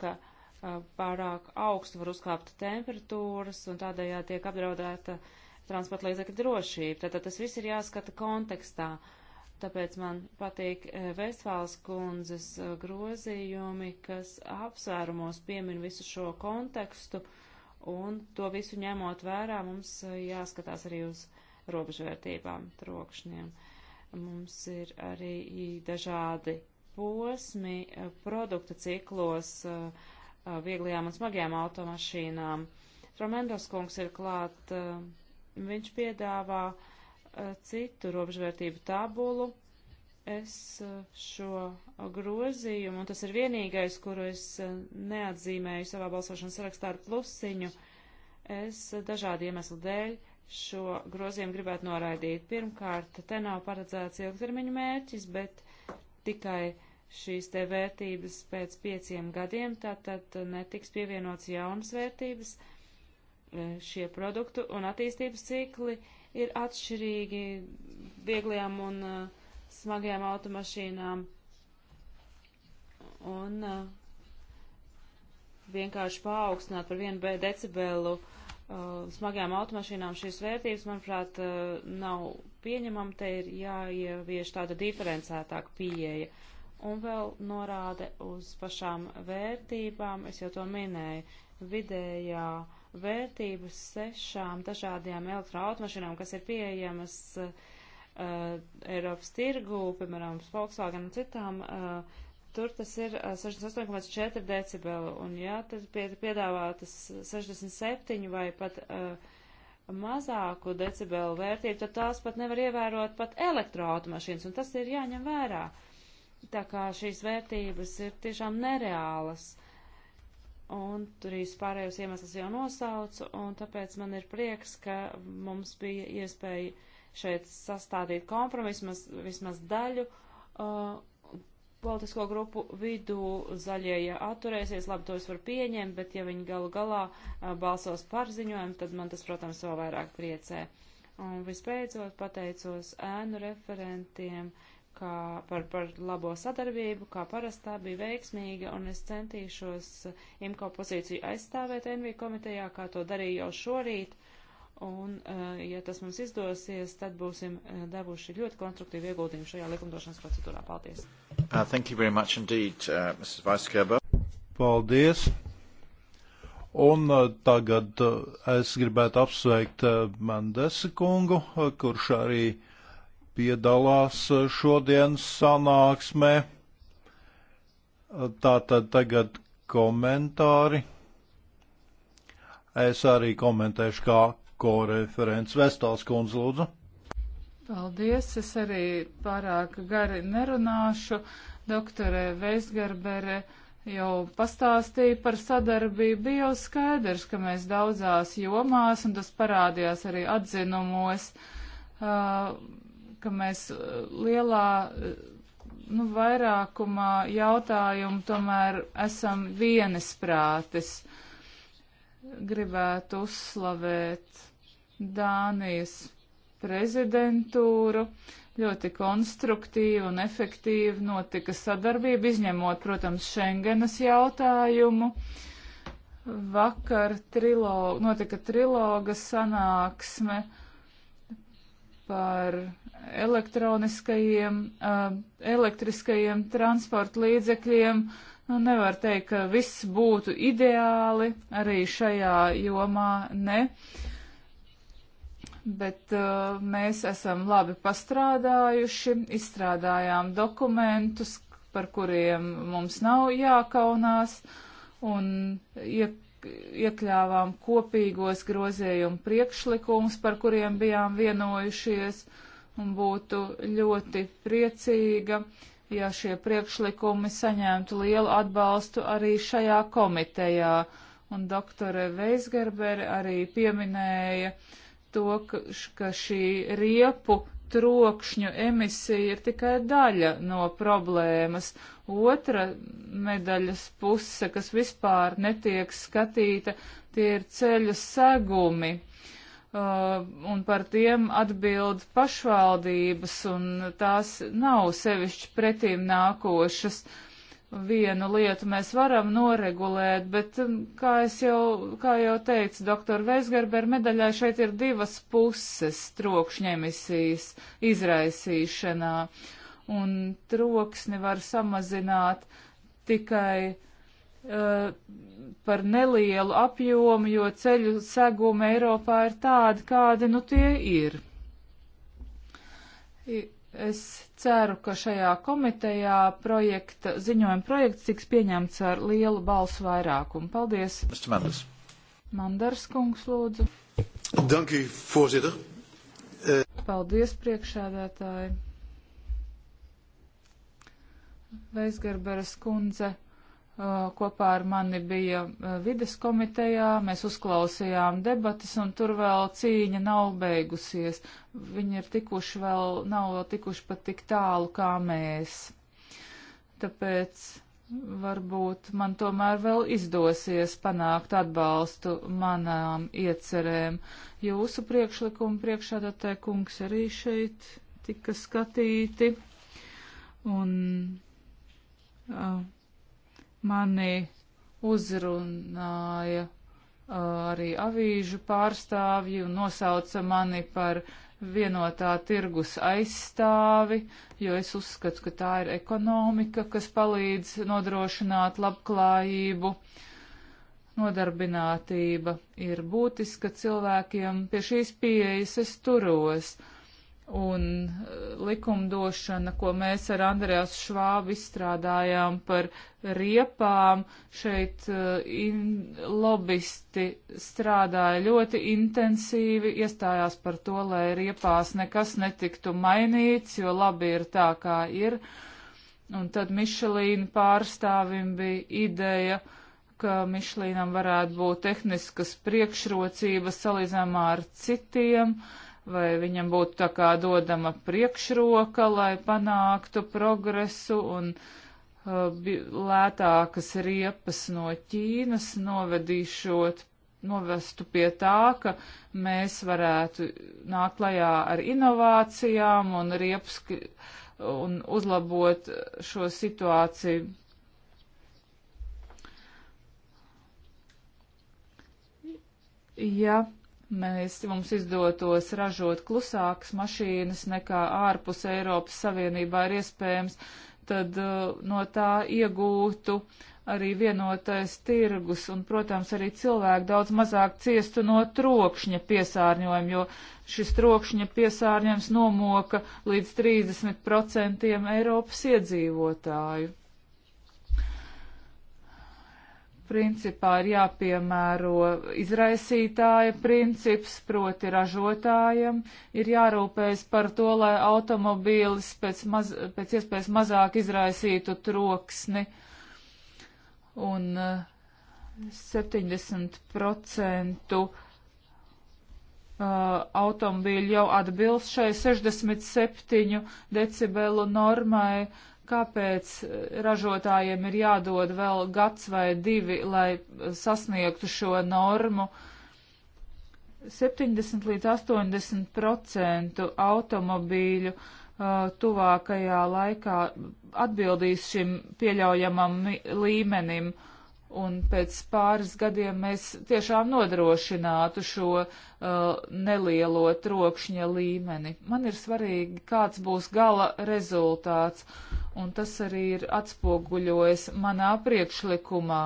ka uh, pārāk augstu var uzkāpt temperatūras un tādējādi tiek apdraudēta transporta līdzekļa drošība. Tātad tas viss ir jāskata kontekstā. Tāpēc man patīk uh, Vestfāles kundzes uh, grozījumi, kas apsvērumos piemin visu šo kontekstu, un to visu ņemot vērā mums e, jāskatās arī uz uh, robežvērtībām, trokšņiem. Mums ir arī dažādi posmi eh, produkta ciklos eh, eh, vieglajām un smagajām automašīnām. Tromendos kungs ir klāt, viņš piedāvā citu robežvērtību tabulu, es šo grozījumu, un tas ir vienīgais, kuru es neatzīmēju savā balsošanas sarakstā ar plusiņu, es dažādu iemeslu dēļ šo grozījumu gribētu noraidīt. Pirmkārt, te nav paredzēts ilgtermiņu mērķis, bet tikai šīs te vērtības pēc pieciem gadiem, tātad netiks pievienots jaunas vērtības. E, šie produktu un attīstības cikli ir atšķirīgi vieglajām un uh, smagajām automašīnām. Un uh, vienkārši paaugstināt par vienu decibelu uh, Uh, smagajām automašīnām šīs vērtības, manuprāt, uh, nav pieņemama. Te ir jāievieš tāda diferencētāka pieeja. Un vēl norāde uz pašām vērtībām, es jau to minēju, vidējā vērtība sešām dažādajām elektroautomašīnām, kas ir pieejamas uh, uh Eiropas tirgu, piemēram, Volkswagen un citām. Uh, tur tas ir 68,4 decibeli, un ja tad piedāvātas 67 vai pat uh, mazāku decibelu vērtību, tad tās pat nevar ievērot pat elektroautomašīnas, un tas ir jāņem vērā. Tā kā šīs vērtības ir tiešām nereālas. Un tur vispārējos iemeslus jau nosaucu, un tāpēc man ir prieks, ka mums bija iespēja šeit sastādīt kompromisu, vismaz daļu, uh, politisko grupu vidū zaļie, ja atturēsies, labi, to es varu pieņemt, bet ja viņi galu galā balsos par ziņojumu, tad man tas, protams, vēl vairāk priecē. Un vispēcot pateicos ēnu referentiem kā par, par labo sadarbību, kā parastā bija veiksmīga, un es centīšos IMCO pozīciju aizstāvēt NV komitejā, kā to darīju jau šorīt. Uh, Un, eh, ja tas mums izdosies, tad būsim eh, devuši ļoti konstruktīvu ieguldījumu šajā likumdošanas procedūrā. Paldies! Uh, thank you very much indeed, uh, Mrs. Weisgerber. Paldies! Un uh, tagad uh, es gribētu apsveikt uh, Mendesi kungu, kurš arī piedalās šodienas sanāksmē. Tātad tagad komentāri. Es arī komentēšu kā koreferents Vestāls kundze lūdzu. Paldies, es arī pārāk gari nerunāšu. Doktorē Veisgarbere jau pastāstīja par sadarbību, bija jau skaidrs, ka mēs daudzās jomās, un tas parādījās arī atzinumos, ka mēs lielā, nu, vairākumā jautājumu tomēr esam vienisprātis. Gribētu uzslavēt Dānijas prezidentūru. Ļoti konstruktīvi un efektīvi notika sadarbība, izņemot, protams, Schengenas jautājumu. Vakar trilog, notika triloga sanāksme par elektroniskajiem, uh, elektriskajiem transporta līdzekļiem. Nu, nevar teikt, ka viss būtu ideāli arī šajā jomā, ne. Uh, bet uh, mēs esam labi pastrādājuši, izstrādājām dokumentus, par kuriem mums nav jākaunās, un iek, iekļāvām kopīgos grozījumu priekšlikumus, par kuriem bijām vienojušies, un būtu ļoti priecīga, ja šie priekšlikumi saņemtu lielu atbalstu arī šajā komitejā. Un doktore Veisgerbere arī pieminēja uh, to, ka šī riepu trokšņu emisija ir tikai daļa no problēmas. Otra medaļas puse, kas vispār netiek skatīta, tie ir ceļu segumi. Uh, un par tiem atbild pašvaldības, un tās nav sevišķi pretīm nākošas. Uh, vienu lietu mēs varam noregulēt, bet, um, kā es jau, kā jau teicu, doktor Veisgerber medaļai šeit ir divas puses trokšņa emisijas izraisīšanā, un troksni var samazināt tikai uh, par nelielu apjomu, jo ceļu segumi Eiropā ir tādi, kādi nu tie ir. I Es ceru, ka šajā komitejā projekta, ziņojuma projekts tiks pieņemts ar lielu balsu vairākumu. Paldies! Manders. Manders kungs, lūdzu. Dank u, voorzitter. Eh, Paldies, priekšādātāji. Veisgarberas kundze kopā ar mani bija vides komitejā, mēs uzklausījām debatas, un tur vēl cīņa nav beigusies. Viņi ir tikuši vēl, nav vēl tikuši pat tik tālu kā mēs. Tāpēc varbūt man tomēr vēl izdosies panākt atbalstu manām iecerēm. Jūsu priekšlikumu priekšādatē kungs arī šeit tika skatīti. Un, uh, Mani uzrunāja uh, arī avīžu pārstāvji un nosauca mani par vienotā tirgus aizstāvi, jo es uzskatu, ka tā ir ekonomika, kas palīdz nodrošināt labklājību. Nodarbinātība ir būtiska cilvēkiem, pie šīs pieejas es turos. Uh, un eh, likumdošana, ko mēs ar Andrēs Švābu izstrādājām par riepām, šeit eh, in, lobisti strādāja ļoti intensīvi, iestājās par to, lai riepās nekas netiktu mainīts, jo labi ir tā, kā ir. Un tad Mišelīna pārstāvim bija ideja, ka Mišelīnam varētu būt tehniskas priekšrocības salīdzinājumā ar citiem. Uh, vai viņam būtu tā kā dodama priekšroka, lai panāktu progresu un uh, lētākas riepas no Ķīnas novedīšot, novestu pie tā, ka mēs varētu nākt klajā ar inovācijām un riepas un uzlabot šo situāciju. Ja mēs, mums izdotos ražot klusākas mašīnas nekā ārpus Eiropas Savienībā ir iespējams, tad uh, no tā iegūtu arī vienotais tirgus un, protams, arī cilvēki daudz mazāk ciestu no trokšņa piesārņojuma, jo šis trokšņa piesārņojums nomoka līdz 30% Eiropas iedzīvotāju. principā ir jāpiemēro izraisītāja princips, proti ražotājiem ir jārūpējas par to, lai automobīlis pēc, maz, pēc iespējas mazāk izraisītu troksni. Un 70% eh, eh, automobīļi jau atbilst šai 67 decibelu normai kāpēc eh, ražotājiem ir jādod vēl gads vai divi, lai eh, sasniegtu šo normu. 70 līdz 80 procentu automobīļu uh, tuvākajā laikā atbildīs šim pieļaujamam līmenim. Uh, un pēc pāris gadiem mēs tiešām nodrošinātu šo uh, nelielo trokšņa līmeni. Man ir svarīgi, kāds būs gala rezultāts, un tas arī ir atspoguļojas manā priekšlikumā.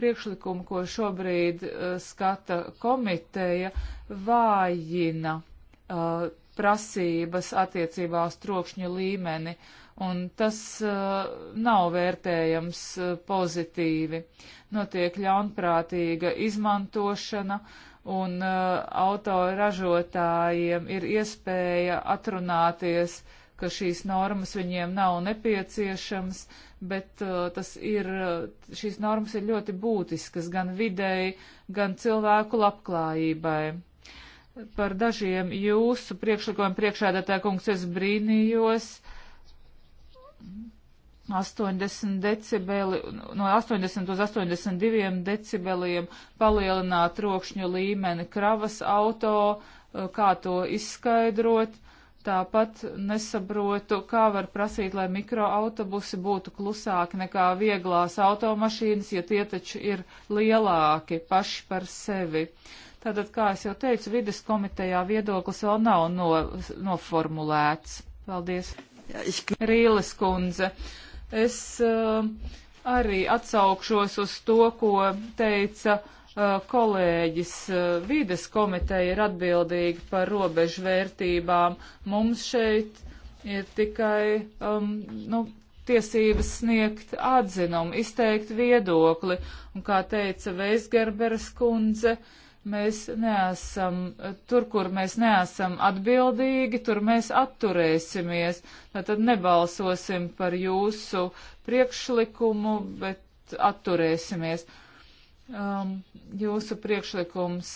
Priekšlikumu, ko šobrīd uh, skata komiteja, vājina uh, prasības attiecībā uz trokšņa līmeni. Uh, un tas uh, nav vērtējams uh, pozitīvi. Notiek ļaunprātīga izmantošana, un uh, autoražotājiem ir iespēja atrunāties, ka šīs normas viņiem nav nepieciešams, bet tas ir, šīs normas ir ļoti būtiskas gan videi, gan cilvēku labklājībai par dažiem jūsu priekšlikumiem priekšēdētā kungs es brīnījos, 80 decibeli, no 80 uz 82 decibeliem palielināt rokšņu līmeni kravas auto, eh, kā to izskaidrot. Tāpat nesaprotu, kā var prasīt, lai mikroautobusi būtu klusāki nekā vieglās automašīnas, ja tie taču ir lielāki paši par sevi. Tātad, kā es jau teicu, vides komitejā viedoklis vēl nav no, noformulēts. Paldies! Rīles kundze, es uh, arī atsaukšos uz to, ko teica eh, kolēģis eh, vides komiteja ir atbildīga par robežu vērtībām. Mums šeit ir tikai um, nu, tiesības sniegt atzinumu, izteikt viedokli. Un kā teica Veisgerberas kundze, uh, mēs neesam, tur, kur mēs neesam atbildīgi, tur mēs atturēsimies. Tātad nebalsosim par jūsu priekšlikumu, bet atturēsimies. Um, jūsu priekšlikums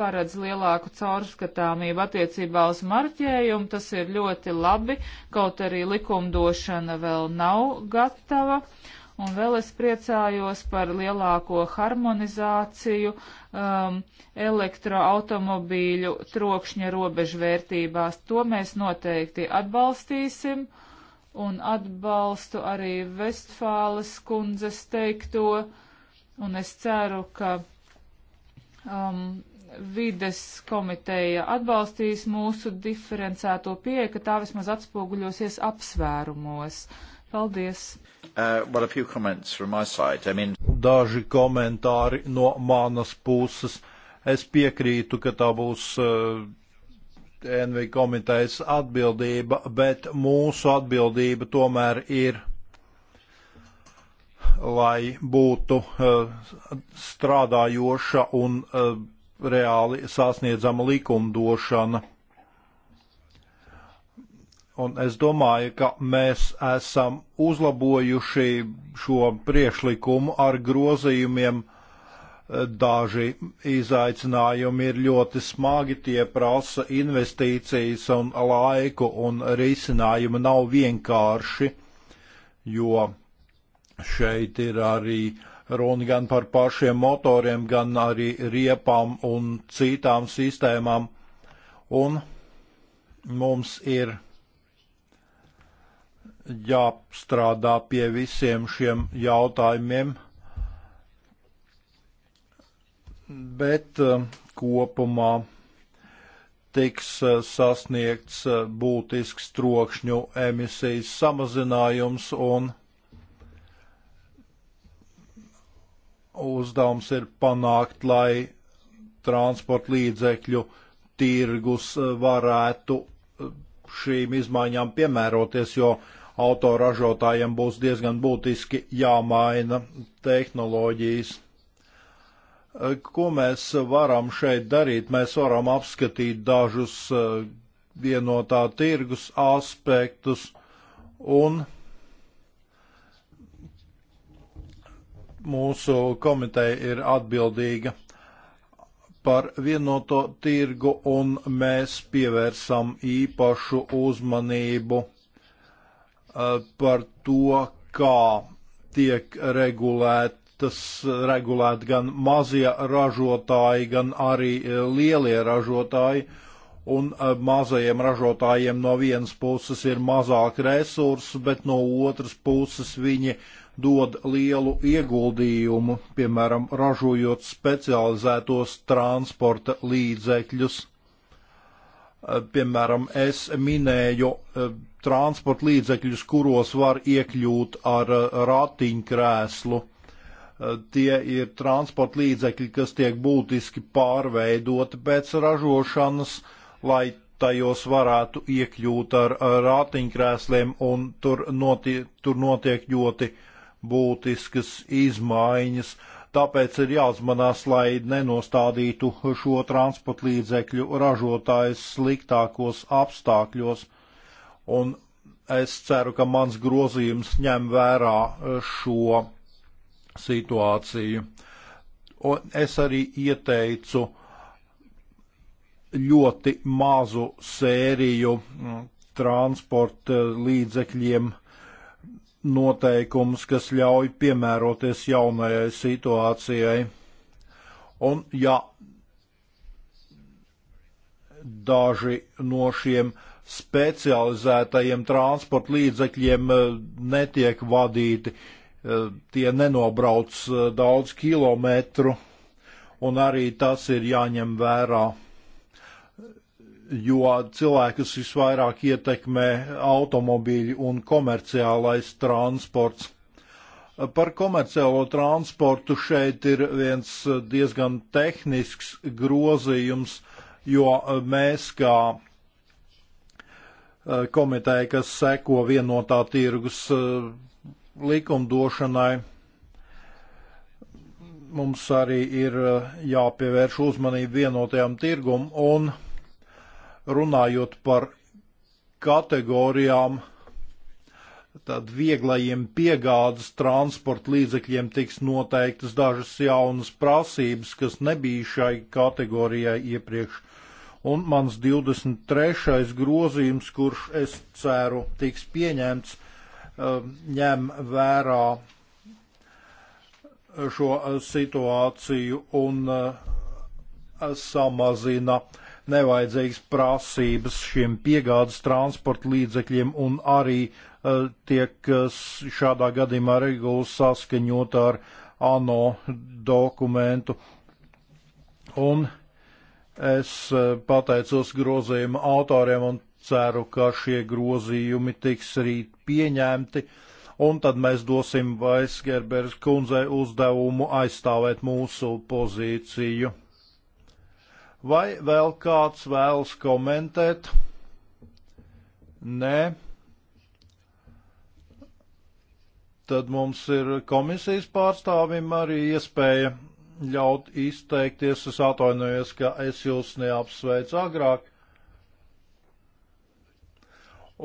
paredz lielāku caurskatāmību attiecībā uz marķējumu, tas ir ļoti labi, kaut arī likumdošana vēl nav gatava. Uh, Un vēl es priecājos par lielāko harmonizāciju um, elektroautomobīļu trokšņa robežvērtībās. To mēs noteikti atbalstīsim un atbalstu arī Vestfāles kundzes teikto. Un es ceru, ka um, vides komiteja atbalstīs mūsu diferencēto pieeja, ka tā vismaz atspoguļosies apsvērumos. Paldies! Uh, well, I mean... Daži komentāri no manas puses. Es piekrītu, ka tā būs uh, NV komitejas atbildība, bet mūsu atbildība tomēr ir, lai būtu uh, strādājoša un uh, reāli sasniedzama likumdošana. Un es domāju, ka mēs esam uzlabojuši šo priekšlikumu ar grozījumiem. Daži izaicinājumi ir ļoti smagi, tie prasa investīcijas un laiku, un risinājumi nav vienkārši, jo šeit ir arī runa gan par pašiem motoriem, gan arī riepām un citām sistēmām. Un mums ir jāstrādā pie visiem šiem jautājumiem, bet um, kopumā tiks uh, sasniegts uh, būtisks trokšņu emisijas samazinājums un uzdevums ir panākt, lai transporta līdzekļu tirgus uh, varētu šīm izmaiņām piemēroties, jo uh, autoražotājiem būs diezgan būtiski jāmaina tehnoloģijas. Ko mēs varam šeit darīt? Mēs varam apskatīt dažus eh, vienotā tirgus aspektus un mūsu komiteja ir atbildīga par vienoto tirgu un mēs pievērsam īpašu uzmanību Eh, par to, kā tiek regulētas, regulēt gan mazie ražotāji, gan arī eh, lielie ražotāji. Un eh, mazajiem ražotājiem no vienas puses ir mazāk resursu, bet no otras puses viņi dod lielu ieguldījumu, piemēram, ražojot specializētos transporta līdzekļus. Piemēram, es minēju transporta līdzekļus, kuros var iekļūt ar eh, ratiņkrēslu. Eh, tie ir transporta līdzekļi, kas tiek būtiski pārveidoti pēc ražošanas, lai tajos varētu iekļūt ar eh, ratiņkrēsliem, un tur, notie, tur notiek ļoti būtiskas izmaiņas. Tāpēc ir jāuzmanās, lai nenostādītu šo transporta līdzekļu ražotājus sliktākos apstākļos un es ceru, ka mans grozījums ņem vērā eh, šo situāciju. Un es arī ieteicu ļoti mazu sēriju mm, transporta līdzekļiem noteikums, kas ļauj piemēroties jaunajai situācijai. Un ja daži no šiem uh, specializētajiem transporta līdzekļiem eh, netiek vadīti, eh, tie nenobrauc eh, daudz kilometru, un arī tas ir jāņem vērā, jo cilvēkus visvairāk ietekmē automobīļi un komerciālais transports. Par komerciālo transportu šeit ir viens diezgan tehnisks grozījums, jo mēs kā Eh, komiteja, kas seko vienotā tirgus eh, likumdošanai. Mums arī ir eh, jāpievērš uzmanību vienotajam tirgum un runājot par kategorijām, tad vieglajiem piegādes transporta līdzekļiem tiks noteiktas dažas jaunas prasības, kas nebija šai kategorijai iepriekš un mans 23. grozījums, kurš es ceru tiks pieņemts, um, ņem vērā šo uh, situāciju un uh, samazina nevajadzīgas prasības šiem piegādes transporta līdzekļiem un arī uh, tiek šādā gadījumā regula saskaņot ar ANO dokumentu. Un uh, Es eh, pateicos grozījuma autoriem un ceru, ka šie grozījumi tiks rīt pieņemti, un tad mēs dosim Vaisgerberas kundzei uzdevumu aizstāvēt mūsu pozīciju. Vai vēl kāds vēlas komentēt? Nē. Tad mums ir komisijas pārstāvim arī iespēja ļaut izteikties. Es atvainojos, ka es jūs neapsveicu agrāk.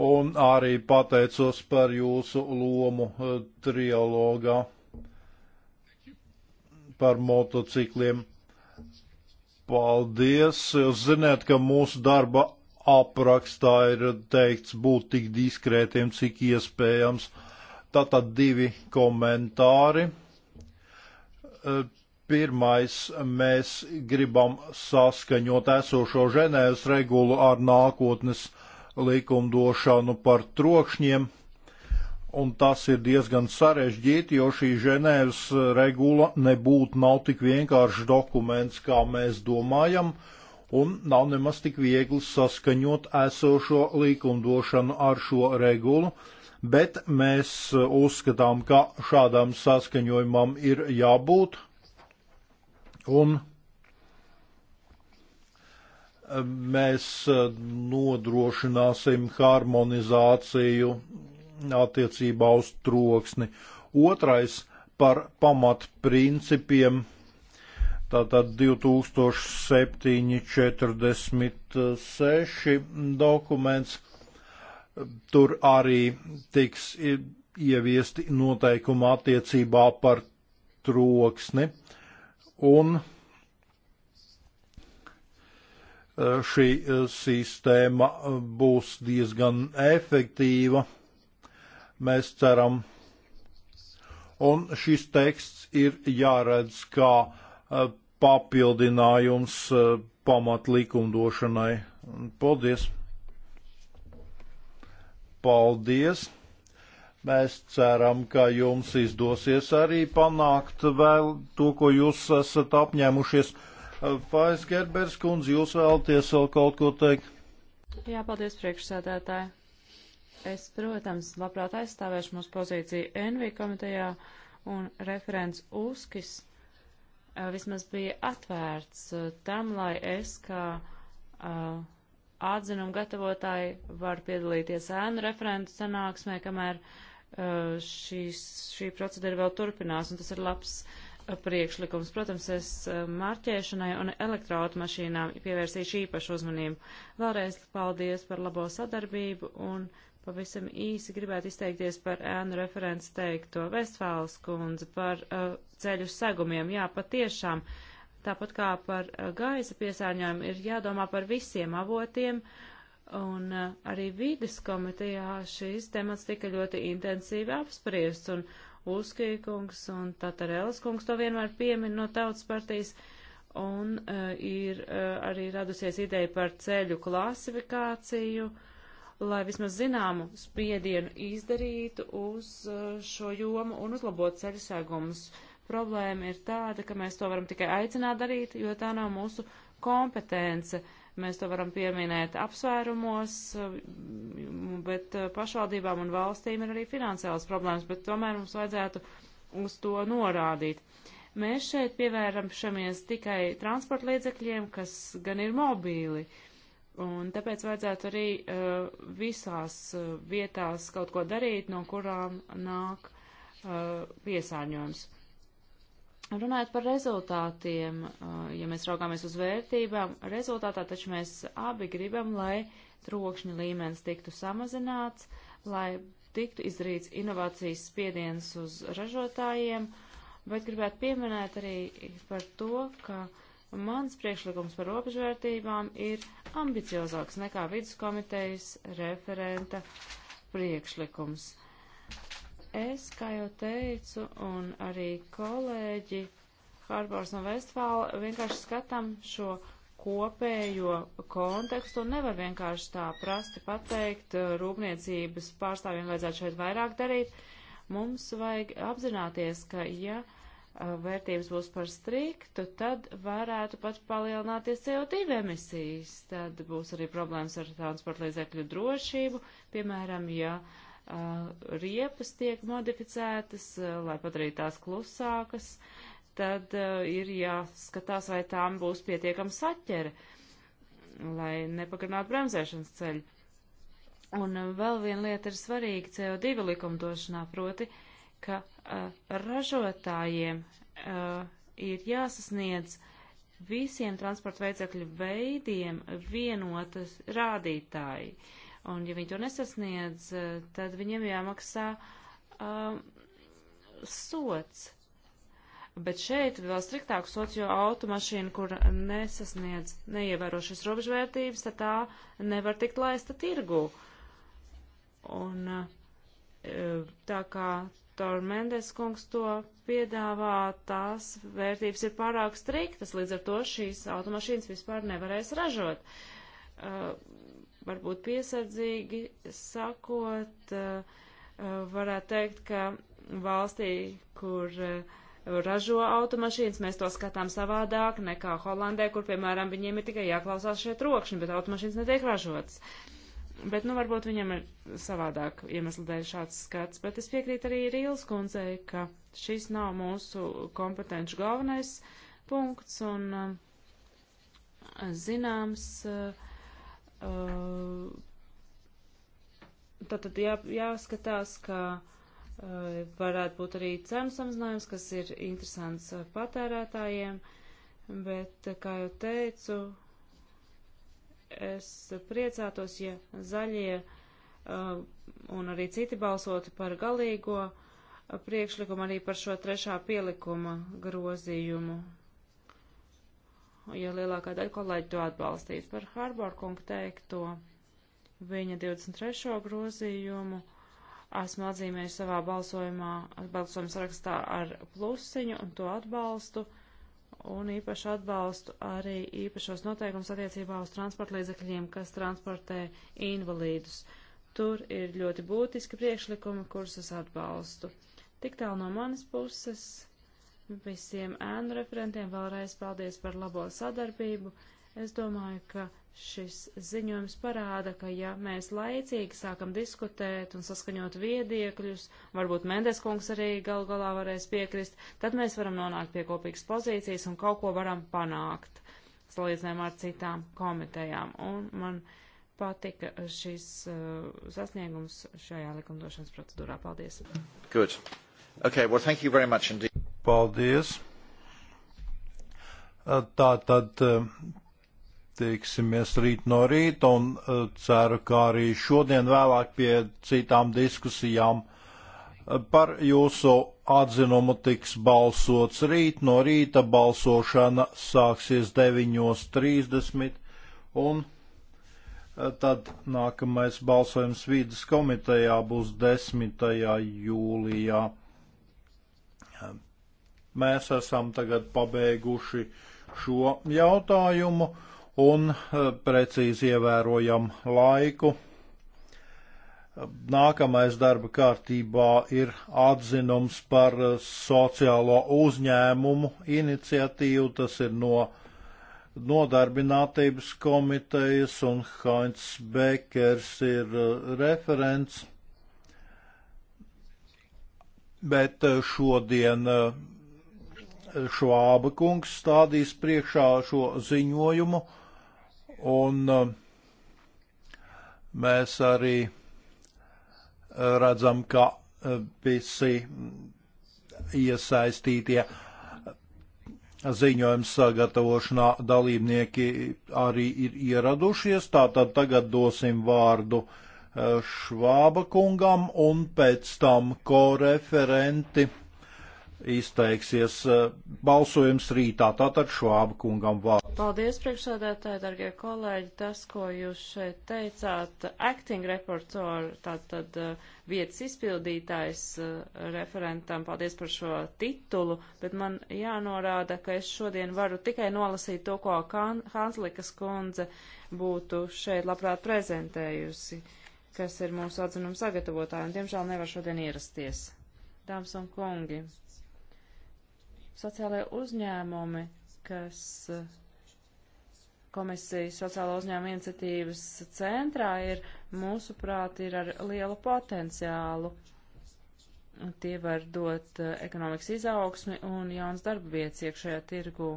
Un arī pateicos par jūsu lomu eh, trialogā par motocikliem. Paldies! Jūs zināt, ka mūsu darba aprakstā ir teikts būt tik diskrētiem, cik iespējams. Tātad divi komentāri eh, Pirmais, mēs gribam saskaņot esošo Ženēvas regulu ar nākotnes likumdošanu par trokšņiem, un tas ir diezgan sarežģīti, jo šī Ženēvas regula nebūtu nav tik vienkāršs dokuments, kā mēs domājam, un nav nemaz tik viegli saskaņot esošo likumdošanu ar šo regulu, bet mēs uzskatām, ka šādam saskaņojumam ir jābūt Un eh, mēs eh, nodrošināsim harmonizāciju attiecībā uz troksni. Otrais par pamatprincipiem. Tātad 2746 dokuments. Tur arī tiks ieviesti noteikumi attiecībā par troksni. Uh, un e, šī e, sistēma e, būs diezgan efektīva, mēs ceram. Un šis teksts ir jāredz kā papildinājums pamatlikumdošanai. Paldies! Paldies! Mēs ceram, ka jums izdosies arī panākt vēl to, ko jūs esat apņēmušies. Fais Gerbers kundze, jūs vēlaties vēl kaut ko teikt? Jā, paldies priekšsēdētāji. Es, protams, labprāt aizstāvēšu mūsu pozīciju NV komitejā un referents Uskis vismaz bija atvērts tam, lai es kā uh, atzinumu gatavotāji varu piedalīties ēnu referentu sanāksmē, kamēr uh, Eh, šīs, šī procedūra vēl turpinās, un tas ir labs eh, priekšlikums. Protams, es eh, marķēšanai un elektroautomašīnām pievērsīšu īpašu uzmanību. Vēlreiz paldies par labo sadarbību un pavisam īsi gribētu izteikties par ēnu referents teikto Vestfāles kundze par uh, ceļu segumiem. Jā, patiešām, tāpat kā par uh, gaisa piesārņojumu, ir jādomā par visiem avotiem. Uh, Un uh, arī vīdes komitejā šīs temats tika ļoti intensīvi apspriests, un Uzkīkungs un Tatarēlas kungs to vienmēr piemin no tautas partijas, un uh, ir uh, arī radusies ideja par ceļu klasifikāciju, lai vismaz zināmu spiedienu izdarītu uz uh, šo jomu un uzlabot ceļu segumus. Problēma ir tāda, ka mēs to varam tikai aicināt darīt, jo tā nav mūsu kompetence. Uh, Mēs to varam pieminēt apsvērumos, mm, bet eh, pašvaldībām un valstīm ir arī finansiālas problēmas, bet tomēr mums vajadzētu uz to norādīt. Mēs šeit pievēršamies tikai transporta līdzekļiem, kas gan ir mobīli. Un tāpēc vajadzētu arī uh, visās uh, vietās kaut ko darīt, no kurām nāk uh, piesārņojums. Runājot par rezultātiem, uh, ja mēs raugāmies uz vērtībām, rezultātā taču mēs abi gribam, lai trokšņa līmenis tiktu samazināts, lai tiktu izdarīts inovācijas spiediens uz ražotājiem, bet gribētu pieminēt arī par to, ka mans priekšlikums par robežvērtībām ir ambiciozāks nekā viduskomitejas referenta priekšlikums. Es, kā jau teicu, un arī kolēģi Harbors un Vestfāla vienkārši skatām šo kopējo kontekstu un nevar vienkārši tā prasti pateikt, eh, rūpniecības pārstāvjiem vajadzētu šeit vairāk darīt. Mums vajag apzināties, ka ja eh, vērtības būs par striktu, tad varētu pat palielināties CO2 emisijas. Tad būs arī problēmas ar transporta līdzekļu drošību, piemēram, ja uh, riepas tiek modificētas, lai padarītu tās klusākas, tad ir jāskatās, vai tām būs pietiekama saķere, lai nepagarinātu bremzēšanas ceļu. Un vēl viena lieta ir svarīga CO2 likumdošanā, proti, ka uh, ražotājiem uh, ir jāsasniedz visiem transporta veidzekļu veidiem vienotas rādītāji. Uh, Un ja viņi to nesasniedz, eh, tad viņiem jāmaksā um, sots. Bet šeit vēl striktāk sots, jo automašīna, kur nesasniedz, neievēro šīs robežvērtības, tad tā nevar tikt laista tirgū. Un eh, tā kā Tormendes kungs to piedāvā, tās vērtības ir pārāk striktas, līdz ar to šīs automašīnas vispār nevarēs ražot. Uh, varbūt piesardzīgi sakot, eh, eh, varētu teikt, ka valstī, kur eh, ražo automašīnas, mēs to skatām savādāk nekā Holandē, kur, piemēram, viņiem ir tikai jāklausās šie trokšņi, bet automašīnas netiek ražotas. Bet, nu, varbūt viņam ir savādāk iemesli dēļ šāds skats, bet es piekrītu arī Rīles kundzei, ka šis nav mūsu kompetenci galvenais punkts un zināms. Uh, Uh, tātad jā, jāskatās, ka uh, varētu būt arī cenu samazinājums, kas ir interesants uh, patērētājiem, bet, kā jau teicu, es priecātos, ja zaļie un arī citi balsotu par galīgo priekšlikumu arī par šo trešā pielikuma grozījumu ja lielākā daļa kolēģi to atbalstīs. Par Harbārkungu teikto viņa 23. grozījumu esmu atzīmējis savā balsojumā, balsojuma sarakstā ar plusiņu un to atbalstu, un īpaši atbalstu arī īpašos noteikums attiecībā uz transportlīdzekļiem, kas transportē invalīdus. Tur ir ļoti būtiski priekšlikumi, kurus es atbalstu. Tik tālu no manas puses visiem ēnu referentiem. Vēlreiz paldies par labo sadarbību. Es domāju, ka šis ziņojums parāda, ka ja mēs laicīgi sākam diskutēt un saskaņot viediekļus, varbūt Mendes kungs arī galu galā varēs piekrist, tad mēs varam nonākt pie kopīgas pozīcijas un kaut ko varam panākt, salīdzinājumā ar citām komitejām. Un man patika šis uh, sasniegums šajā likumdošanas procedūrā. Paldies! Good. Okay, well, thank you very much indeed. Paldies! Tā tad tiksimies rīt no rīta un ceru, ka arī šodien vēlāk pie citām diskusijām par jūsu atzinumu tiks balsots rīt. No rīta balsošana sāksies 9.30 un tad nākamais balsojums vīdas komitejā būs 10. jūlijā. Mēs esam tagad pabeiguši šo jautājumu un e, precīzi ievērojam laiku. Nākamais darba kārtībā ir atzinums par e, sociālo uzņēmumu iniciatīvu. Tas ir no nodarbinātības komitejas un Hainz Bekers ir e, referents. Bet šodien Švāba kungs stādīs priekšā šo ziņojumu, un eh, mēs arī eh, redzam, ka eh, visi iesaistītie ziņojums sagatavošanā dalībnieki arī ir ieradušies. Tātad tagad dosim vārdu Švāba kungam un pēc tam koreferenti. referenti izteiksies eh, balsojums rītā. Tātad šāba kungam vārdu. Paldies, priekšsēdētāji, dargie kolēģi. Tas, ko jūs šeit teicāt, acting reportor, tātad eh, vietas izpildītājs eh, referentam, paldies par šo titulu, bet man jānorāda, ka es šodien varu tikai nolasīt to, ko Hanslikas kundze būtu šeit labprāt prezentējusi kas ir mūsu atzinuma sagatavotāji, un diemžēl nevar šodien ierasties. Dāmas un kungi, Sociālajie uzņēmumi, kas eh, komisijas sociālo uzņēmumu iniciatīvas centrā ir, mūsuprāt, ir ar lielu potenciālu. Tie var dot eh, ekonomikas izaugsmi un jauns darba vietas iekšējā tirgū,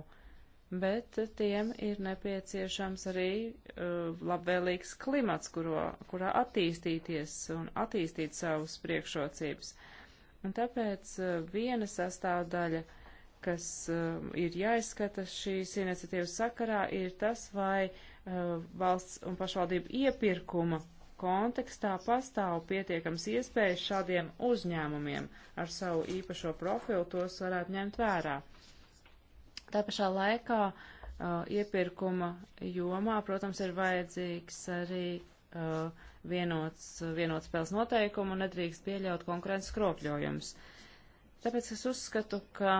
bet tiem ir nepieciešams arī uh, labvēlīgs klimats, kuro, kurā attīstīties un attīstīt savas priekšrocības. Un tāpēc uh, viena sastāvdaļa uh, kas uh, ir jāizskata šīs iniciatīvas sakarā, ir tas, vai uh, valsts un pašvaldību iepirkuma kontekstā pastāv pietiekams iespējas šādiem uzņēmumiem ar savu īpašo profilu tos varētu ņemt vērā. Tā pašā laikā uh, iepirkuma jomā, protams, ir vajadzīgs arī uh, vienots, vienots spēles noteikumu un nedrīkst pieļaut konkurences kropļojums. Tāpēc es uzskatu, ka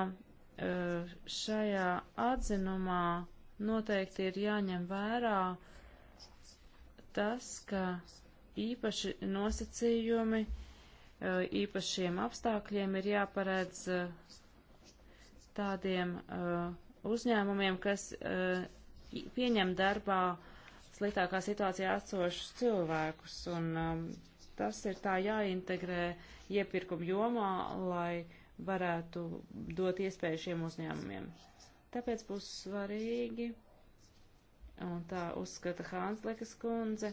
Eh, šajā atzinumā noteikti ir jāņem vērā tas, ka īpaši nosacījumi eh, īpašiem apstākļiem ir jāparedz eh, tādiem uzņēmumiem, kas pieņem darbā sliktākā situācijā atsošus cilvēkus. Un tas ir tā jāintegrē iepirkuma jomā, lai varētu dot iespēju šiem uzņēmumiem. Tāpēc būs svarīgi, un tā uzskata Hānslekas kundze,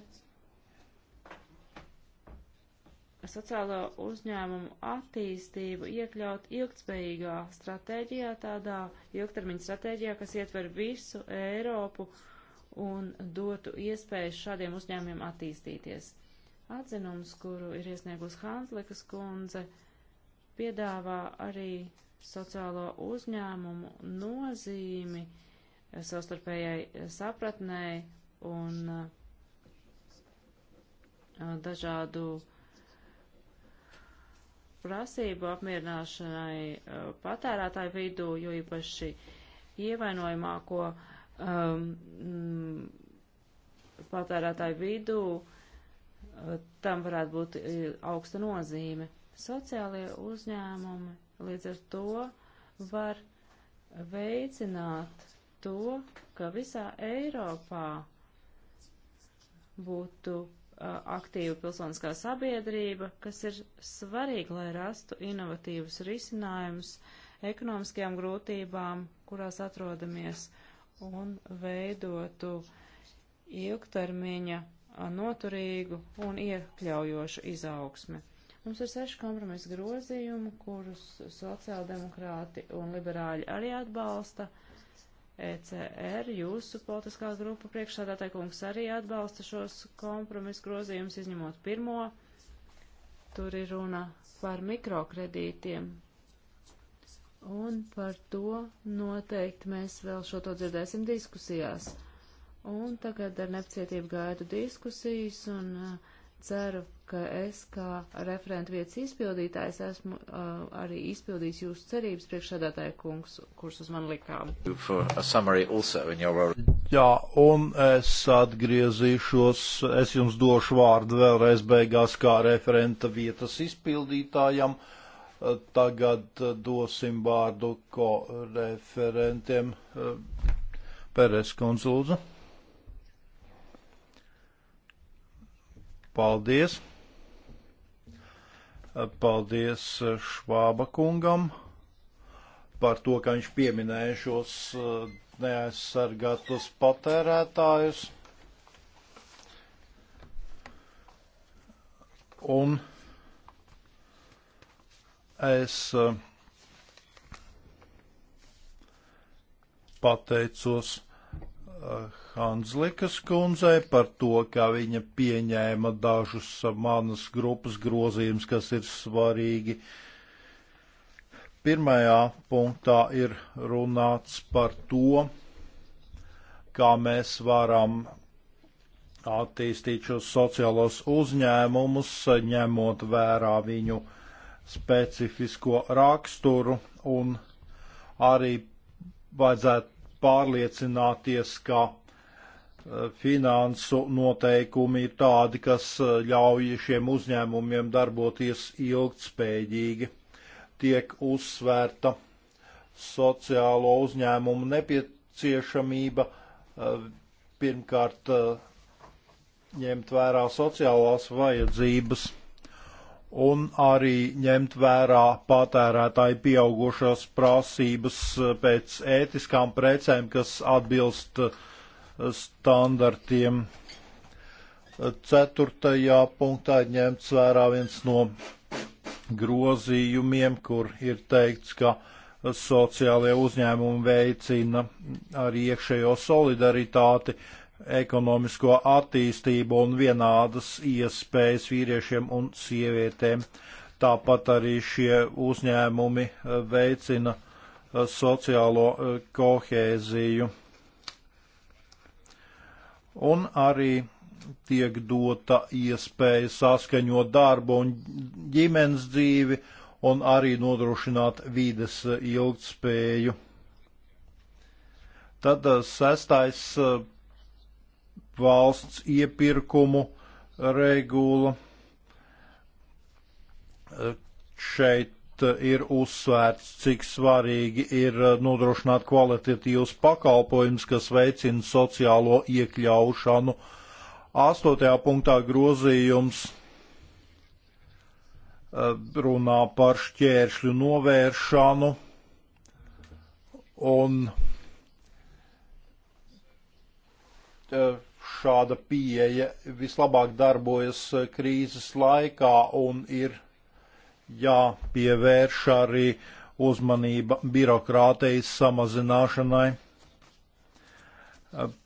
sociālo uzņēmumu attīstību iekļaut ilgtspējīgā stratēģijā, tādā ilgtermiņa stratēģijā, kas ietver visu Eiropu un dotu iespēju šādiem uzņēmumiem attīstīties. Atzinums, kuru ir iesniegus Hanslikas kundze, uh, piedāvā arī sociālo uzņēmumu nozīmi savstarpējai sapratnēji un uh, dažādu prasību apmierināšanai uh, patērētāju vidū, jo īpaši ievainojamāko um, patērētāju vidū uh, tam varētu būt augsta nozīme. Sociālie uzņēmumi līdz ar to var veicināt to, ka visā Eiropā būtu aktīva pilsoniskā sabiedrība, kas ir svarīga, lai rastu inovatīvus risinājumus ekonomiskajām grūtībām, kurās atrodamies, un veidotu ilgtermiņa noturīgu un iekļaujošu izaugsmi. Mums ir seši kompromisa grozījumi, kurus sociāldemokrāti un liberāļi arī atbalsta. ECR, jūsu politiskā grupa priekšsādātāja kungs arī atbalsta šos kompromisa grozījumus, izņemot pirmo. Tur ir runa par mikrokredītiem. Un par to noteikti mēs vēl šo to dzirdēsim diskusijās. Un tagad ar nepacietību gaidu diskusijas un uh, ceru, ka es kā referentu vietas izpildītājs esmu uh, arī izpildījis jūsu cerības priekšsādātāja kungs, kurus uz mani likām. Your... Jā, un es atgriezīšos, es jums došu vārdu vēlreiz beigās kā referenta vietas izpildītājam. Uh, tagad uh, dosim vārdu ko referentiem. Uh, Peres konsulza. Paldies! Paldies Švāba kungam par to, ka viņš pieminēja šos eh, neaizsargātos patērētājus. Un es eh, pateicos uh, Hanslikas kundzei par to, ka viņa pieņēma dažus manas grupas grozījumus, kas ir svarīgi. Pirmajā punktā ir runāts par to, kā mēs varam attīstīt šos sociālos uzņēmumus, ņemot vērā viņu specifisko raksturu un arī vajadzētu pārliecināties, ka finansu noteikumi ir tādi, kas e, ļauj šiem uzņēmumiem darboties ilgtspējīgi. Tiek uzsvērta sociālo uzņēmumu nepieciešamība e, pirmkārt e, ņemt vērā sociālās vajadzības un arī ņemt vērā patērētāju pieaugušās prasības pēc ētiskām precēm, kas atbilst uh, standartiem. Ceturtajā punktā ir ņemts vērā viens no grozījumiem, kur ir teikts, ka sociālajie uzņēmumi veicina arī iekšējo solidaritāti, ekonomisko attīstību un vienādas iespējas vīriešiem un sievietēm. Tāpat arī šie uzņēmumi veicina sociālo kohēziju un arī tiek dota iespēja saskaņot darbu un ģimenes dzīvi un arī nodrošināt vides ilgtspēju. Tad eh, sestais eh, valsts iepirkumu regula. Eh, šeit Eh, ir uzsvērts, cik svarīgi ir eh, nodrošināt kvalitatīvus pakalpojumus, kas veicina sociālo iekļaušanu. Astotajā punktā grozījums eh, runā par šķēršļu novēršanu un šāda pieeja vislabāk darbojas krīzes laikā un ir jāpievērš arī uzmanība birokrātijas samazināšanai.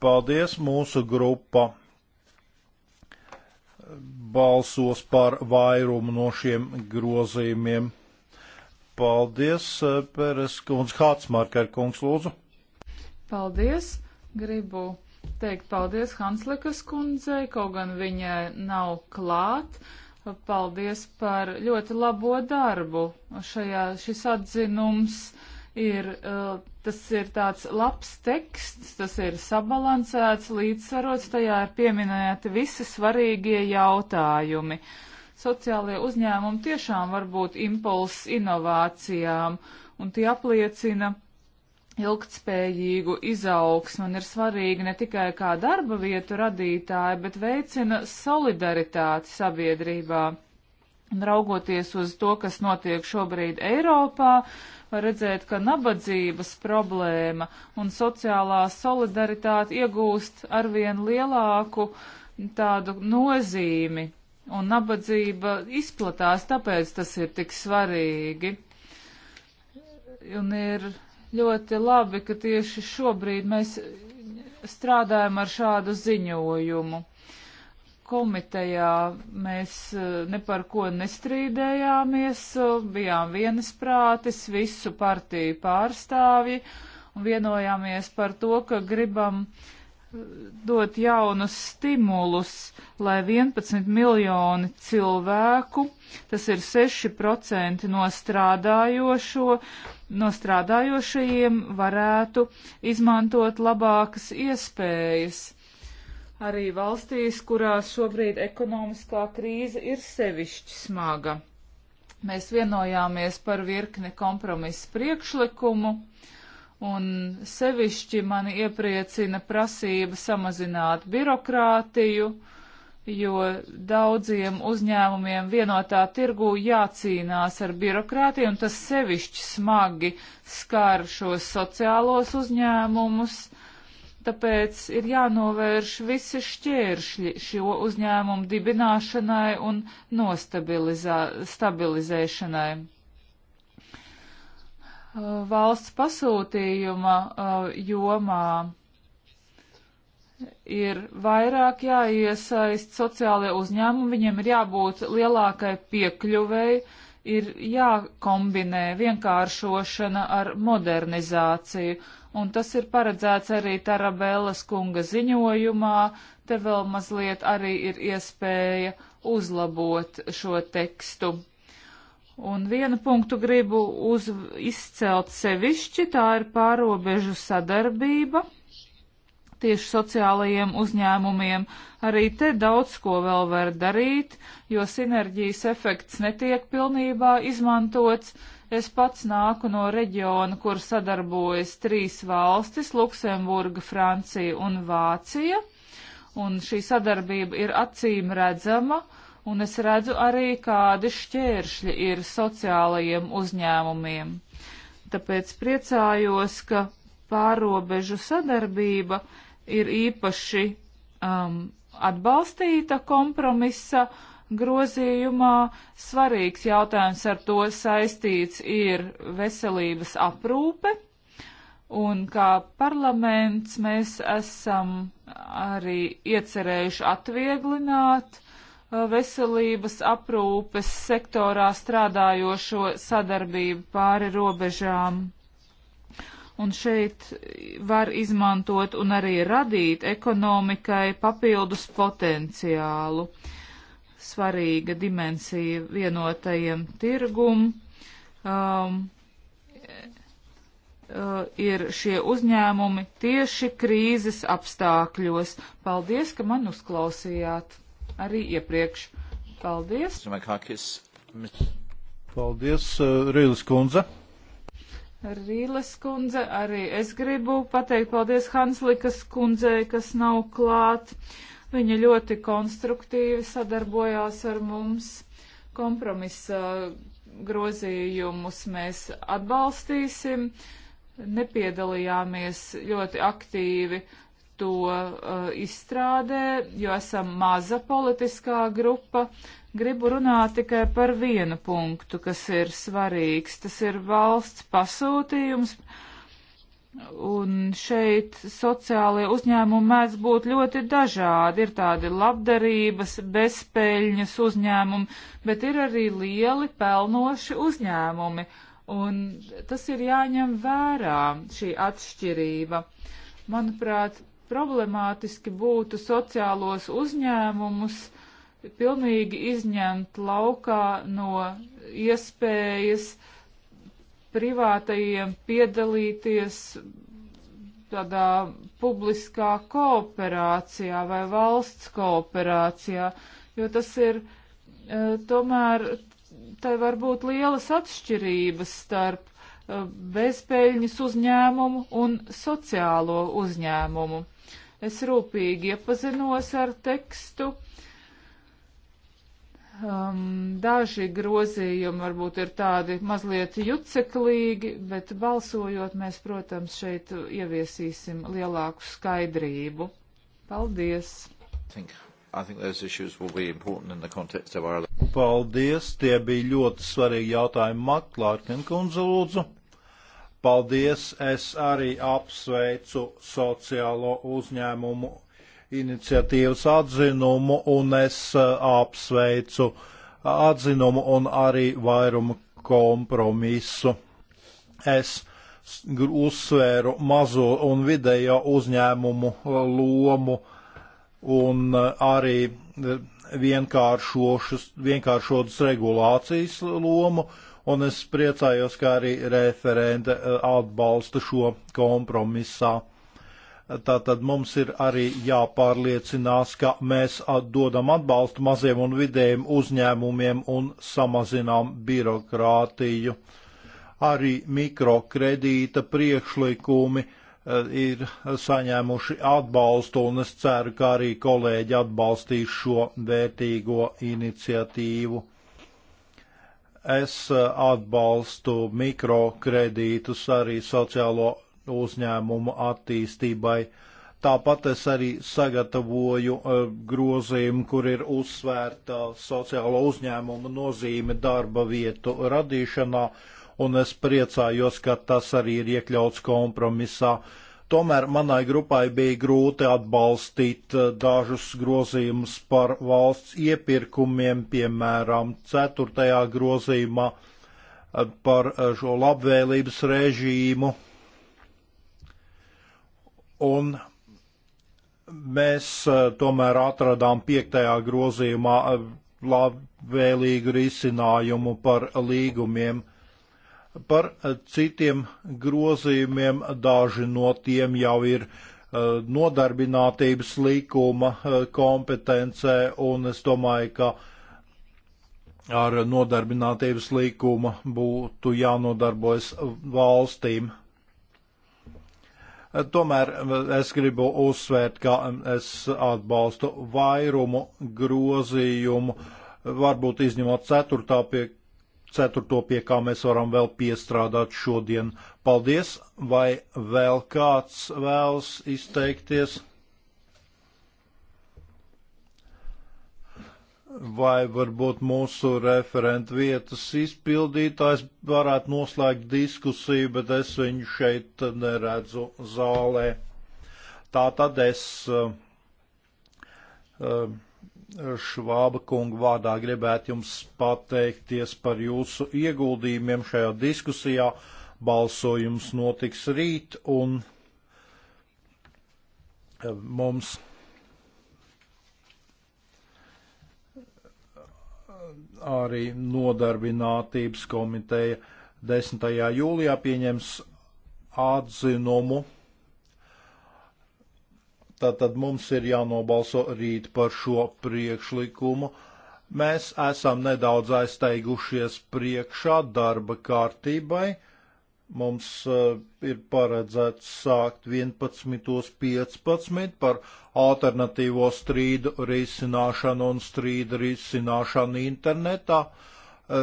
Paldies, mūsu grupa balsos par vairumu no šiem grozījumiem. Paldies, Peres kundz, Hātsmarker kungs, lūdzu. Paldies, gribu teikt paldies Hanslikas kundzei, kaut gan viņa nav klāt. Uh, Paldies par ļoti labo darbu. Šajā, šis atzinums ir, uh, tas ir tāds labs teksts, tas ir sabalansēts, līdzsvarots, tajā ir pieminēti visi svarīgie jautājumi. Sociālie uzņēmumi tiešām var būt impuls inovācijām, un tie apliecina ilgtspējīgu izaugsmu un ir svarīgi ne tikai kā darba vietu radītāji, bet veicina solidaritāti sabiedrībā. Un raugoties uz to, kas notiek šobrīd Eiropā, var redzēt, ka nabadzības problēma un sociālā solidaritāte iegūst arvien lielāku tādu nozīmi. Un nabadzība izplatās, tāpēc tas ir tik svarīgi. Un ir Ļoti labi, ka tieši šobrīd mēs strādājam ar šādu ziņojumu. Komitejā mēs eh, ne par ko nestrīdējāmies, eh, bijām vienasprātis, visu partiju pārstāvji un vienojāmies par to, ka gribam eh, dot jaunus stimulus, lai 11 miljoni cilvēku, tas ir 6% no strādājošo, no strādājošajiem varētu izmantot labākas iespējas. Arī valstīs, kurās šobrīd ekonomiskā krīze ir sevišķi smaga. Mēs vienojāmies par virkni kompromisu priekšlikumu, un sevišķi mani iepriecina prasība samazināt birokrātiju, uh, jo daudziem uzņēmumiem vienotā tirgū jācīnās ar birokrātiem, tas sevišķi smagi skar šos sociālos uzņēmumus, tāpēc ir jānovērš visi šķēršļi šo uzņēmumu dibināšanai un nostabilizēšanai. Uh, valsts pasūtījuma uh, jomā ir vairāk jāiesaist sociālajie uzņēmumi, viņiem ir jābūt lielākai piekļuvei, ir jākombinē vienkāršošana ar modernizāciju. Un tas ir paredzēts arī Tarabēlas kunga ziņojumā, te vēl mazliet arī ir iespēja uzlabot šo tekstu. Un vienu punktu gribu uz, izcelt sevišķi, tā ir pārobežu sadarbība tieši sociālajiem uzņēmumiem. Arī te daudz ko vēl var darīt, jo sinerģijas efekts netiek pilnībā izmantots. Es pats nāku no reģiona, kur sadarbojas trīs valstis - Luksemburga, Francija un Vācija. Un šī sadarbība ir acīm redzama un es redzu arī, kādi šķēršļi ir sociālajiem uzņēmumiem. Tāpēc priecājos, ka pārobežu sadarbība ir īpaši um, atbalstīta kompromisa grozījumā. Svarīgs jautājums ar to saistīts ir veselības aprūpe. Un kā parlaments mēs esam arī iecerējuši atvieglināt uh, veselības aprūpes sektorā strādājošo sadarbību pāri robežām un šeit var izmantot un arī radīt ekonomikai papildus potenciālu. Svarīga dimensija vienotajiem tirgum um, uh, ir šie uzņēmumi tieši krīzes apstākļos. Paldies, ka man uzklausījāt arī iepriekš. Paldies! Paldies, uh, Rīlis Kunze! Rīles kundze, arī es gribu pateikt paldies Hanslikas kundzei, kas nav klāt. Viņa ļoti konstruktīvi sadarbojās ar mums. Kompromisa grozījumus mēs atbalstīsim. Nepiedalījāmies ļoti aktīvi to uh, izstrādē, jo esam maza politiskā grupa. Gribu runāt tikai par vienu punktu, kas ir svarīgs. Tas ir valsts pasūtījums. Un šeit sociālajie uzņēmumi mēdz būt ļoti dažādi. Ir tādi labdarības, bezpēļņas uzņēmumi, bet ir arī lieli pelnoši uzņēmumi. Un tas ir jāņem vērā, šī atšķirība. Manuprāt, problemātiski būtu sociālos uzņēmumus pilnīgi izņemt laukā no iespējas privātajiem piedalīties tādā publiskā kooperācijā vai valsts kooperācijā, jo tas ir eh, tomēr, tai var būt lielas atšķirības starp bezpēļņas uzņēmumu un sociālo uzņēmumu. Es rūpīgi iepazinos ar tekstu. Um, daži grozījumi varbūt ir tādi mazliet juceklīgi, bet balsojot mēs, protams, šeit ieviesīsim lielāku skaidrību. Paldies! I think, I think our... Paldies! Tie bija ļoti svarīgi jautājumi Maklārtin kundze lūdzu. Paldies! Es arī apsveicu sociālo uzņēmumu iniciatīvas atzinumu un es uh, apsveicu atzinumu un arī vairumu kompromisu. Es uzsvēru mazo un vidējo uzņēmumu uh, lomu un uh, arī vienkāršotas regulācijas lomu un es priecājos, ka arī referente eh, atbalsta šo kompromisā. Tātad mums ir arī jāpārliecinās, ka mēs dodam atbalstu maziem un vidējiem uzņēmumiem un samazinām birokrātiju. Arī mikrokredīta priekšlikumi ir saņēmuši atbalstu, un es ceru, ka arī kolēģi atbalstīs šo vērtīgo iniciatīvu. Es eh, atbalstu mikrokredītus arī sociālo uzņēmumu attīstībai. Tāpat es arī sagatavoju eh, grozījumu, kur ir uzsvērta sociālo uzņēmumu nozīme darba vietu radīšanā, un es priecājos, ka tas arī ir iekļauts kompromisā. Uh, Tomēr manai grupai bija grūti atbalstīt eh, dažus grozījumus par valsts iepirkumiem, piemēram, 4. grozījumā eh, par eh, šo labvēlības režīmu. Un mēs tomēr atradām 5. grozījumā labvēlīgu risinājumu par līgumiem Par eh, citiem grozījumiem daži no tiem jau ir eh, nodarbinātības likuma eh, kompetencē, un es domāju, ka ar nodarbinātības līkuma būtu jānodarbojas valstīm. Tomēr es gribu uzsvērt, ka es atbalstu vairumu grozījumu, varbūt izņemot ceturtā, pie ceturto, pie kā mēs varam vēl piestrādāt šodien. Paldies, vai vēl kāds vēlas izteikties? Vai varbūt mūsu referenta vietas izpildītājs varētu noslēgt diskusiju, bet es viņu šeit neredzu zālē. Tā tad es. Uh, uh, Švāba kunga vārdā gribētu jums pateikties par jūsu ieguldījumiem šajā diskusijā. Balsojums notiks rīt un eh, mums eh, arī nodarbinātības komiteja 10. jūlijā pieņems atzinumu Tātad mums ir jānobalso rīt par šo priekšlikumu. Mēs esam nedaudz aizteigušies priekšā darba kārtībai. Mums uh, ir paredzēts sākt 11.15 par alternatīvo strīdu risināšanu un strīdu risināšanu internetā. Uh,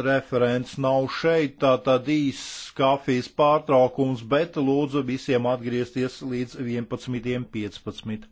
referents nav šeit, tā tad īss kafijas pārtraukums, bet lūdzu visiem atgriezties līdz 11.15.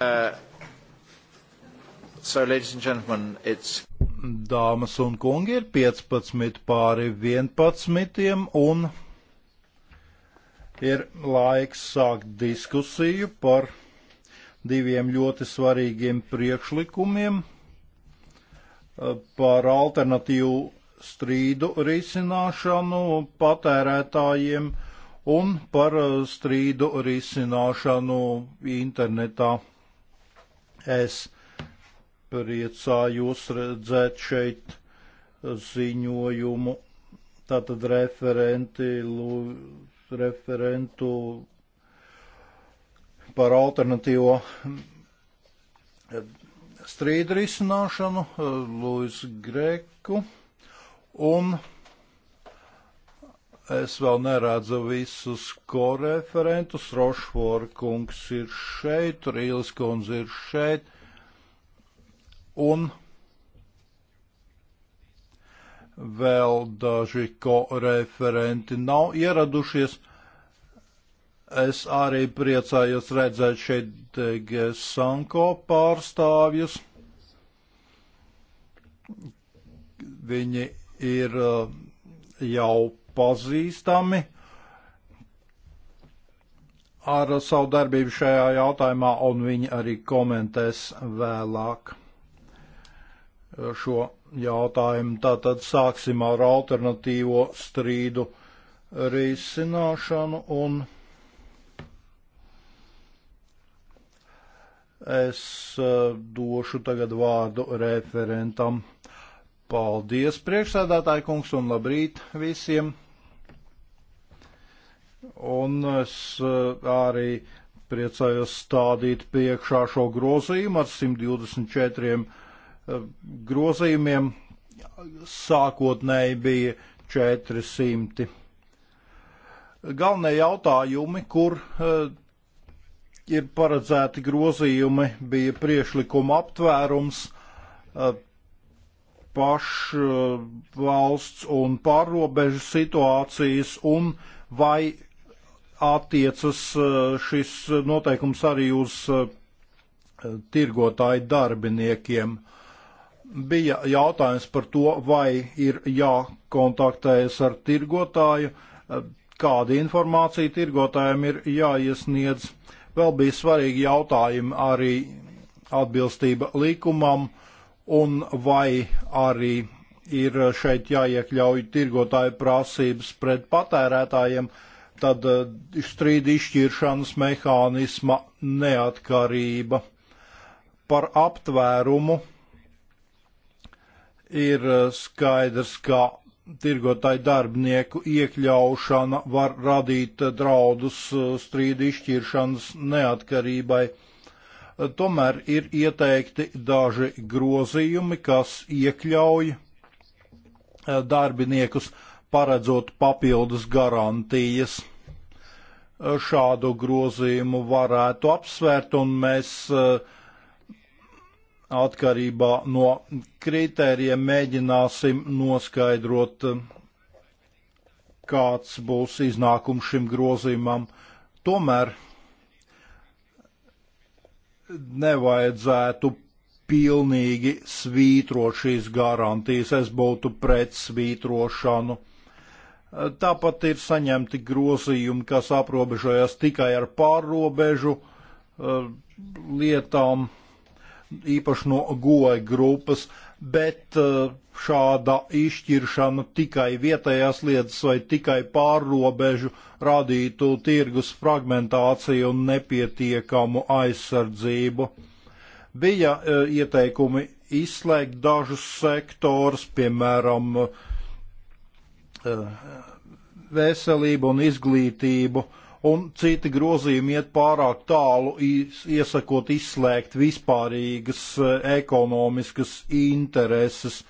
Uh, so, ladies and gentlemen, it's. Dāmas un kungi ir 15 pāri 11 un ir laiks sākt diskusiju par diviem ļoti svarīgiem priekšlikumiem uh, par alternatīvu strīdu risināšanu patērētājiem un par uh, strīdu risināšanu internetā. Es priecājos redzēt šeit ziņojumu, tātad referenti, referentu par alternatīvo strīdu risināšanu, Luis Greku un es vēl neredzu visus koreferentus. Rošvora kungs ir šeit, Rīles kungs ir šeit. Un vēl daži koreferenti nav ieradušies. Es arī priecājos redzēt šeit Gesanko pārstāvjus. Viņi ir uh, jau pazīstami ar savu darbību šajā jautājumā, un viņi arī komentēs vēlāk šo jautājumu. Tātad sāksim ar alternatīvo strīdu risināšanu, un es eh, došu tagad vārdu referentam. Paldies, priekšsēdētāji kungs, un labrīt visiem! un es eh, arī priecājos stādīt priekšā šo grozījumu ar 124 eh, grozījumiem. Sākotnēji bija 400. Galvenie jautājumi, kur eh, ir paredzēti grozījumi, bija priešlikuma aptvērums, pašvalsts un pārrobežu situācijas un vai attiecas e, šis noteikums arī uz e, tirgotāju darbiniekiem. Bija jautājums par to, vai ir jākontaktējas ar tirgotāju, e, kāda informācija tirgotājiem ir jāiesniedz. Vēl bija svarīgi jautājumi arī atbilstība likumam un vai arī ir šeit jāiekļauj tirgotāju prasības pret patērētājiem. Uh, tad eh, strīda izšķiršanas mehānisma neatkarība par aptvērumu ir eh, skaidrs, ka tirgotāju darbinieku iekļaušana var radīt eh, draudus strīda izšķiršanas neatkarībai. Tomēr ir ieteikti daži grozījumi, kas iekļauj darbiniekus paredzot papildus garantijas šādu grozījumu varētu apsvērt, un mēs eh, atkarībā no kritērijiem mēģināsim noskaidrot, kāds būs iznākums šim grozījumam. Tomēr nevajadzētu pilnīgi svītrot šīs garantijas. Es būtu pret svītrošanu. Tāpat ir saņemti grozījumi, kas aprobežojas tikai ar pārrobežu eh, lietām, īpaši no goja grupas, bet eh, šāda izšķiršana tikai vietējās lietas vai tikai pārrobežu radītu tirgus fragmentāciju un nepietiekamu aizsardzību. Bija eh, ieteikumi izslēgt dažus sektors, piemēram, uh, Eh, veselību un izglītību, un citi grozījumi iet pārāk tālu, iesakot izslēgt vispārīgas eh, ekonomiskas intereses.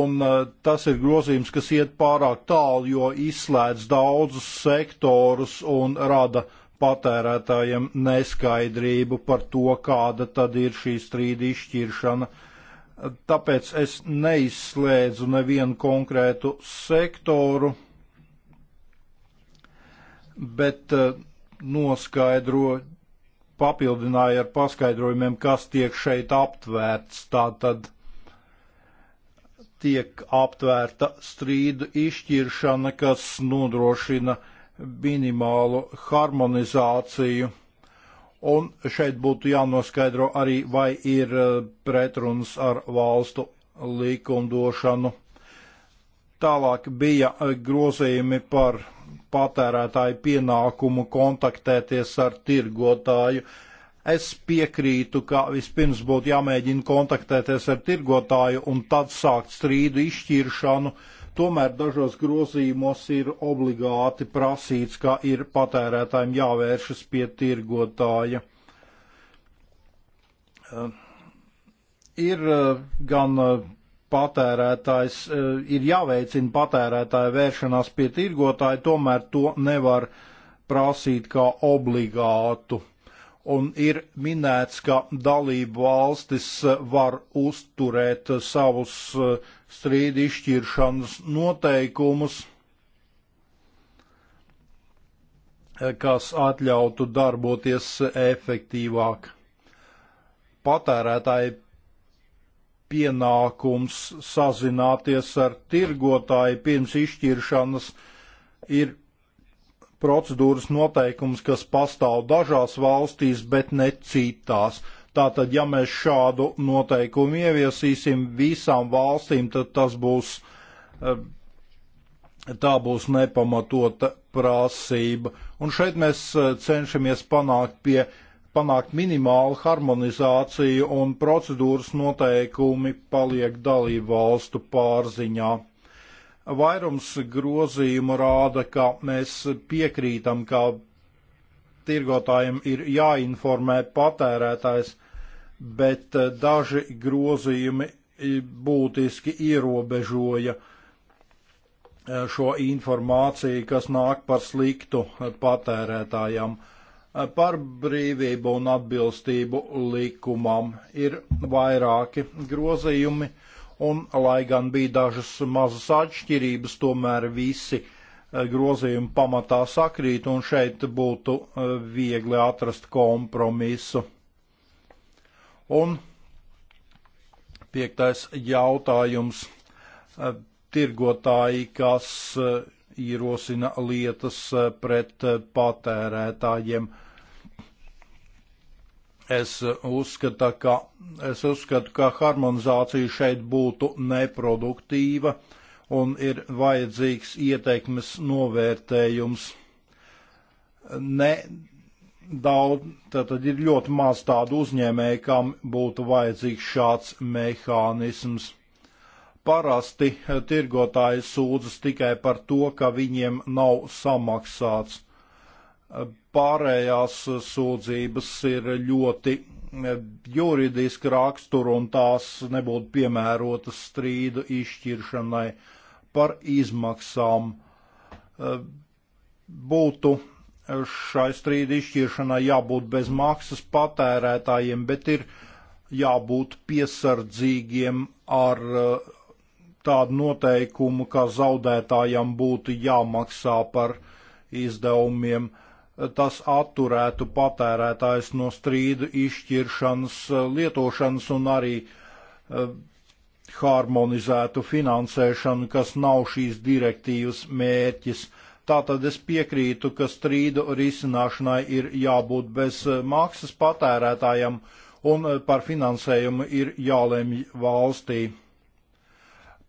Un eh, tas ir grozījums, kas iet pārāk tālu, jo izslēdz daudzus sektorus un rada patērētājiem neskaidrību par to, kāda tad ir šī strīda izšķiršana. Uh, tāpēc es neizslēdzu nevienu konkrētu sektoru, bet eh, noskaidroju, papildināju ar paskaidrojumiem, kas tiek šeit aptvērts. Tātad tiek aptvērta strīdu izšķiršana, kas nodrošina minimālu harmonizāciju. Un šeit būtu jānoskaidro arī, vai ir eh, pretruns ar valstu likumdošanu. Tālāk bija eh, grozījumi par patērētāju pienākumu kontaktēties ar tirgotāju. Es piekrītu, ka vispirms būtu jāmēģina kontaktēties ar tirgotāju un tad sākt strīdu izšķiršanu, uh, Tomēr dažos grozījumos ir obligāti prasīts, ka ir patērētājiem jāvēršas pie tirgotāja. Eh, ir eh, gan eh, patērētājs, ir jāveicina patērētāja vēršanās pie tirgotāja, tomēr to nevar prasīt kā obligātu. Un ir minēts, ka dalību valstis var uzturēt savus strīdu izšķiršanas noteikumus, kas atļautu darboties efektīvāk. Patērētāji pienākums sazināties ar tirgotāju pirms izšķiršanas ir procedūras noteikums, kas pastāv dažās valstīs, bet ne citās. Tātad, ja mēs šādu noteikumu ieviesīsim visām valstīm, tad tas būs, eh, tā būs nepamatota prasība. Un šeit mēs eh, cenšamies panākt pie panākt minimālu harmonizāciju un procedūras noteikumi paliek dalību valstu pārziņā. Vairums grozījumu rāda, ka mēs piekrītam, ka tirgotājiem ir jāinformē patērētājs bet eh, daži grozījumi eh, būtiski ierobežoja eh, šo informāciju, kas nāk par sliktu patērētājam. Par brīvību un atbilstību likumam ir vairāki grozījumi, un, lai gan bija dažas mazas atšķirības, tomēr visi grozījumi pamatā sakrīt, un šeit būtu viegli atrast kompromisu. Un piektais jautājums - tirgotāji, kas ierosina lietas pret patērētājiem. Es uzskatu, ka, es uzskatu, ka harmonizācija šeit būtu neproduktīva un ir vajadzīgs ieteikmes novērtējums. Ne daudz, tad ir ļoti maz tādu uzņēmēju, kam būtu vajadzīgs šāds mehānisms. Parasti eh, tirgotāji sūdzas tikai par to, ka viņiem nav samaksāts. Eh, pārējās sūdzības ir ļoti eh, juridiski raksturu un tās nebūtu piemērotas strīdu izšķiršanai par izmaksām. Būtu šai strīda izšķiršanai jābūt bez maksas patērētājiem, bet ir jābūt piesardzīgiem ar eh, tādu noteikumu, ka zaudētājam būtu jāmaksā par izdevumiem. Tas atturētu patērētājs no strīdu izšķiršanas eh, lietošanas un arī eh, harmonizētu finansēšanu, kas nav šīs direktīvas mērķis. Tātad es piekrītu, ka strīdu risināšanai ir jābūt bez eh, maksas patērētājam un eh, par finansējumu ir jālemj valstī.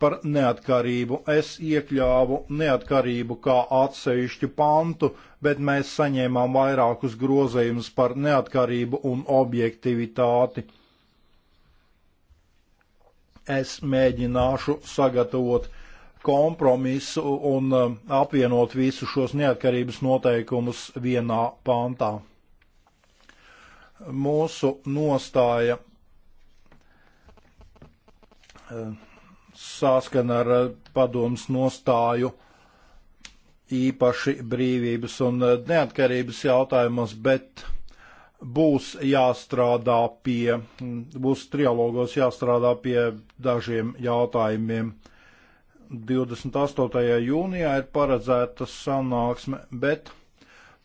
Par neatkarību es iekļāvu neatkarību kā atsevišķu pantu, bet mēs saņēmām vairākus grozījumus par neatkarību un objektivitāti. Es mēģināšu sagatavot uh, kompromisu un um, apvienot visus šos neatkarības noteikumus vienā pāntā. Mūsu nostāja um, saskana ar uh, padomus nostāju īpaši brīvības un uh, neatkarības jautājumos, bet būs jāstrādā pie, mm, būs trialogos jāstrādā pie dažiem jautājumiem. Uh, 28. jūnijā ir paredzēta sanāksme, bet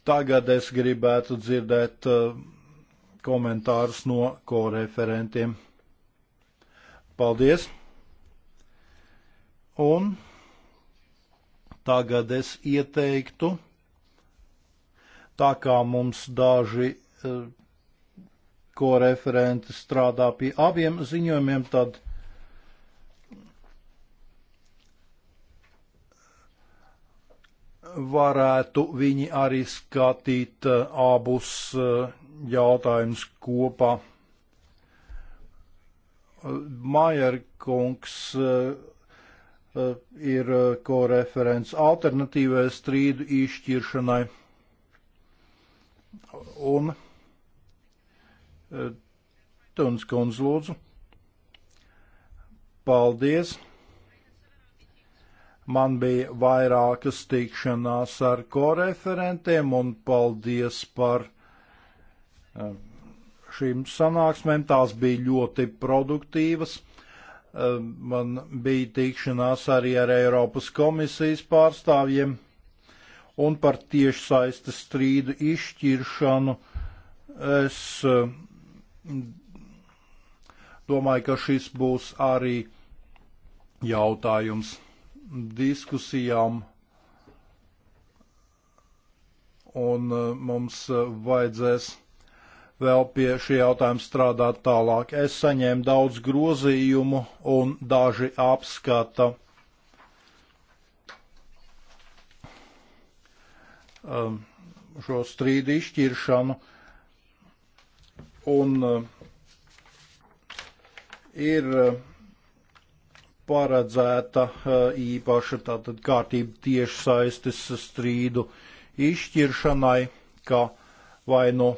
tagad es gribētu dzirdēt uh, komentārus no koreferentiem. Paldies! Un tagad es ieteiktu, tā kā mums daži uh, koreferenti strādā pie abiem ziņojumiem, tad varētu viņi arī skatīt eh, abus eh, jautājumus kopā. Majerkungs eh, ir koreferents alternatīvai strīdu izšķiršanai. Un Tunskundz lūdzu. Paldies! Man bija vairākas tikšanās ar koreferentiem un paldies par eh, šīm sanāksmēm. Tās bija ļoti produktīvas. Eh, man bija tikšanās arī ar Eiropas komisijas pārstāvjiem un par tiešsaistes strīdu izšķiršanu. Es eh, domāju, ka šis būs arī jautājums diskusijām. Un uh, mums uh, vajadzēs vēl pie šī jautājuma strādāt tālāk. Es saņēmu daudz grozījumu un daži apskata. Um, šo strīdu izšķiršanu. Un uh, ir paredzēta e, īpaša tātad kārtība tiešsaistes strīdu izšķiršanai, ka vai nu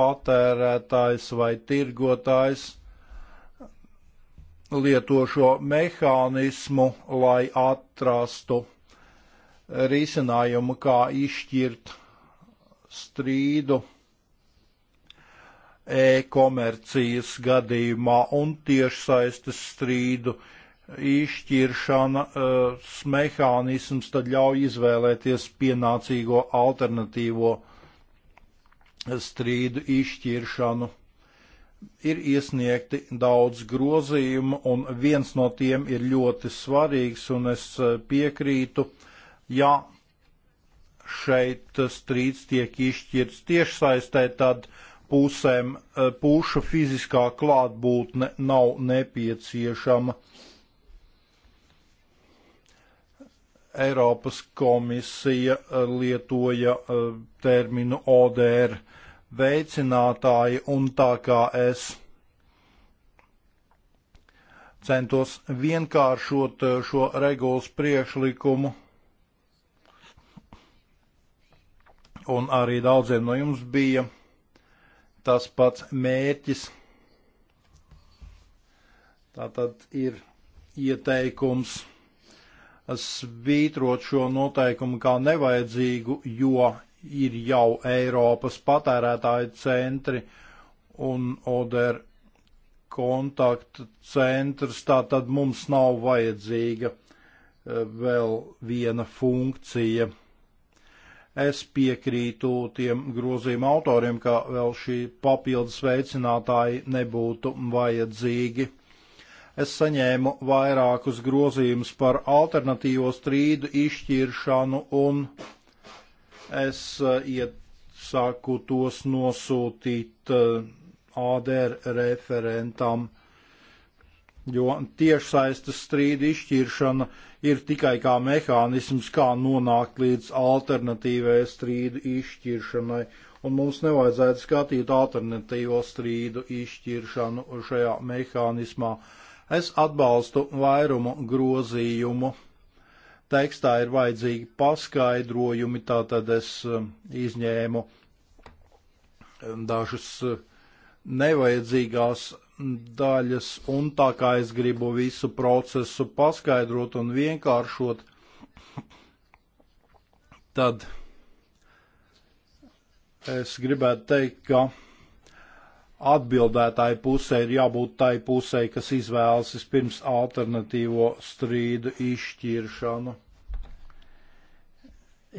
patērētājs vai tirgotājs lieto šo mehānismu, lai atrastu risinājumu, kā izšķirt strīdu e-komercijas gadījumā un tiešsaistes strīdu izšķiršanas e, mehānisms tad ļauj izvēlēties pienācīgo alternatīvo strīdu izšķiršanu. Ir iesniegti daudz grozījumu, un viens no tiem ir ļoti svarīgs, un es e, piekrītu, ja šeit strīds tiek izšķirts tiešsaistē, tad uh, pusēm eh, puša fiziskā klātbūtne nav nepieciešama. Eiropas komisija eh, lietoja eh, terminu ODR veicinātāji, un tā kā es centos vienkāršot šo regulas priekšlikumu, un arī daudziem no jums bija tas pats mērķis. Tātad ir ieteikums svītrot šo noteikumu kā nevajadzīgu, jo ir jau Eiropas patērētāju centri un Oder kontaktu centrs, tātad mums nav vajadzīga eh, vēl viena funkcija. Es piekrītu tiem grozījuma autoriem, ka vēl šī papildus veicinātāji nebūtu vajadzīgi. Es saņēmu vairākus grozījumus par alternatīvo strīdu izšķiršanu un es uh, iesāku tos nosūtīt uh, ADR referentam. Uh, jo tiešsaistes strīda izšķiršana ir tikai kā mehānisms, kā nonākt līdz alternatīvai strīdu izšķiršanai, un mums nevajadzētu skatīt alternatīvo strīdu izšķiršanu šajā mehānismā. Es atbalstu vairumu grozījumu. Tekstā ir vajadzīgi paskaidrojumi, tātad es eh, izņēmu eh, dažas eh, nevajadzīgās daļas, un tā kā es gribu visu procesu paskaidrot un vienkāršot, tad es gribētu teikt, ka atbildētāji pusē ir jābūt tai pusē, kas izvēlas vispirms alternatīvo strīdu izšķiršanu.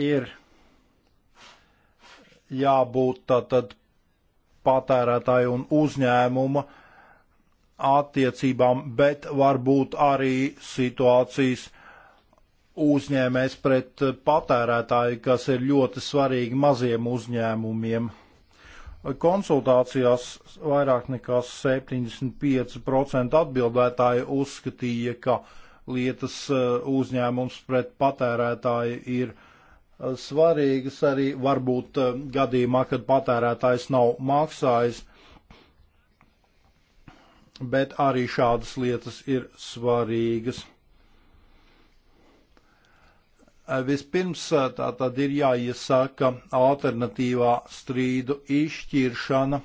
Ir jābūt tātad patērētāju un uzņēmuma attiecībām, bet varbūt arī situācijas uzņēmēs pret patērētāju, kas ir ļoti svarīgi maziem uzņēmumiem. Konsultācijās vairāk nekā 75% atbildētāji uzskatīja, ka lietas eh, uzņēmums pret patērētāju ir eh, svarīgas arī varbūt eh, gadījumā, kad patērētājs nav maksājis bet arī šādas lietas ir svarīgas. Eh, vispirms eh, tā tad ir jāiesaka alternatīvā strīdu izšķiršana,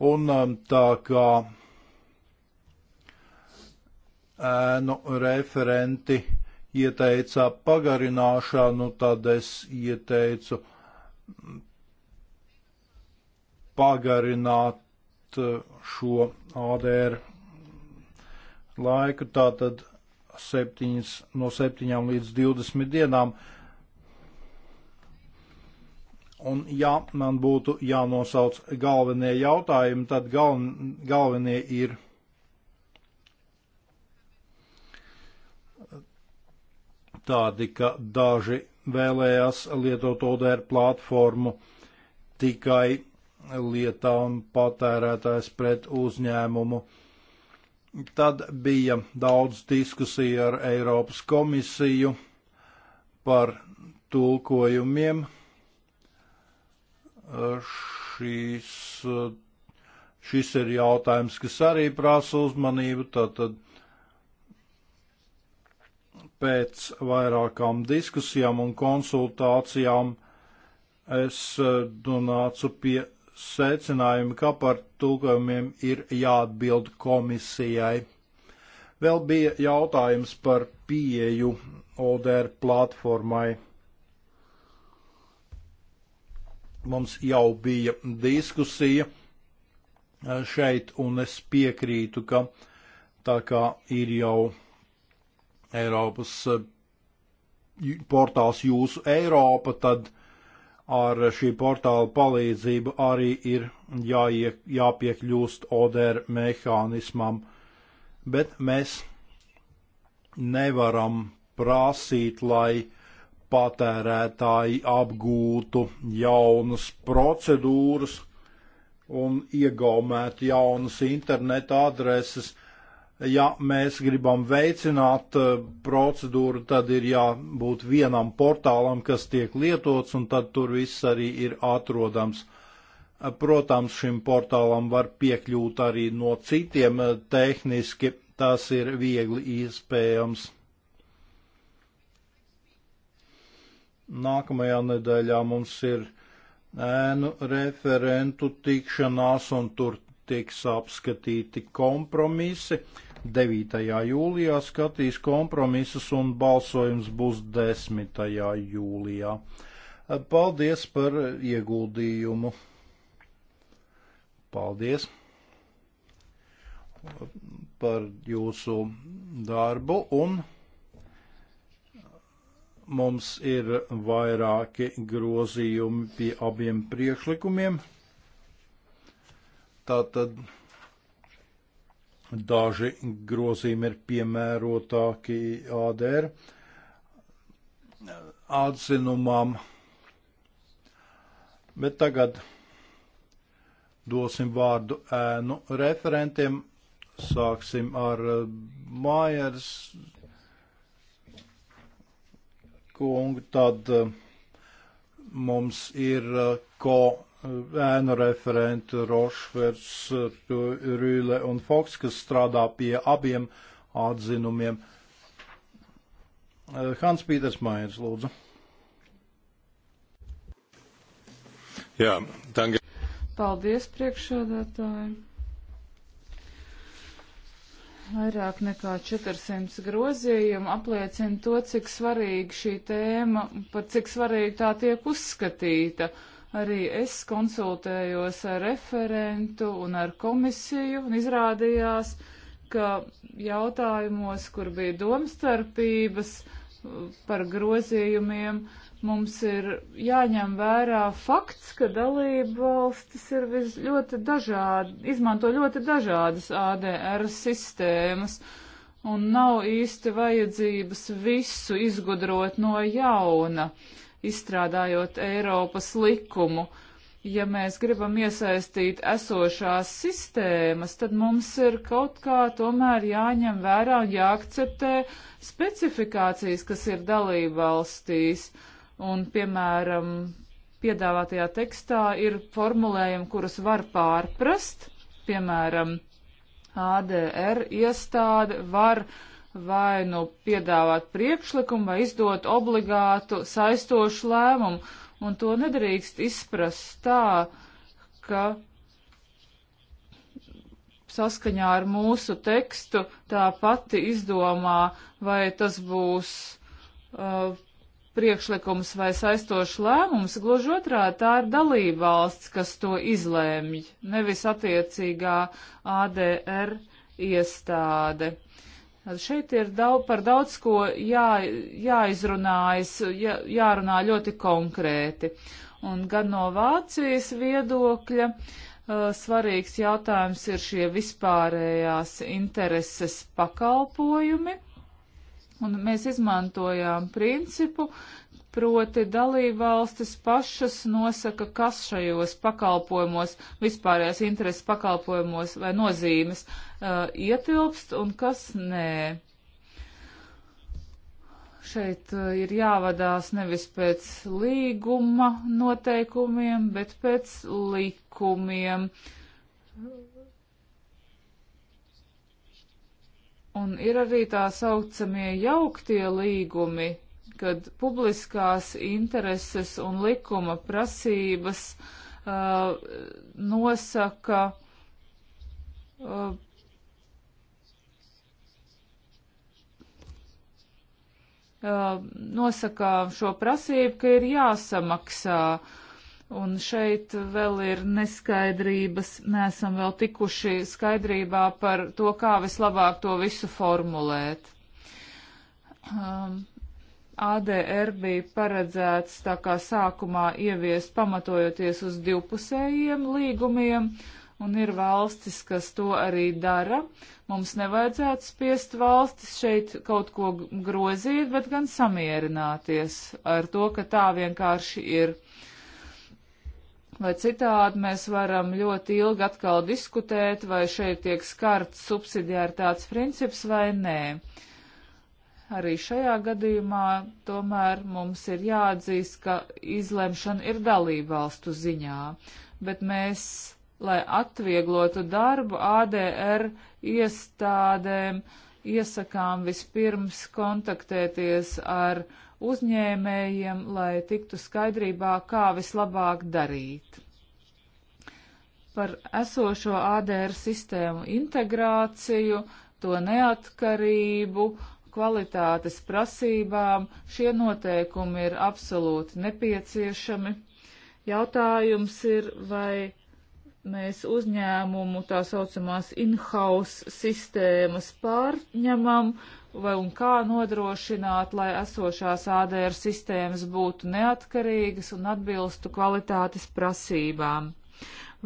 un eh, tā kā ēnu referenti ieteica pagarināšanu, tad es ieteicu pagarināt šo ADR laiku, tātad 7, no 7 līdz 20 dienām. Un ja man būtu jānosauc galvenie jautājumi, tad gal, galvenie ir tādi, ka daži vēlējās lietot ODR platformu tikai lietām patērētājs pret uzņēmumu. Tad bija daudz diskusiju ar Eiropas komisiju par tulkojumiem. Šis, šis ir jautājums, kas arī prasa uzmanību. Tātad pēc vairākām diskusijām un konsultācijām es eh, nonācu pie secinājumi, ka par tulkojumiem ir jāatbild komisijai. Vēl bija jautājums par pieeju ODR platformai. Mums jau bija diskusija šeit, un es piekrītu, ka tā kā ir jau Eiropas portāls jūsu Eiropa, tad uh, ar šī portāla palīdzību arī ir jāie, jāpiekļūst ODR mehānismam, bet mēs nevaram prasīt, lai patērētāji apgūtu jaunas procedūras un iegaumētu jaunas interneta adreses ja mēs gribam veicināt eh, procedūru, tad ir jābūt vienam portālam, kas tiek lietots, un tad tur viss arī ir atrodams. Eh, protams, šim portālam var piekļūt arī no citiem eh, tehniski, tas ir viegli iespējams. Nākamajā nedēļā mums ir ēnu referentu tikšanās, un tur tiks apskatīti kompromisi. 9. jūlijā skatīs kompromisus un balsojums būs 10. jūlijā. Paldies par ieguldījumu. Paldies par jūsu darbu un mums ir vairāki grozījumi pie abiem priekšlikumiem. Tātad daži grozījumi ir piemērotāki ADR atzinumam, bet tagad dosim vārdu ēnu referentiem. Sāksim ar Mājers kungu, tad eh, mums ir eh, ko ēnu referenti Rošvers, Rīle un Foks, kas strādā pie abiem atzinumiem. Eh, Hans Pīters Maiers, lūdzu. Jā, tangi. Paldies, priekšsēdētāji. Vairāk nekā 400 grozījumu apliecina to, cik svarīga šī tēma, par cik svarīgi tā tiek uzskatīta. Uh, Arī es konsultējos ar referentu un ar komisiju un izrādījās, ka jautājumos, kur bija domstarpības uh, par grozījumiem, mums ir jāņem vērā fakts, ka dalība valstis ir vis ļoti dažādi, izmanto ļoti dažādas ADR sistēmas un nav īsti vajadzības visu izgudrot no jauna. Uh, izstrādājot Eiropas likumu. Ja mēs gribam iesaistīt esošās sistēmas, tad mums ir kaut kā tomēr jāņem vērā un jāakceptē specifikācijas, kas ir dalībvalstīs. Un, piemēram, piedāvātajā tekstā ir formulējumi, kurus var pārprast, piemēram, ADR iestāde var uh, vai nu piedāvāt priekšlikumu, vai izdot obligātu saistošu lēmumu. Un to nedrīkst izprast tā, ka saskaņā ar mūsu tekstu tā pati izdomā, vai tas būs uh, priekšlikums vai saistošs lēmums, gluži otrā tā ir dalība valsts, kas to izlēmj, nevis attiecīgā ADR iestāde. Uh, Šeit ir daudz, par daudz ko jā, jāizrunājas, jā, jārunā ļoti konkrēti. Un gan no Vācijas viedokļa uh, svarīgs jautājums ir šie vispārējās intereses pakalpojumi. Un mēs izmantojām principu, proti dalībvalstis pašas nosaka, kas šajos pakalpojumos, vispārējās intereses pakalpojumos vai nozīmes uh, ietilpst un kas nē. Šeit uh, ir jāvadās nevis pēc līguma noteikumiem, bet pēc likumiem. Un ir arī tā saucamie jauktie līgumi, kad publiskās intereses un likuma prasības uh, nosaka uh, Uh, nosaka šo prasību, ka ir jāsamaksā. Un šeit vēl ir neskaidrības, neesam vēl tikuši skaidrībā par to, kā vislabāk to visu formulēt. Um, ADR bija paredzēts tā kā sākumā ieviest pamatojoties uz divpusējiem līgumiem, un ir valstis, kas to arī dara. Uh, Mums nevajadzētu spiest valstis šeit kaut ko grozīt, bet gan samierināties ar to, ka tā vienkārši ir. Vai citādi mēs varam ļoti ilgi atkal diskutēt, vai šeit tiek skarts subsidiārtāts princips vai nē. Arī šajā gadījumā tomēr mums ir jāatzīst, ka izlemšana ir dalībvalstu ziņā, bet mēs, lai atvieglotu darbu, ADR iestādēm iesakām vispirms kontaktēties ar uzņēmējiem, lai tiktu skaidrībā, kā vislabāk darīt. Par esošo ADR sistēmu integrāciju, to neatkarību, kvalitātes prasībām šie noteikumi ir absolūti nepieciešami. Jautājums ir, vai mēs uzņēmumu tā saucamās in-house sistēmas pārņemam vai un kā nodrošināt, lai esošās ADR sistēmas būtu neatkarīgas un atbilstu kvalitātes prasībām.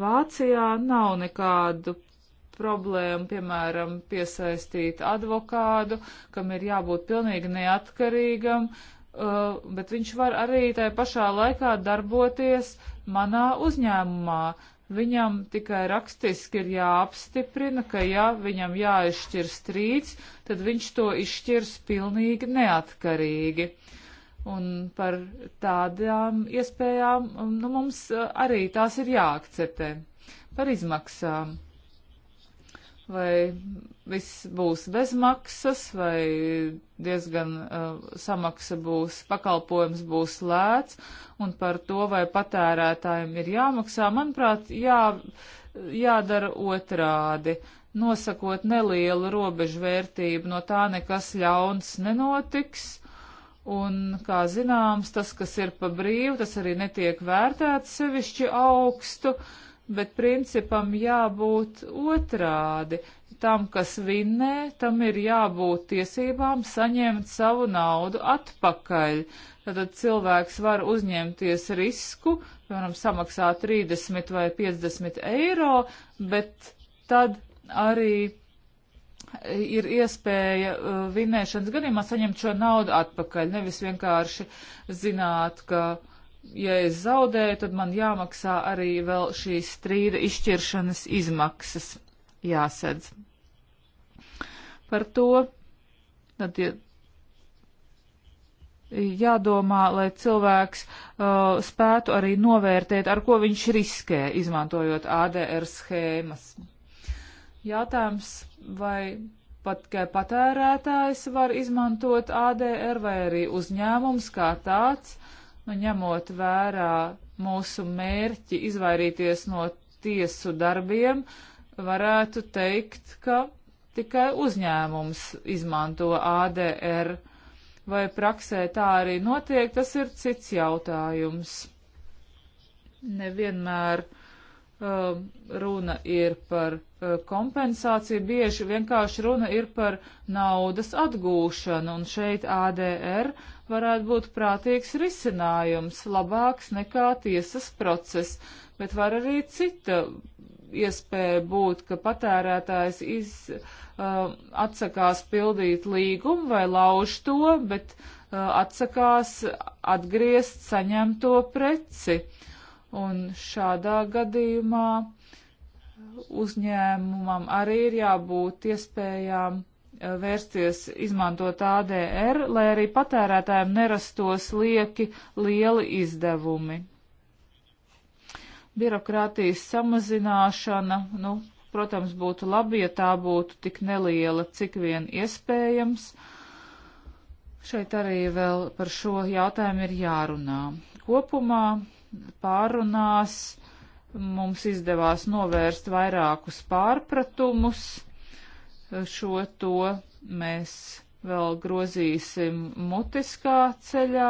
Vācijā nav nekādu problēmu, piemēram, piesaistīt advokādu, kam ir jābūt pilnīgi neatkarīgam, uh, bet viņš var arī tajā pašā laikā darboties manā uzņēmumā viņam tikai rakstiski ir jāapstiprina, ka ja viņam jāizšķir strīds, tad viņš to izšķirs pilnīgi neatkarīgi. Un par tādām iespējām nu, mums eh, arī tās ir jāakceptē. Par izmaksām vai viss būs bez maksas, vai diezgan uh, samaksa būs, pakalpojums būs lēts, un par to, vai patērētājiem ir jāmaksā, manuprāt, jā, jādara otrādi. Nosakot nelielu robežu vērtību, no tā nekas ļauns nenotiks. Un, kā zināms, tas, kas ir pa brīvu, tas arī netiek vērtēts sevišķi augstu. Uh, bet principam jābūt otrādi. Tam, kas vinnē, tam ir jābūt tiesībām saņemt savu naudu atpakaļ. Tad cilvēks var uzņemties risku, piemēram, samaksāt 30 vai 50 eiro, bet tad arī ir iespēja uh, vinnēšanas gadījumā saņemt šo naudu atpakaļ, nevis vienkārši zināt, ka uh, ja es zaudēju, tad man jāmaksā arī vēl šīs strīda izšķiršanas izmaksas jāsedz. Par to tad ja jādomā, lai cilvēks uh, spētu arī novērtēt, ar ko viņš riskē, izmantojot ADR schēmas. Jātājums, vai pat tikai patērētājs var izmantot ADR vai arī uzņēmums kā tāds. Uh, un nu, ņemot vērā mūsu mērķi izvairīties no tiesu darbiem, varētu teikt, ka tikai uzņēmums izmanto ADR. Vai praksē tā arī notiek, tas ir cits jautājums. Nevienmēr uh, runa ir par uh, kompensāciju, bieži vienkārši runa ir par naudas atgūšanu, un šeit ADR varētu būt prātīgs risinājums, labāks nekā tiesas process, bet var arī cita iespēja būt, ka patērētājs iz, uh, atsakās pildīt līgumu vai lauž to, bet uh, atsakās atgriezt saņemto preci. Un šādā gadījumā uzņēmumam arī ir jābūt iespējām Eh, vērsties izmantot ADR, lai arī patērētājiem nerastos lieki lieli izdevumi. Birokrātijas samazināšana, nu, protams, būtu labi, ja tā būtu tik neliela, cik vien iespējams. Šeit arī vēl par šo jautājumu ir jārunā. Kopumā pārunās mums izdevās novērst vairākus pārpratumus šo to mēs vēl grozīsim mutiskā ceļā,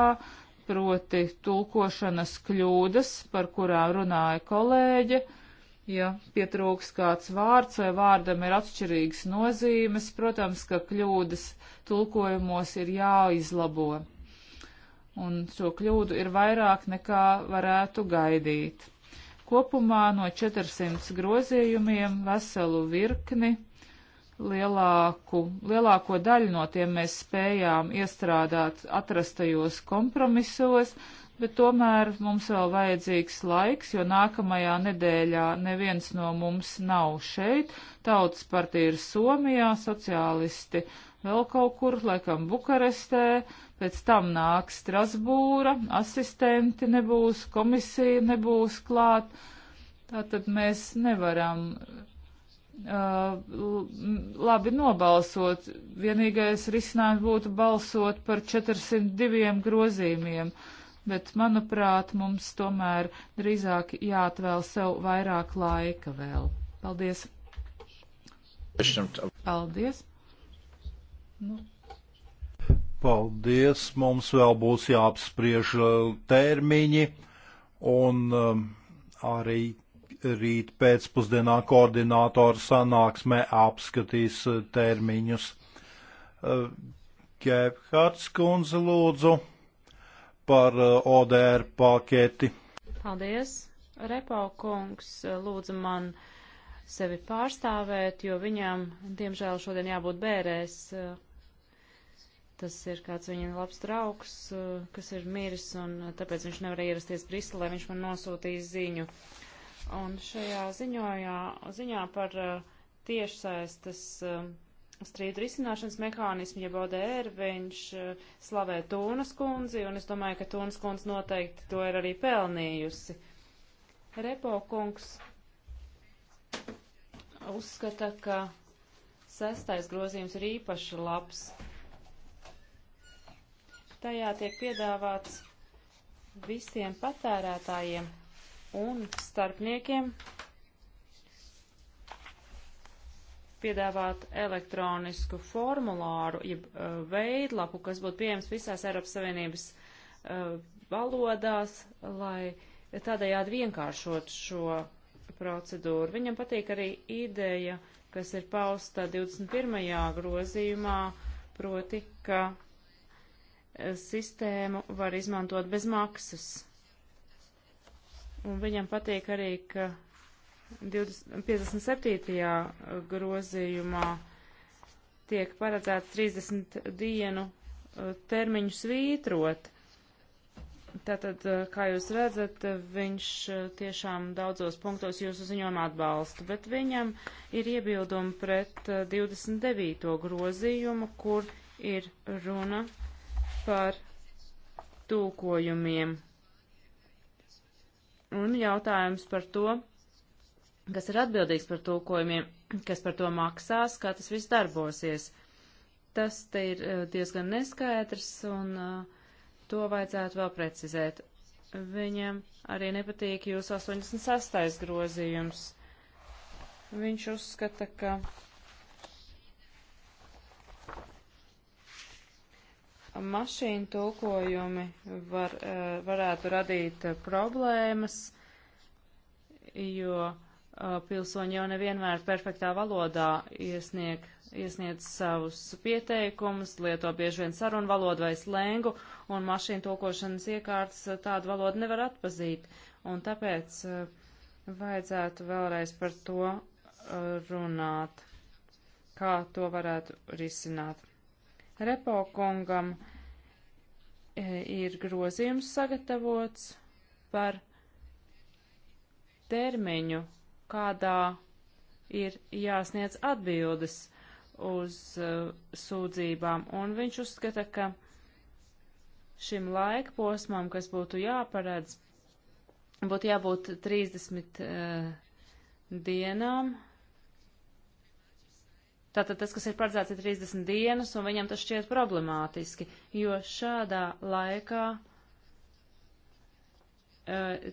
proti tulkošanas kļūdas, par kurām runāja kolēģe. Ja pietrūks kāds vārds vai vārdam ir atšķirīgas nozīmes, protams, ka kļūdas tulkojumos ir jāizlabo. Un šo kļūdu ir vairāk nekā varētu gaidīt. Kopumā no 400 grozījumiem veselu virkni lielāku, lielāko daļu no tiem mēs spējām iestrādāt atrastajos kompromisos, bet tomēr mums vēl vajadzīgs laiks, jo nākamajā nedēļā neviens no mums nav šeit. Tautas partija ir Somijā, sociālisti vēl kaut kur, laikam Bukarestē, pēc tam nāk Strasbūra, asistenti nebūs, komisija nebūs klāt. Tātad mēs nevaram Uh, labi nobalsot. Vienīgais risinājums būtu balsot par 402 grozījumiem, bet, manuprāt, mums tomēr drīzāk jāatvēl sev vairāk laika vēl. Paldies! Paldies! Nu. Paldies! Mums vēl būs jāapspriež uh, termiņi un um, arī rīt pēcpusdienā koordinātoru sanāksmē apskatīs eh, termiņus. Eh, Gebhards kundze lūdzu par eh, ODR paketi. Paldies. Repo kungs lūdza man sevi pārstāvēt, jo viņam, diemžēl, šodien jābūt bērēs. Tas ir kāds viņa labs draugs, kas ir miris, un tāpēc viņš nevar ierasties Briselē. Viņš man nosūtīja ziņu. Uh, Un šajā ziņojā, ziņā par uh, tiešsaistes uh, strīdu risināšanas mehānismu, jeb ODR, viņš uh, slavē Tūnas kundzi, un es domāju, ka Tūnas kundze noteikti to ir arī pelnījusi. Repo kungs uzskata, ka sestais grozījums ir īpaši labs. Tajā tiek piedāvāts visiem patērētājiem un starpniekiem piedāvāt elektronisku formulāru, jeb uh, veidlapu, kas būtu pieejams visās Eiropas Savienības uh, valodās, lai tādējādi vienkāršot šo procedūru. Viņam patīk arī ideja, kas ir pausta 21. grozījumā, proti, ka uh, sistēmu var izmantot bez maksas. Un viņam patīk arī, ka 20, 57. grozījumā tiek paredzēts 30 dienu uh, termiņu svītrot. Tātad, uh, kā jūs redzat, viņš uh, tiešām daudzos punktos jūsu ziņojumu atbalsta, bet viņam ir iebildumi pret 29. grozījumu, kur ir runa par tūkojumiem. Un jautājums par to, kas ir atbildīgs par tulkojumiem, kas par to maksās, kā tas viss darbosies. Tas te ir eh, diezgan neskaidrs, un eh, to vajadzētu vēl precizēt. Viņam arī nepatīk jūsu 86. grozījums. Viņš uzskata, ka mašīnu tulkojumi var, eh, varētu radīt eh, problēmas, jo eh, pilsoņi jau nevienmēr perfektā valodā iesnieg, iesniedz savus pieteikumus, lieto bieži vien sarunu valodu vai slēngu, un mašīnu tulkošanas iekārtas tādu valodu nevar atpazīt. Un tāpēc vajadzētu vēlreiz par to runāt, kā to varētu risināt. Repo kungam e, ir grozījums sagatavots par termiņu, kādā ir jāsniedz atbildes uz uh, sūdzībām, un viņš uzskata, ka šim laika posmam, kas būtu jāparedz, būtu jābūt 30 uh, e, dienām Tātad tas, kas ir paredzēts, ir 30 dienas, un viņam tas šķiet problemātiski, jo šādā laikā uh,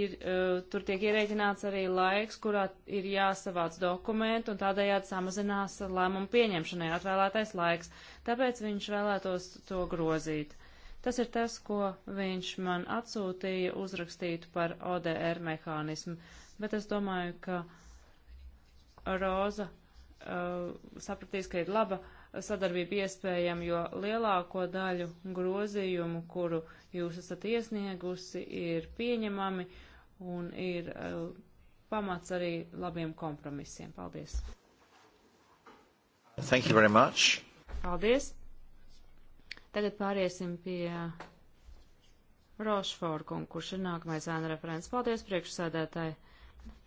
ir, uh, tur tiek ierēķināts arī laiks, kurā ir jāsavāc dokumenti, un tādējādi samazinās lēmumu pieņemšanai atvēlētais laiks. Tāpēc viņš vēlētos to grozīt. Tas ir tas, ko viņš man atsūtīja uzrakstītu par ODR mehānismu, bet es domāju, ka Roza Uh, sapratīs, ka ir laba sadarbība iespējama, jo lielāko daļu grozījumu, kuru jūs esat iesniegusi, ir pieņemami un ir uh, pamats arī labiem kompromisiem. Paldies! Thank you very much. Paldies! Tagad pāriesim pie Rošforkunga, kurš ir nākamais ēna referents. Paldies priekšsēdētāji!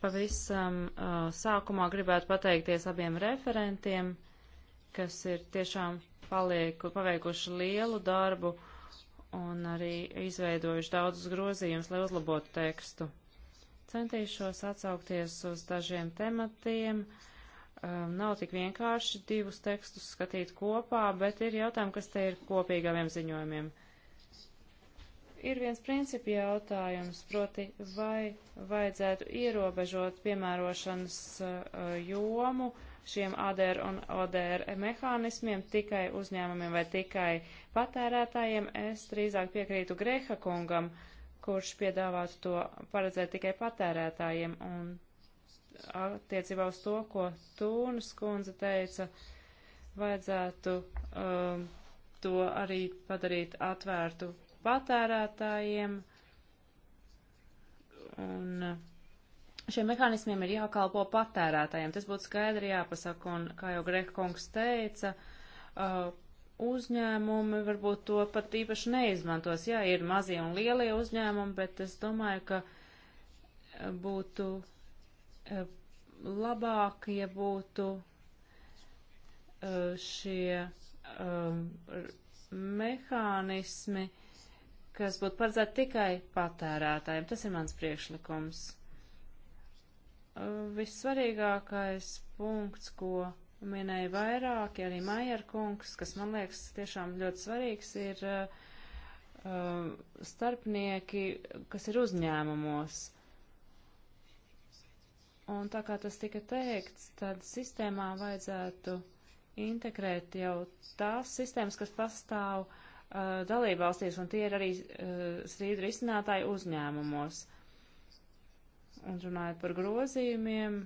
Pavisam uh, sākumā gribētu pateikties abiem referentiem, kas ir tiešām palieku, paveikuši lielu darbu un arī izveidojuši daudzus grozījumus, lai uzlabotu tekstu. Centīšos atsaukties uz dažiem tematiem. Um, nav tik vienkārši divus tekstus skatīt kopā, bet ir jautājumi, kas te ir kopīgi abiem ziņojumiem ir viens principi jautājums, proti, vai vajadzētu ierobežot piemērošanas uh, jomu šiem ADR un ODR mehānismiem tikai uzņēmumiem vai tikai patērētājiem. Es drīzāk piekrītu Greha kungam, kurš piedāvātu to paredzēt tikai patērētājiem. Un attiecībā uz to, ko Tūnas kundze teica, vajadzētu um, uh, to arī padarīt atvērtu patērētājiem. Un šiem mehānismiem ir jākalpo patērētājiem. Tas būtu skaidri jāpasaka, un kā jau Greka kungs teica, uh, uzņēmumi varbūt to pat īpaši neizmantos. Jā, ir mazie un lielie uzņēmumi, bet es domāju, ka uh, būtu uh, labāk, ja būtu šie um, mehānismi uh, kas būtu paredzēta tikai patērētājiem. Tas ir mans priekšlikums. Uh, vissvarīgākais punkts, ko minēja vairāki, arī Maier kungs, kas man liekas tiešām ļoti svarīgs, ir uh, uh, starpnieki, kas ir uzņēmumos. Un tā kā tas tika teikts, tad sistēmā vajadzētu integrēt jau tās sistēmas, kas pastāv uh, Uh, dalībvalstīs, un tie ir arī uh, strīdu risinātāji uzņēmumos. Un runājot par grozījumiem,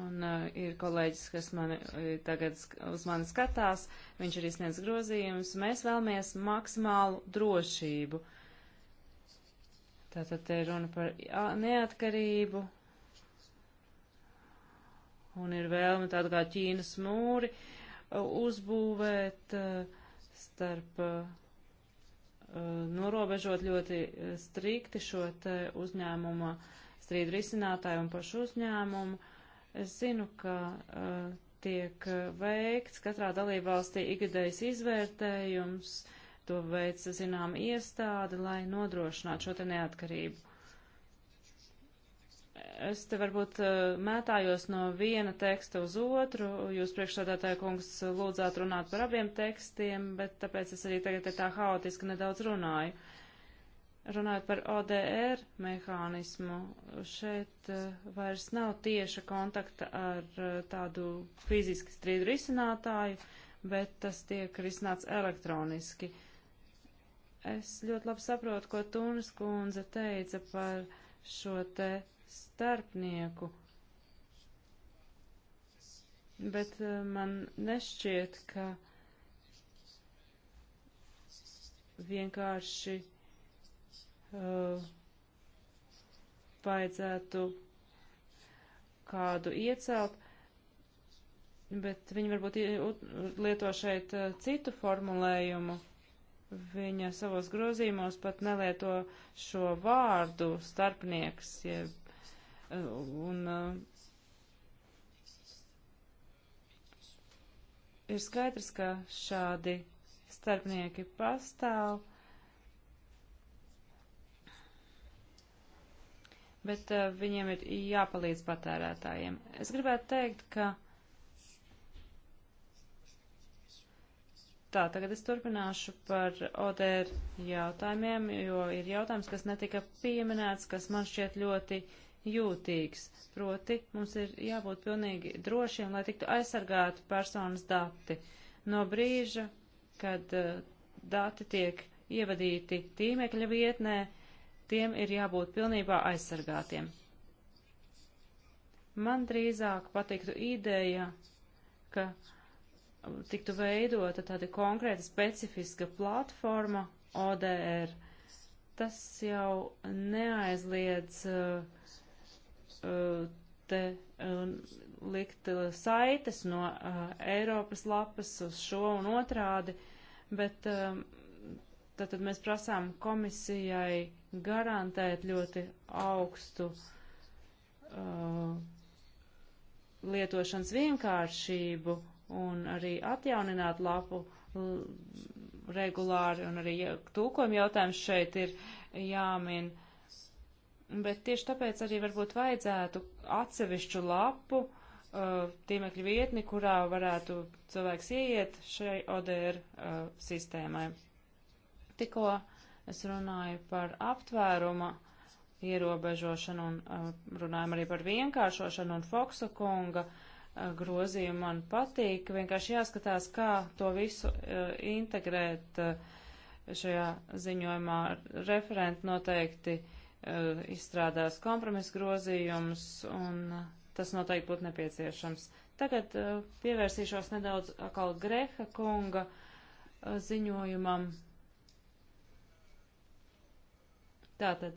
un uh, ir kolēģis, kas mani uh, tagad uz mani skatās, viņš ir izsniedz grozījumus, mēs vēlamies maksimālu drošību. Tātad te runa par neatkarību, un ir vēlme tāda kā Ķīnas mūri uzbūvēt. Uh, starp uh, uh, norobežot ļoti uh, strikti šo te uzņēmuma strīdu risinātāju un pašu uzņēmumu. Es zinu, ka uh, tiek veikts katrā dalībvalstī ikgadējs izvērtējums, to veids, zinām, iestādi, lai nodrošinātu šo te neatkarību. Es te varbūt eh, mētājos no viena teksta uz otru. Jūs priekšsādātāja kungs lūdzāt runāt par abiem tekstiem, bet tāpēc es arī tagad tā haotiski nedaudz runāju. Runājot par ODR mehānismu, šeit eh, vairs nav tieša kontakta ar eh, tādu fiziski strīdu risinātāju, bet tas tiek risināts elektroniski. Es ļoti labi saprotu, ko Tunis kundze teica par šo te starpnieku. Bet eh, man nešķiet, ka vienkārši uh, vajadzētu kādu iecelt, bet viņi varbūt lieto šeit uh, citu formulējumu. Viņa savos grozījumos pat nelieto šo vārdu starpnieks, jeb Un eh, ir skaidrs, ka šādi starpnieki pastāv. bet uh, viņiem ir jāpalīdz patērētājiem. Es gribētu teikt, ka. Tā, tagad es turpināšu par ODR jautājumiem, jo ir jautājums, kas netika pieminēts, kas man šķiet ļoti jūtīgs. Proti, mums ir jābūt pilnīgi drošiem, lai tiktu aizsargāti personas dati. No brīža, kad uh, dati tiek ievadīti tīmekļa vietnē, tiem ir jābūt pilnībā aizsargātiem. Man drīzāk patiktu ideja, ka um, tiktu veidota tāda konkrēta specifiska platforma ODR. Tas jau neaizliedz uh, te likt uh, saites no uh, Eiropas lapas uz šo un otrādi, bet um, tātad mēs prasām komisijai garantēt ļoti augstu uh, lietošanas vienkāršību un arī atjaunināt lapu regulāri, un arī tūkojuma jautājums šeit ir jāmin. Uh, bet tieši tāpēc arī varbūt vajadzētu atsevišķu lapu uh, tīmekļa vietni, kurā varētu cilvēks ieiet šai ODR uh, sistēmai. Tikko es runāju par aptvēruma ierobežošanu un uh, runājam arī par vienkāršošanu un Foksa kunga uh, grozījumu man patīk. Vienkārši jāskatās, kā to visu uh, integrēt uh, šajā ziņojumā. Referenti noteikti uh, Eh, izstrādās kompromisu grozījumus, un eh, tas noteikti būtu nepieciešams. Tagad eh, pievērsīšos nedaudz atkal Greha kunga ziņojumam. Tātad.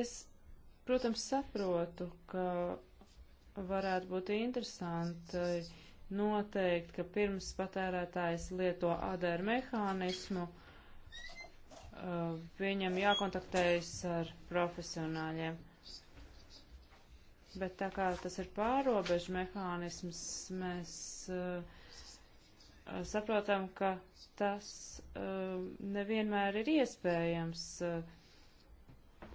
Es, protams, saprotu, ka varētu būt interesanti noteikt, ka pirms patērētājs lieto ADR mehānismu, uh, Uh, viņam jākontaktējas ar profesionāļiem. Bet tā kā tas ir pārobežu mehānisms, mēs uh, saprotam, ka tas uh, nevienmēr ir iespējams.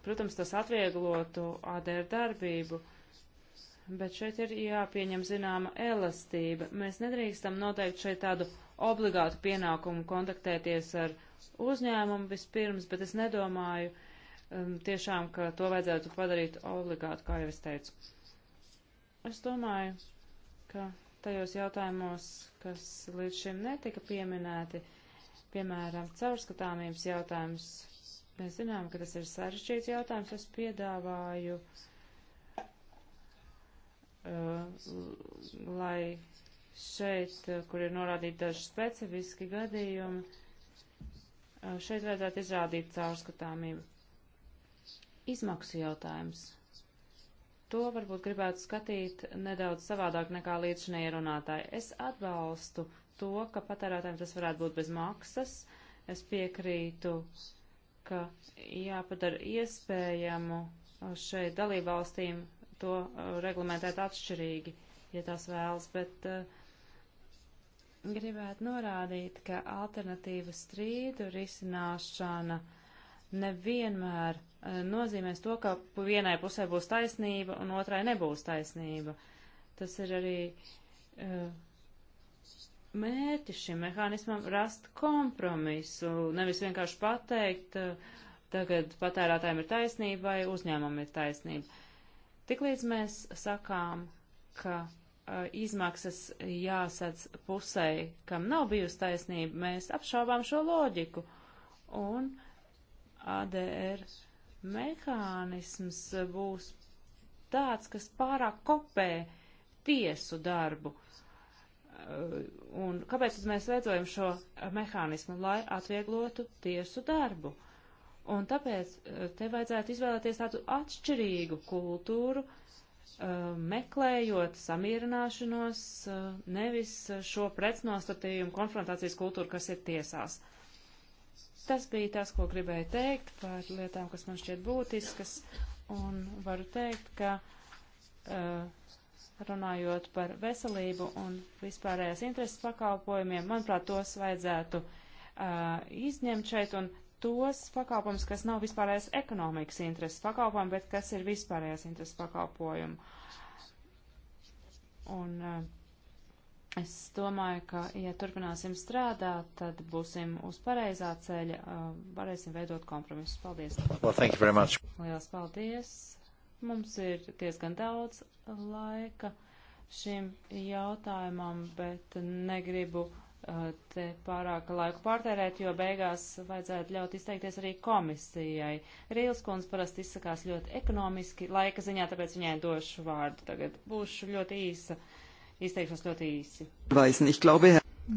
Protams, tas atvieglotu ADR darbību bet šeit ir jāpieņem zināma elastība. Mēs nedrīkstam noteikt šeit tādu obligātu pienākumu kontaktēties ar uzņēmumu vispirms, bet es nedomāju um, tiešām, ka to vajadzētu padarīt obligātu, kā jau es teicu. Es domāju, ka tajos jautājumos, kas līdz šim netika pieminēti, piemēram, caurskatāmības jautājums, mēs zinām, ka tas ir sarežģīts jautājums, es piedāvāju uh, Uh, lai šeit, uh, kur ir norādīti daži specifiski gadījumi, uh, šeit vajadzētu izrādīt caurskatāmību. Izmaksu jautājums. To varbūt gribētu skatīt nedaudz savādāk nekā līdz šim ierunātāji. Es atbalstu to, ka patērētājiem tas varētu būt bez maksas. Es piekrītu, ka jāpadara iespējamu šeit dalībvalstīm to uh, reglamentēt atšķirīgi, ja tās vēlas, bet uh, gribētu norādīt, ka alternatīva strīdu risināšana nevienmēr uh, nozīmēs to, ka vienai pusē būs taisnība un otrai nebūs taisnība. Tas ir arī mērķis šim mehānismam rast kompromisu, nevis vienkārši pateikt, tagad patērētājiem ir taisnība vai uzņēmumam ir taisnība. Tiklīdz mēs sakām, ka uh, izmaksas jāsadz pusēji, kam nav bijusi taisnība, mēs apšaubām šo loģiku. Un ADR mehānisms būs tāds, kas pārāk kopē tiesu darbu. Un kāpēc mēs veidojam šo mehānismu? Lai atvieglotu tiesu darbu. Uh, Un tāpēc eh, te vajadzētu izvēlēties tādu atšķirīgu kultūru, eh, meklējot samierināšanos, eh, nevis šo pretnostatījumu konfrontācijas kultūru, kas ir tiesās. Tas bija tas, ko gribēju teikt par lietām, kas man šķiet būtiskas, un varu teikt, ka runājot par veselību un vispārējās intereses pakalpojumiem, manuprāt, tos vajadzētu izņemt šeit un tos pakalpojumus, kas nav vispārējais ekonomikas intereses pakalpojumi, bet kas ir vispārējais intereses pakalpojumi. Un eh, es domāju, ka, ja turpināsim strādāt, tad būsim uz pareizā ceļa, eh, varēsim veidot kompromisus. Paldies! Well, thank you very much! Lielas paldies! Mums ir diezgan daudz laika šim jautājumam, bet negribu Eh, te pārāk laiku pārtērēt, jo beigās vajadzētu ļaut izteikties arī komisijai. Rīls kundze parasti izsakās ļoti ekonomiski laika ziņā, tāpēc viņai došu vārdu tagad. Būšu ļoti īsa, izteikšos ļoti īsi.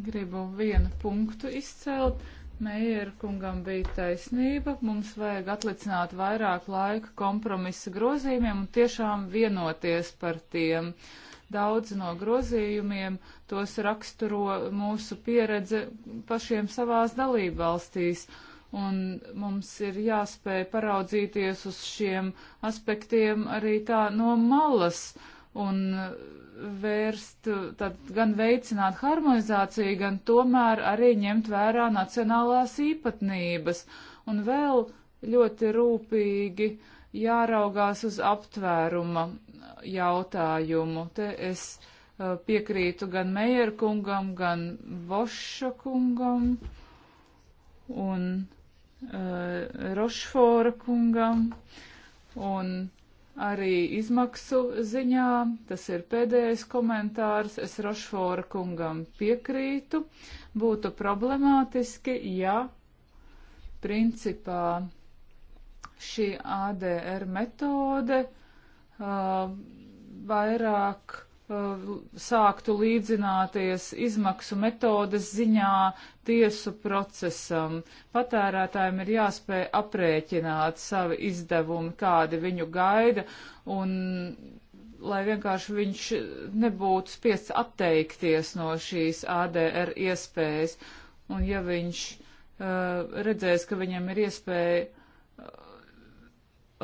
Gribu vienu punktu izcelt. Meijer kungam bija taisnība, mums vajag atlicināt vairāk laika kompromisa grozījumiem un tiešām vienoties par tiem. Uh, Daudz no grozījumiem tos raksturo mūsu pieredze pašiem savās dalībvalstīs. Un mums ir jāspēj paraudzīties uz šiem aspektiem arī tā no malas un vērst, tad gan veicināt harmonizāciju, gan tomēr arī ņemt vērā nacionālās īpatnības. Un vēl ļoti rūpīgi jāraugās uz aptvēruma jautājumu. Te es uh, piekrītu gan Meijer kungam, gan Voša kungam un uh, Rošfora kungam un arī izmaksu ziņā. Tas ir pēdējais komentārs. Es Rošfora kungam piekrītu. Būtu problemātiski, ja principā šī ADR metode uh, uh, vairāk uh, sāktu līdzināties izmaksu metodes ziņā tiesu procesam. Patērētājiem ir jāspēj aprēķināt savi izdevumi, kādi viņu gaida, un lai vienkārši viņš nebūtu spiests atteikties no šīs ADR iespējas. Un ja viņš uh, redzēs, ka viņam ir iespēja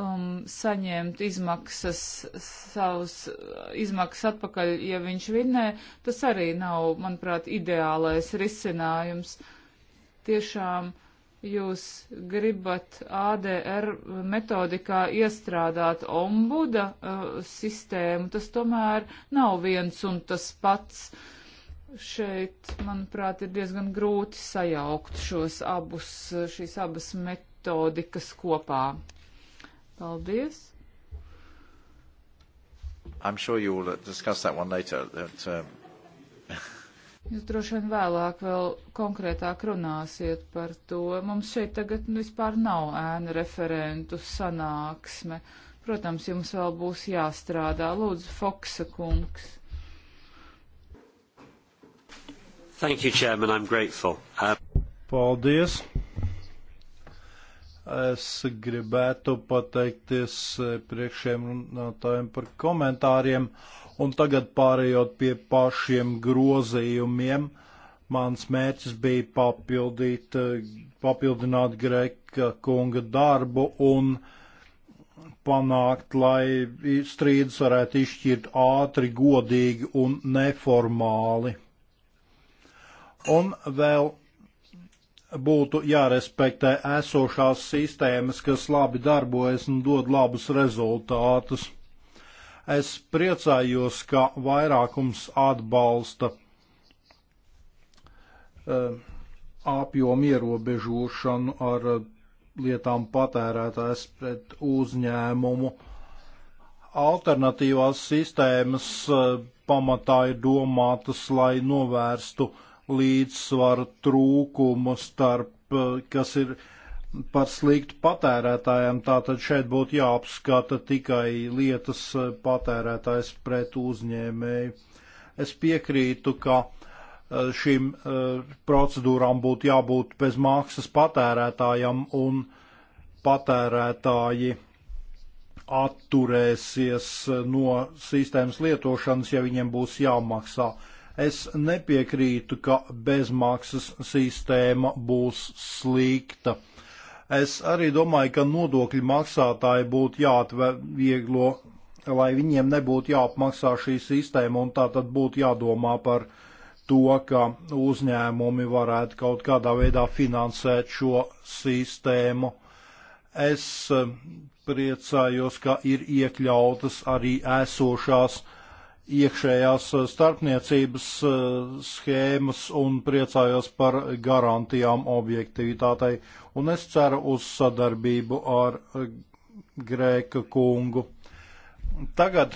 um, saņemt izmaksas, savus uh, izmaksas atpakaļ, ja viņš vinnē, tas arī nav, manuprāt, ideālais risinājums. Tiešām jūs gribat ADR metodikā iestrādāt ombuda uh, sistēmu, tas tomēr nav viens un tas pats. Šeit, manuprāt, ir diezgan grūti sajaukt šos abus, šīs abas metodikas kopā. Paldies! I'm sure you will uh, discuss that one later. That, um... Jūs droši vien vēlāk vēl konkrētāk runāsiet par to. Mums šeit tagad nu, vispār nav ēnu referentu sanāksme. Protams, jums vēl būs jāstrādā. Lūdzu, Foksa kungs. Thank you, Chairman. I'm grateful. Uh... Paldies. Es gribētu pateikties priekšējiem runātājiem par komentāriem, un tagad pārējot pie pašiem grozījumiem. Mans mērķis bija papildīt, papildināt Greka kunga darbu un panākt, lai strīdus varētu izšķirt ātri, godīgi un neformāli. Un vēl būtu jārespektē esošās sistēmas, kas labi darbojas un dod labus rezultātus. Es priecājos, ka vairākums atbalsta e, apjomu ierobežošanu ar lietām patērētājs pret uzņēmumu. Alternatīvās sistēmas e, pamatā ir domātas, lai novērstu uh, līdzsvaru trūkumu starp, eh, kas ir par sliktu patērētājiem. Tātad šeit būtu jāapskata tikai lietas eh, patērētājs pret uzņēmēju. Es piekrītu, ka eh, šīm procedūrām būtu jābūt bez maksas patērētājam un patērētāji atturēsies no sistēmas lietošanas, ja viņiem būs jāmaksā. Uh, Es nepiekrītu, ka bezmaksas sistēma būs slikta. Es arī domāju, ka nodokļu maksātāji būtu jāatvieglo, lai viņiem nebūtu jāapmaksā šī sistēma, un tā tad būtu jādomā par to, ka uzņēmumi varētu kaut kādā veidā finansēt šo sistēmu. Es eh, priecājos, ka ir iekļautas arī esošās uh, iekšējās eh, starpniecības eh, schēmas un priecājos par garantijām objektivitātei, un es ceru uz sadarbību ar eh, Grēka kungu. Tagad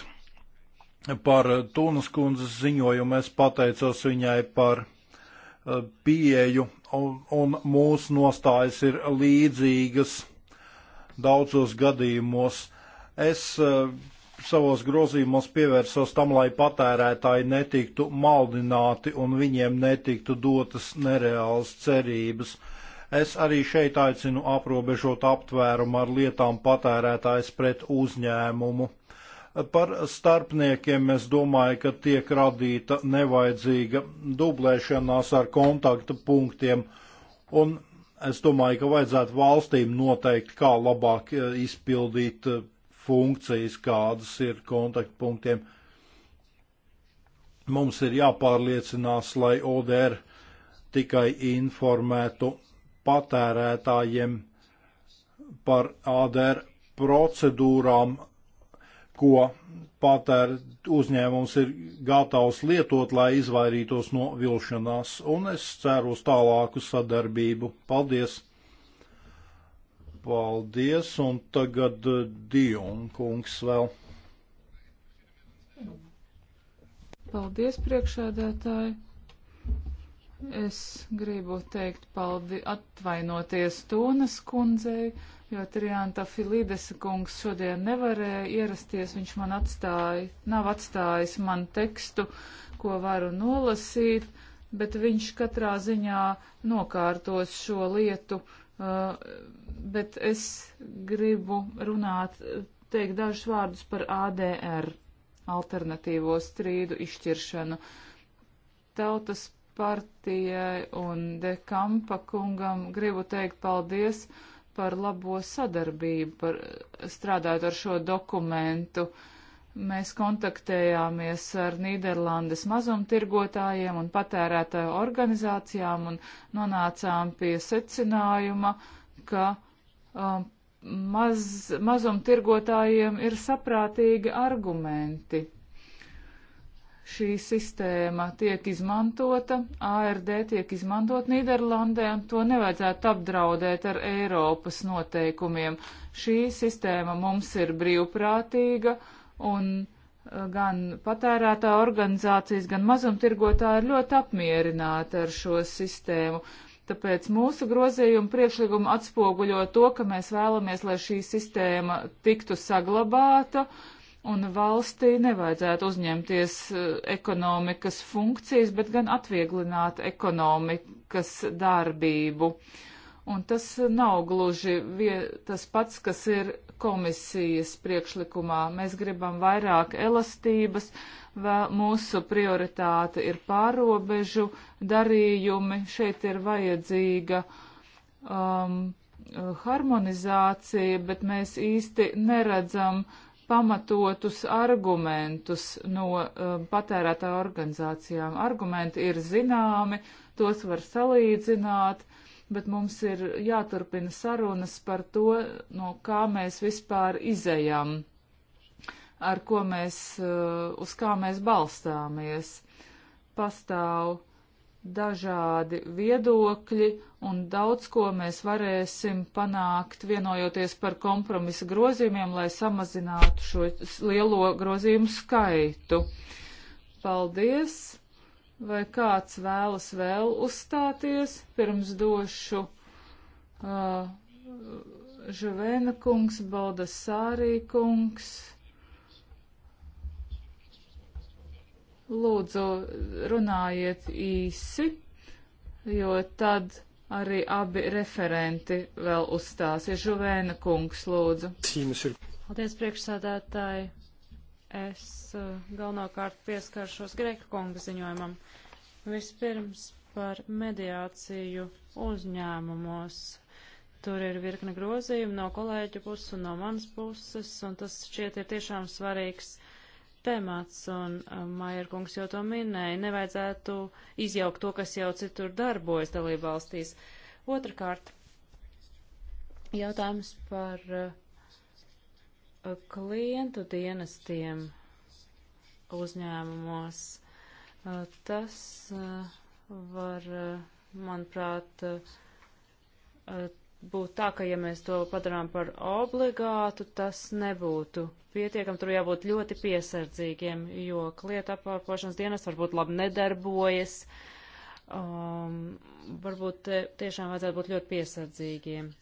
par Tūnas kundzes ziņojumu es pateicos viņai par pieeju, un mūsu nostājas ir līdzīgas daudzos gadījumos. Es savos grozījumos pievērsos tam, lai patērētāji netiktu maldināti un viņiem netiktu dotas nereālas cerības. Es arī šeit aicinu aprobežot aptvērumu ar lietām patērētājs pret uzņēmumu. Par starpniekiem es domāju, ka tiek radīta nevajadzīga dublēšanās ar kontaktu punktiem, un es domāju, ka vajadzētu valstīm noteikt, kā labāk eh, izpildīt eh, funkcijas, kādas ir kontaktpunktiem. Mums ir jāpārliecinās, lai ODR tikai informētu patērētājiem par ADR procedūrām, ko patēr uzņēmums ir gatavs lietot, lai izvairītos no vilšanās, un es ceru uz tālāku sadarbību. Paldies! Paldies, un tagad eh, Dionkungs vēl. Paldies, priekšēdētāji. Es gribu teikt paldi, atvainoties Tūnas kundzei, jo Trianta Filides kungs šodien nevarēja ierasties, viņš man atstāja, nav atstājis man tekstu, ko varu nolasīt, bet viņš katrā ziņā nokārtos šo lietu Uh, bet es gribu runāt, teikt dažus vārdus par ADR, alternatīvo strīdu izšķiršanu. Tautas partijai un Dekampa kungam gribu teikt paldies par labo sadarbību, par strādājot ar šo dokumentu. Uh, Mēs kontaktējāmies ar Nīderlandes mazumtirgotājiem un patērētāju organizācijām un nonācām pie secinājuma, ka um, maz, mazumtirgotājiem ir saprātīgi argumenti. Šī sistēma tiek izmantota, ARD tiek izmantot Nīderlandē, un to nevajadzētu apdraudēt ar Eiropas noteikumiem. Šī sistēma mums ir brīvprātīga un eh, gan patērētā organizācijas, gan mazumtirgotāji ir ļoti apmierināti ar šo sistēmu. Tāpēc mūsu grozījuma priekšlikuma atspoguļo to, ka mēs vēlamies, lai šī sistēma tiktu saglabāta un valstī nevajadzētu uzņemties eh, ekonomikas funkcijas, bet gan atvieglināt ekonomikas darbību. Uh, Un tas nav gluži vie, tas pats, kas ir komisijas priekšlikumā. Mēs gribam vairāk elastības, vēl mūsu prioritāte ir pārobežu darījumi, šeit ir vajadzīga um, harmonizācija, bet mēs īsti neredzam pamatotus argumentus no um, patērētā organizācijām. Argumenti ir zināmi, tos var salīdzināt bet mums ir jāturpina sarunas par to, no kā mēs vispār izējām, ar ko mēs, uh, uz kā mēs balstāmies. Pastāv dažādi viedokļi un daudz ko mēs varēsim panākt vienojoties par kompromisa grozījumiem, lai samazinātu šo lielo grozījumu skaitu. Paldies! Vai kāds vēlas vēl uzstāties, pirms došu uh, Žuvēna kungs, Baldasārī kungs. Lūdzu, runājiet īsi, jo tad arī abi referenti vēl uzstāsies. Žuvēna kungs, lūdzu. Paldies, priekšsādātāji. Es eh, galvenokārt pieskaršos Greka kunga ziņojumam. Vispirms par mediāciju uzņēmumos. Tur ir virkne grozījumu no kolēģu puses un no manas puses, un tas šķiet ir tiešām svarīgs temats, un eh, Mairkungs jau to minēja, nevajadzētu izjaukt to, kas jau citur darbojas dalībvalstīs. Otrakārt, jautājums par uh, klientu dienestiem uzņēmumos. Tas var, manuprāt, būt tā, ka ja mēs to padarām par obligātu, tas nebūtu pietiekam, tur jābūt ļoti piesardzīgiem, jo klieta apkalpošanas dienas varbūt labi nedarbojas, um, varbūt tiešām vajadzētu būt ļoti piesardzīgiem.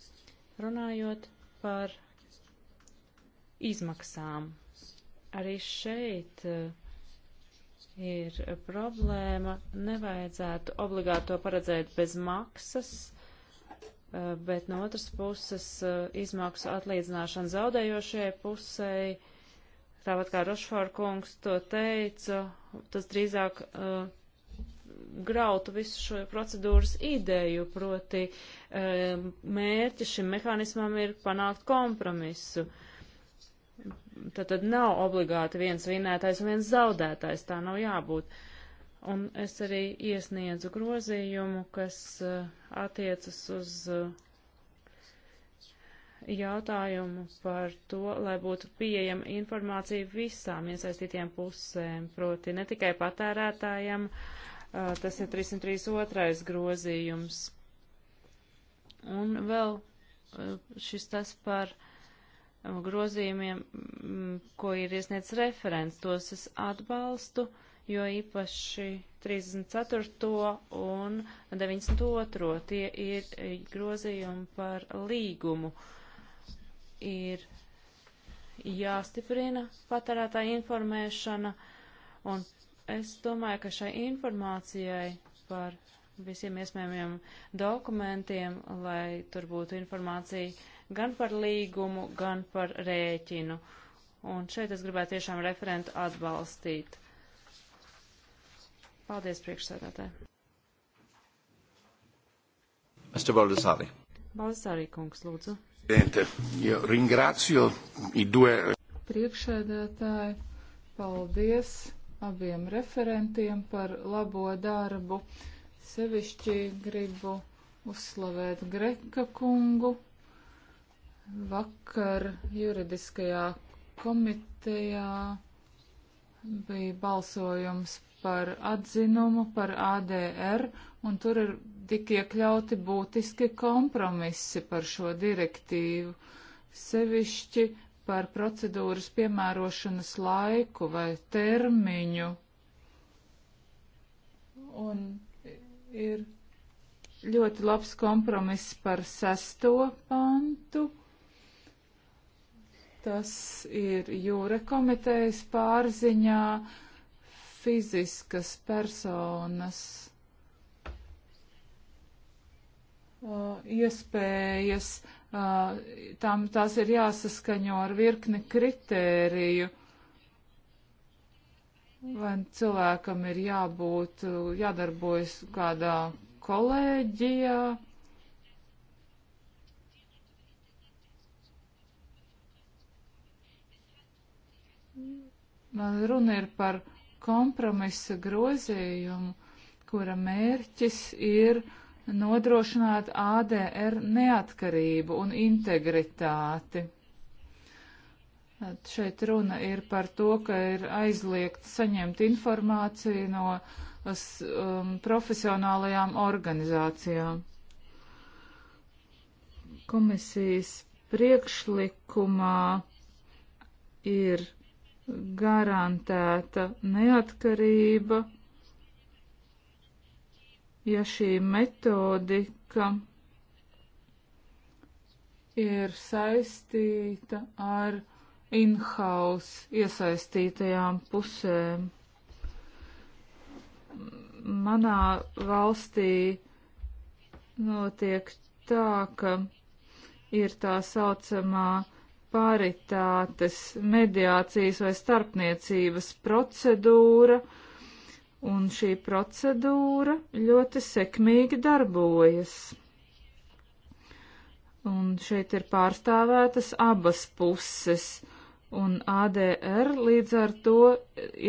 Runājot par izmaksām. Arī šeit eh, ir problēma. Nevajadzētu obligāti to paredzēt bez maksas, eh, bet no otras puses eh, izmaksu atlīdzināšana zaudējošajai pusei, tāpat kā Rošfor kungs to teica, tas drīzāk grautu visu šo procedūras ideju, proti mērķi šim mehānismam ir panākt kompromisu. Uh, Tad, tad nav obligāti viens vinētājs un viens zaudētājs, tā nav jābūt. Un es arī iesniedzu grozījumu, kas uh, attiecas uz uh, jautājumu par to, lai būtu pieejama informācija visām iesaistītiem pusēm, proti ne tikai patērētājiem, uh, tas ir 332. grozījums. Un vēl uh, šis tas par grozījumiem, mm, ko ir iesniedz referents. Tos es atbalstu, jo īpaši 34. un 92. tie ir eh, grozījumi par līgumu. Ir jāstiprina patērētāja informēšana, un es domāju, ka šai informācijai par visiem iespējamiem dokumentiem, lai tur būtu informācija, gan par līgumu, gan par rēķinu. Un šeit es gribētu tiešām referentu atbalstīt. Paldies priekšsēdētāji. Mr. Baldessari. Baldessari kungs, lūdzu. Priekšsēdētāji, paldies abiem referentiem par labo darbu. Sevišķi gribu uzslavēt Greka kungu Vakar juridiskajā komitejā bija balsojums par atzinumu par ADR, un tur ir tik iekļauti būtiski kompromisi par šo direktīvu, sevišķi par procedūras piemērošanas laiku vai termiņu. Un ir ļoti labs kompromiss par sesto pantu Tas ir jūra komitejas pārziņā fiziskas personas uh, iespējas, uh, tam tās ir jāsaskaņo ar virkni kritēriju. Vai cilvēkam ir jābūt, jādarbojas kādā kolēģijā, Man runa ir par kompromisa grozījumu, kura mērķis ir nodrošināt ADR neatkarību un integritāti. At šeit runa ir par to, ka ir aizliegt saņemt informāciju no um, profesionālajām organizācijām. Komisijas priekšlikumā ir garantēta neatkarība, ja šī metodika ir saistīta ar in-house iesaistītajām pusēm. Manā valstī notiek tā, ka ir tā saucamā paritātes, mediācijas vai starpniecības procedūra, un šī procedūra ļoti sekmīgi darbojas. Un šeit ir pārstāvētas abas puses, un ADR līdz ar to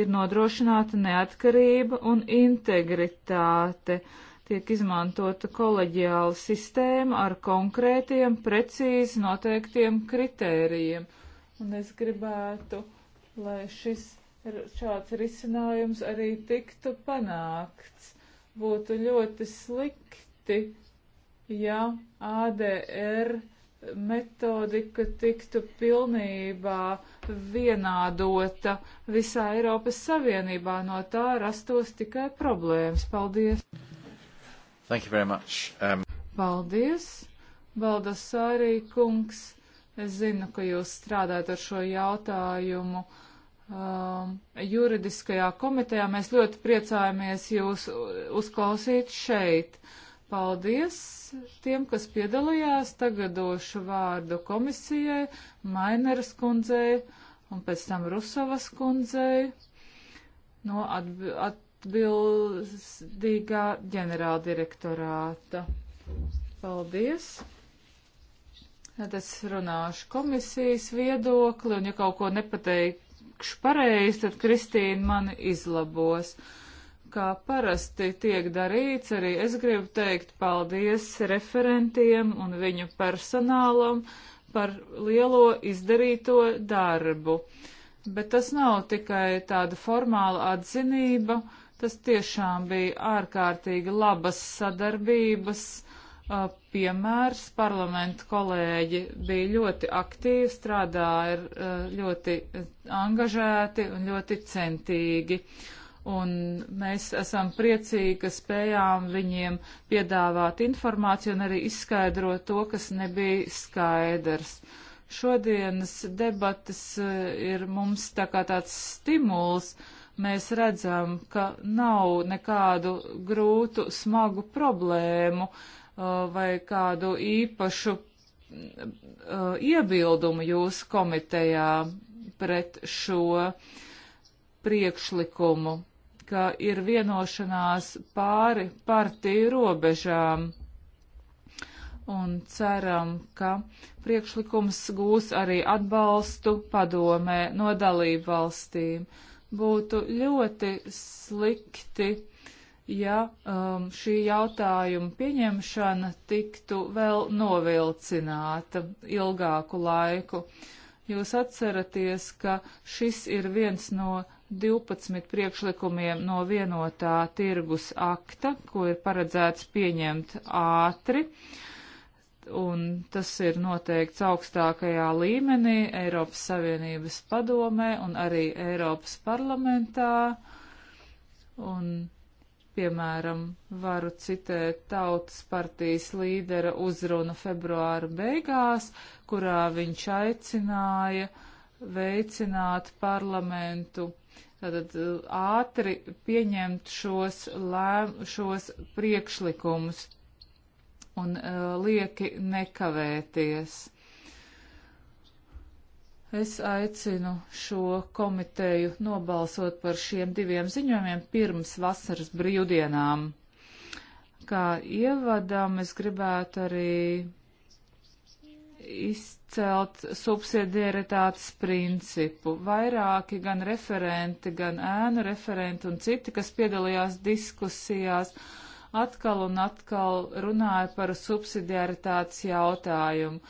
ir nodrošināta neatkarība un integritāte. Uh, tiek izmantota koleģiāla sistēma ar konkrētiem, precīzi noteiktiem kritērijiem. Un es gribētu, lai šis šāds risinājums arī tiktu panākts. Būtu ļoti slikti, ja ADR metodika tiktu pilnībā vienādota visā Eiropas Savienībā. No tā rastos tikai problēmas. Paldies! Thank you very much. Um... Paldies, Baldasārī kungs. Es zinu, ka jūs strādājat ar šo jautājumu. Um, juridiskajā komitejā mēs ļoti priecājamies jūs uzklausīt šeit. Paldies tiem, kas piedalījās. Tagad došu vārdu komisijai, Maineras kundzei un pēc tam Rusavas kundzei no atbildības. At atbildīgā ģenerāldirektorāta. Paldies! Tad es runāšu komisijas viedokli, un ja kaut ko nepateikšu pareizi, tad Kristīna mani izlabos. Kā parasti tiek darīts, arī es gribu teikt paldies referentiem un viņu personālam par lielo izdarīto darbu. Bet tas nav tikai tāda formāla atzinība, uh, Tas tiešām bija ārkārtīgi labas sadarbības uh, piemērs. Parlamenta kolēģi bija ļoti aktīvi, strādāja uh, ļoti angažēti un ļoti centīgi. Un mēs esam priecīgi, ka spējām viņiem piedāvāt informāciju un arī izskaidrot to, kas nebija skaidrs šodienas debatas ir mums tā kā tāds stimuls mēs redzam, ka nav nekādu grūtu, smagu problēmu uh, vai kādu īpašu uh, iebildumu jūsu komitejā pret šo priekšlikumu, ka ir vienošanās pāri partiju robežām. Un ceram, ka priekšlikums gūs arī atbalstu padomē no dalību valstīm. Uh, Būtu ļoti slikti, ja um, šī jautājuma pieņemšana tiktu vēl novilcināta ilgāku laiku. Jūs atceraties, ka šis ir viens no 12 priekšlikumiem no vienotā tirgus akta, ko ir paredzēts pieņemt ātri. Uh, un tas ir noteikts augstākajā līmenī Eiropas Savienības padomē un arī Eiropas parlamentā. Un, piemēram, varu citēt Tautas partijas līdera uzrunu februāra beigās, kurā viņš aicināja veicināt parlamentu, tātad ātri pieņemt šos, lēm, šos priekšlikumus un uh, lieki nekavēties. Es aicinu šo komiteju nobalsot par šiem diviem ziņojumiem pirms vasaras brīvdienām. Kā ievadām, es gribētu arī izcelt subsidiaritātes principu. Vairāki gan referenti, gan ēnu referenti un citi, kas piedalījās diskusijās, uh, atkal un atkal runāja par subsidiaritātes jautājumu.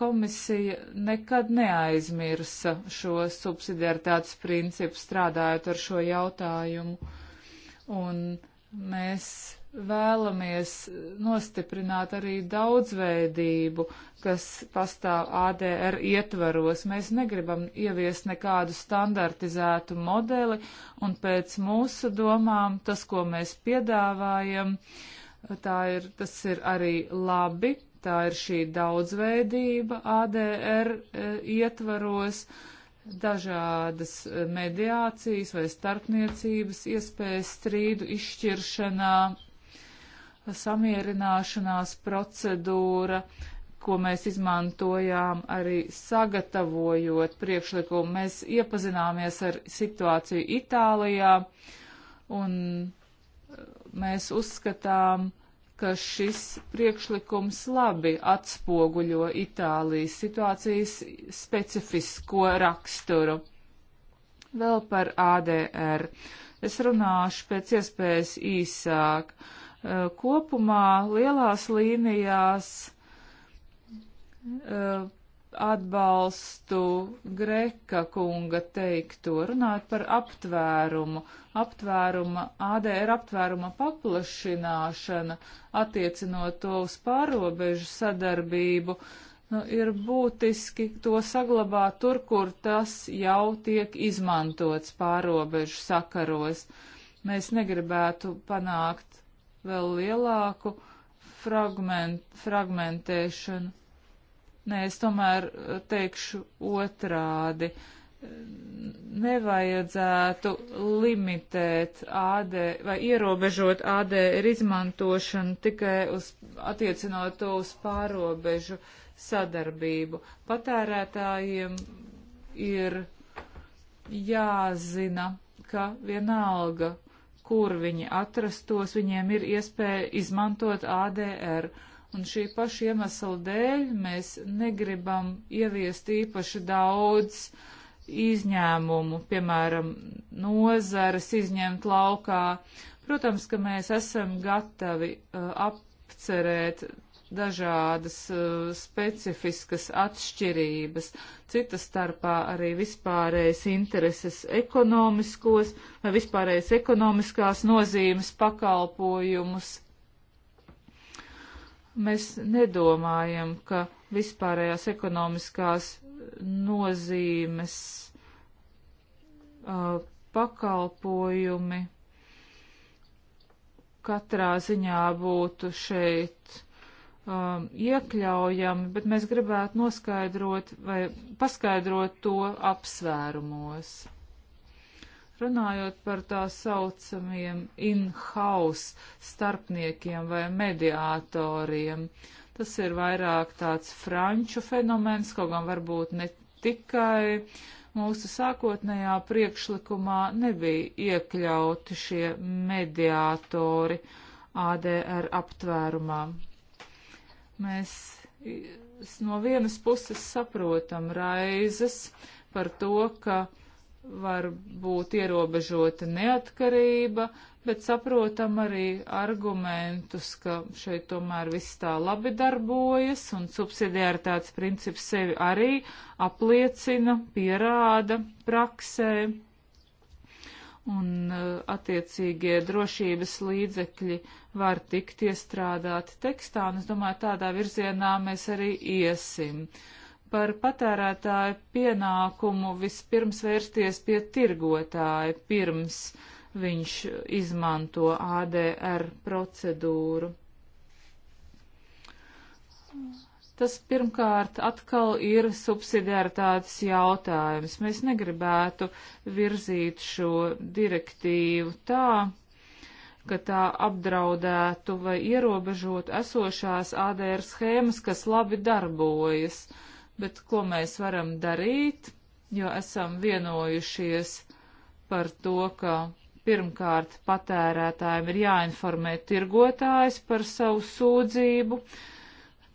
Komisija nekad neaizmirsa šo subsidiaritātes principu strādājot ar šo jautājumu. Un mēs vēlamies nostiprināt arī daudzveidību, kas pastāv ADR ietvaros. Mēs negribam ieviest nekādu standartizētu modeli, un pēc mūsu domām tas, ko mēs piedāvājam, ir, tas ir arī labi. Tā ir šī daudzveidība ADR e, ietvaros, dažādas e, mediācijas vai starpniecības iespējas strīdu izšķiršanā, samierināšanās procedūra, ko mēs izmantojām arī sagatavojot priekšlikumu. Mēs iepazināmies ar situāciju Itālijā un eh, mēs uzskatām, ka šis priekšlikums labi atspoguļo Itālijas situācijas specifisko raksturu. Vēl par ADR. Es runāšu pēc iespējas īsāk. Uh, Eh, kopumā lielās līnijās eh, atbalstu Greka kunga teikto, runājot par aptvērumu, aptvēruma, ADR aptvēruma paplašināšana, attiecinot to uz pārobežu sadarbību, nu, ir būtiski to saglabāt tur, kur tas jau tiek izmantots pārobežu sakaros. Mēs negribētu panākt vēl lielāku fragment, fragmentēšanu. Nē, es tomēr teikšu otrādi. Nevajadzētu limitēt AD vai ierobežot ADR izmantošanu tikai uz attiecinot to uz pārobežu sadarbību. Patērētājiem ir jāzina, ka vienalga, kur viņi atrastos, viņiem ir iespēja izmantot ADR. Un šī paša iemesla dēļ mēs negribam ieviest īpaši daudz izņēmumu, piemēram, nozares izņemt laukā. Protams, ka mēs esam gatavi uh, apcerēt dažādas uh, specifiskas atšķirības, cita starpā arī vispārējais intereses ekonomiskos vai vispārējais ekonomiskās nozīmes pakalpojumus. Mēs nedomājam, ka vispārējās ekonomiskās nozīmes uh, pakalpojumi katrā ziņā būtu šeit um, iekļaujami, bet mēs gribētu noskaidrot vai paskaidrot to apsvērumos. Runājot par tā saucamiem in-house starpniekiem vai mediātoriem, tas ir vairāk tāds franču fenomens, kaut gan varbūt ne tikai mūsu sākotnējā priekšlikumā nebija iekļauti šie mediātori ADR aptvērumā. Mēs no vienas puses saprotam raizes par to, ka var būt ierobežota neatkarība, bet saprotam arī argumentus, ka šeit tomēr viss tā labi darbojas un subsidiaritātes princips sevi arī apliecina, pierāda praksē un e, attiecīgie drošības līdzekļi var tikt iestrādāti tekstā, un es domāju, tādā virzienā mēs arī iesim. Par patērētāju pienākumu vispirms vērsties pie tirgotāja, pirms viņš izmanto ADR procedūru. Tas pirmkārt atkal ir subsidiaritātes jautājums. Mēs negribētu virzīt šo direktīvu tā, ka tā apdraudētu vai ierobežotu esošās ADR schēmas, kas labi darbojas. Bet ko mēs varam darīt, jo esam vienojušies par to, ka pirmkārt patērētājiem ir jāinformē tirgotājs par savu sūdzību, uh,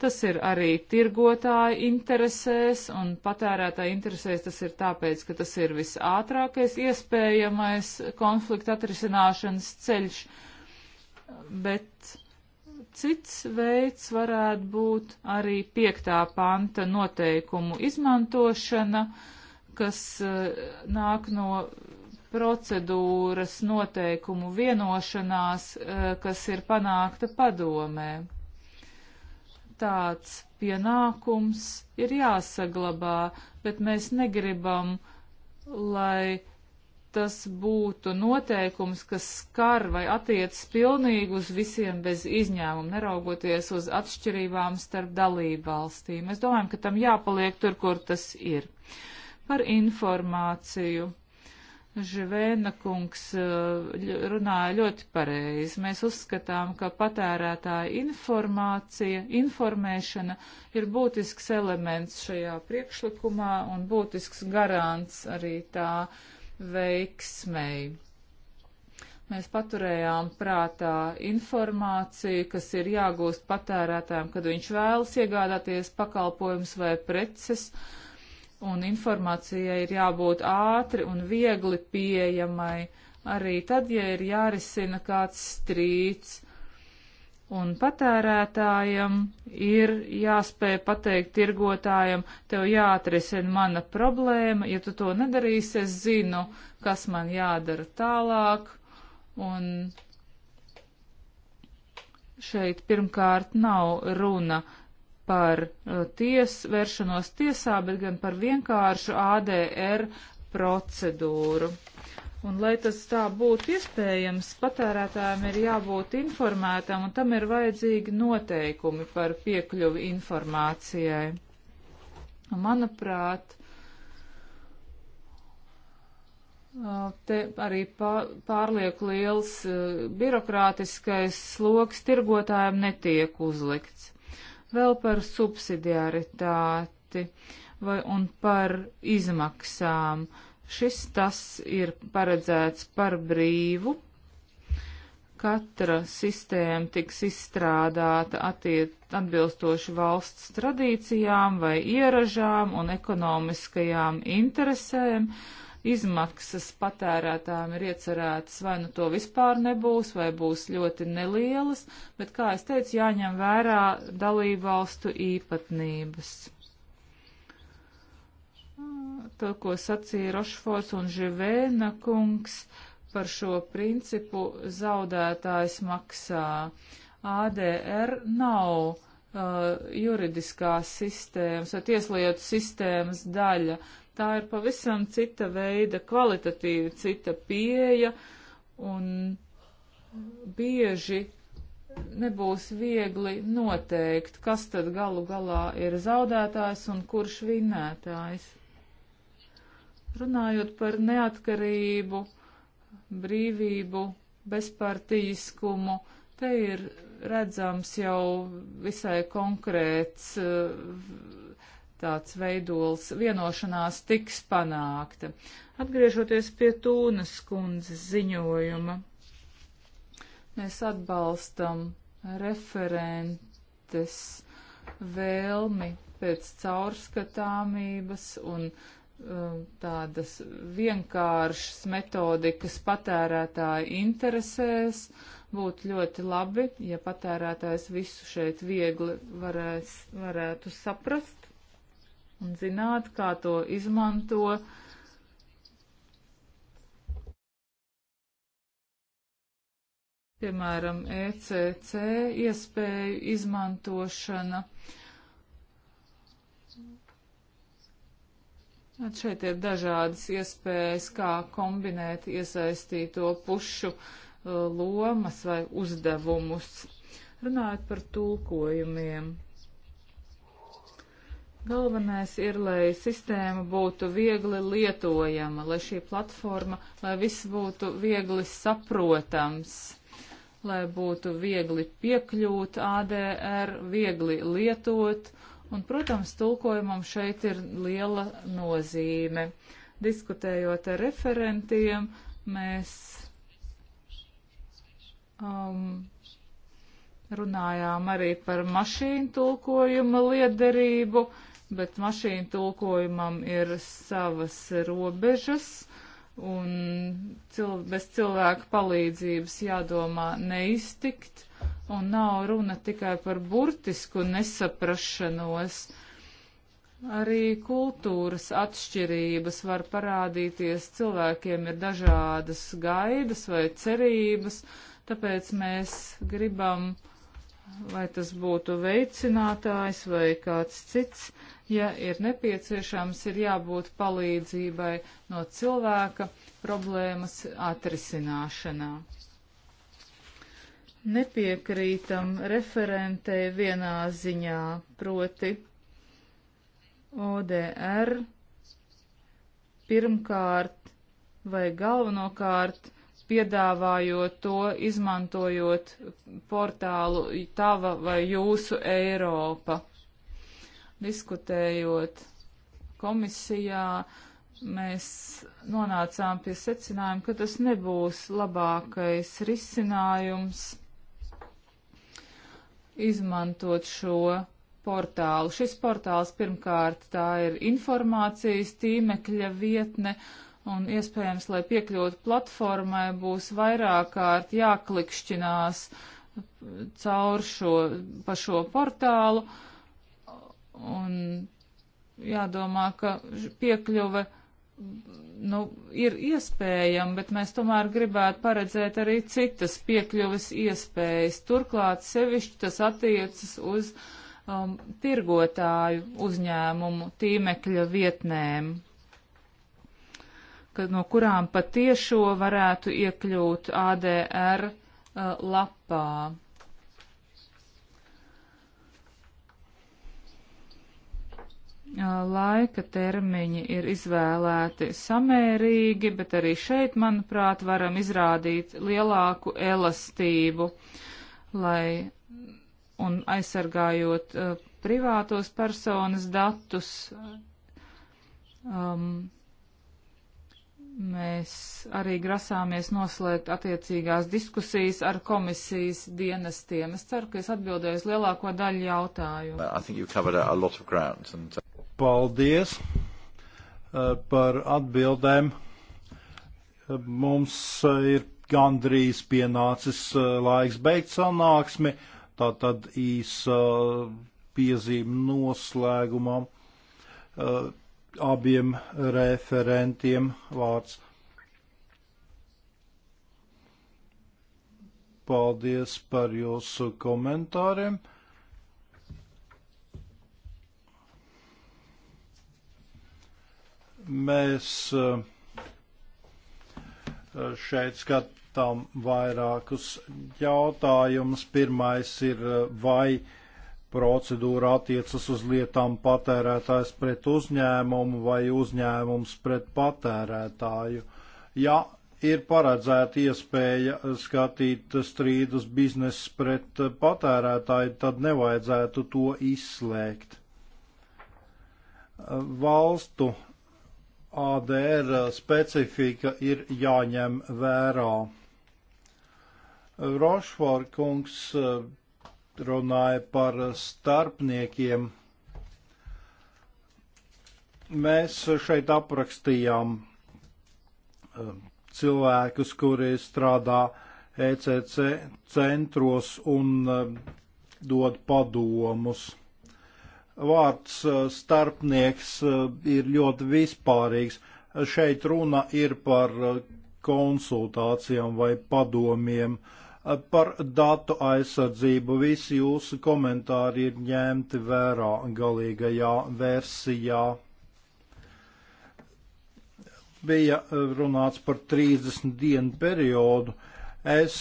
Tas ir arī tirgotāja interesēs un patērētāja interesēs tas ir tāpēc, ka tas ir visātrākais iespējamais konflikta atrisināšanas ceļš. Bet cits veids varētu būt arī piektā panta noteikumu izmantošana, kas eh, nāk no procedūras noteikumu vienošanās, eh, kas ir panākta padomē tāds pienākums ir jāsaglabā, bet mēs negribam, lai tas būtu noteikums, kas skar vai attiecas pilnīgi uz visiem bez izņēmuma, neraugoties uz atšķirībām starp dalību valstīm. Mēs domājam, ka tam jāpaliek tur, kur tas ir. Par informāciju. Žvēna kungs eh, runāja ļoti pareizi. Mēs uzskatām, ka patērētāja informācija, informēšana ir būtisks elements šajā priekšlikumā un būtisks garants arī tā veiksmei. Mēs paturējām prātā informāciju, kas ir jāgūst patērētājiem, kad viņš vēlas iegādāties pakalpojumus vai preces. Uh, un informācijai ir jābūt ātri un viegli pieejamai, arī tad, ja ir jārisina kāds strīds. Un patērētājam ir jāspēj pateikt tirgotājam, tev jāatrisina mana problēma, ja tu to nedarīsi, es zinu, kas man jādara tālāk. Un šeit pirmkārt nav runa par uh, ties, vēršanos tiesā, bet gan par vienkāršu ADR procedūru. Un, lai tas tā būtu iespējams, patērētājiem ir jābūt informētam, un tam ir vajadzīgi noteikumi par piekļuvi informācijai. Un, manuprāt, uh, te arī pārlieku liels uh, birokrātiskais sloks tirgotājiem netiek uzlikts. Vēl par subsidiaritāti vai, un par izmaksām. Šis tas ir paredzēts par brīvu. Katra sistēma tiks izstrādāta attiet, atbilstoši valsts tradīcijām vai ieražām un ekonomiskajām interesēm. Uh, izmaksas patērētājiem ir iecerētas, vai nu to vispār nebūs, vai būs ļoti nelielas, bet, kā es teicu, jāņem vērā dalībvalstu īpatnības. To, ko sacīja Rošfors un Živēna kungs par šo principu zaudētājs maksā. ADR nav uh, juridiskās sistēmas vai tieslietu sistēmas daļa, Tā ir pavisam cita veida, kvalitatīvi cita pieeja un bieži nebūs viegli noteikt, kas tad galu galā ir zaudētājs un kurš vinnētājs. Runājot par neatkarību, brīvību, bezpartīskumu, te ir redzams jau visai konkrēts uh, tāds veidols vienošanās tiks panākta. Atgriežoties pie Tūnas kundzes ziņojuma, mēs atbalstam referentes vēlmi pēc caurskatāmības un um, tādas vienkāršas metodikas patērētāja interesēs. Būtu ļoti labi, ja patērētājs visu šeit viegli varēs, varētu saprast un zināt, kā to izmanto. Piemēram, ECC iespēju izmantošana. At šeit ir dažādas iespējas, kā kombinēt iesaistīto pušu uh, lomas vai uzdevumus. Runājot par tulkojumiem. Galvenais ir, lai sistēma būtu viegli lietojama, lai šī platforma, lai viss būtu viegli saprotams, lai būtu viegli piekļūt ADR, viegli lietot, un, protams, tulkojumam šeit ir liela nozīme. Diskutējot ar referentiem, mēs um, runājām arī par mašīnu tulkojuma liederību. Uh, bet mašīnu tulkojumam ir savas robežas un cil bez cilvēka palīdzības jādomā neiztikt, un nav runa tikai par burtisku nesaprašanos. Arī kultūras atšķirības var parādīties, cilvēkiem ir dažādas gaidas vai cerības, tāpēc mēs gribam, lai tas būtu veicinātājs vai kāds cits, uh, ja ir nepieciešams, ir jābūt palīdzībai no cilvēka problēmas atrisināšanā. Nepiekrītam referentē vienā ziņā, proti ODR pirmkārt vai galvenokārt piedāvājot to, izmantojot portālu Tava vai Jūsu Eiropa diskutējot komisijā, mēs nonācām pie secinājuma, ka tas nebūs labākais risinājums izmantot šo portālu. Šis portāls pirmkārt tā ir informācijas tīmekļa vietne, un iespējams, lai piekļūtu platformai, būs vairāk kārt jāklikšķinās caur šo, pa šo portālu. Uh, Un jādomā, ka piekļuve nu, ir iespējama, bet mēs tomēr gribētu paredzēt arī citas piekļuves iespējas. Turklāt sevišķi tas attiecas uz um, tirgotāju uzņēmumu tīmekļa vietnēm, ka, no kurām patiešo varētu iekļūt ADR uh, lapā. laika termiņi ir izvēlēti samērīgi, bet arī šeit, manuprāt, varam izrādīt lielāku elastību, lai un aizsargājot uh, privātos personas datus, um, mēs arī grasāmies noslēgt attiecīgās diskusijas ar komisijas dienestiem. Es ceru, ka es atbildēju uz lielāko daļu jautājumu. And... Uh, Paldies eh, par atbildēm. Eh, mums eh, ir gandrīz pienācis laiks beigt sanāksmi, tā tad īsa piezīme noslēgumā abiem referentiem vārds. Paldies par jūsu komentāriem. mēs eh, eh, šeit skatām vairākus jautājumus. Pirmais ir, eh, vai procedūra attiecas uz lietām patērētājs pret uzņēmumu vai uzņēmums pret patērētāju. Ja ir paredzēta iespēja skatīt strīdus biznesa pret patērētāju, tad nevajadzētu to izslēgt. Valstu ADR specifika ir jāņem vērā. Rošforkungs eh, runāja par starpniekiem. Mēs šeit aprakstījām eh, cilvēkus, kuri strādā ECC centros un eh, dod padomus vārds starpnieks ir ļoti vispārīgs. Šeit runa ir par konsultācijām vai padomiem, par datu aizsardzību. Visi jūsu komentāri ir ņemti vērā galīgajā versijā. Bija runāts par 30 dienu periodu. Es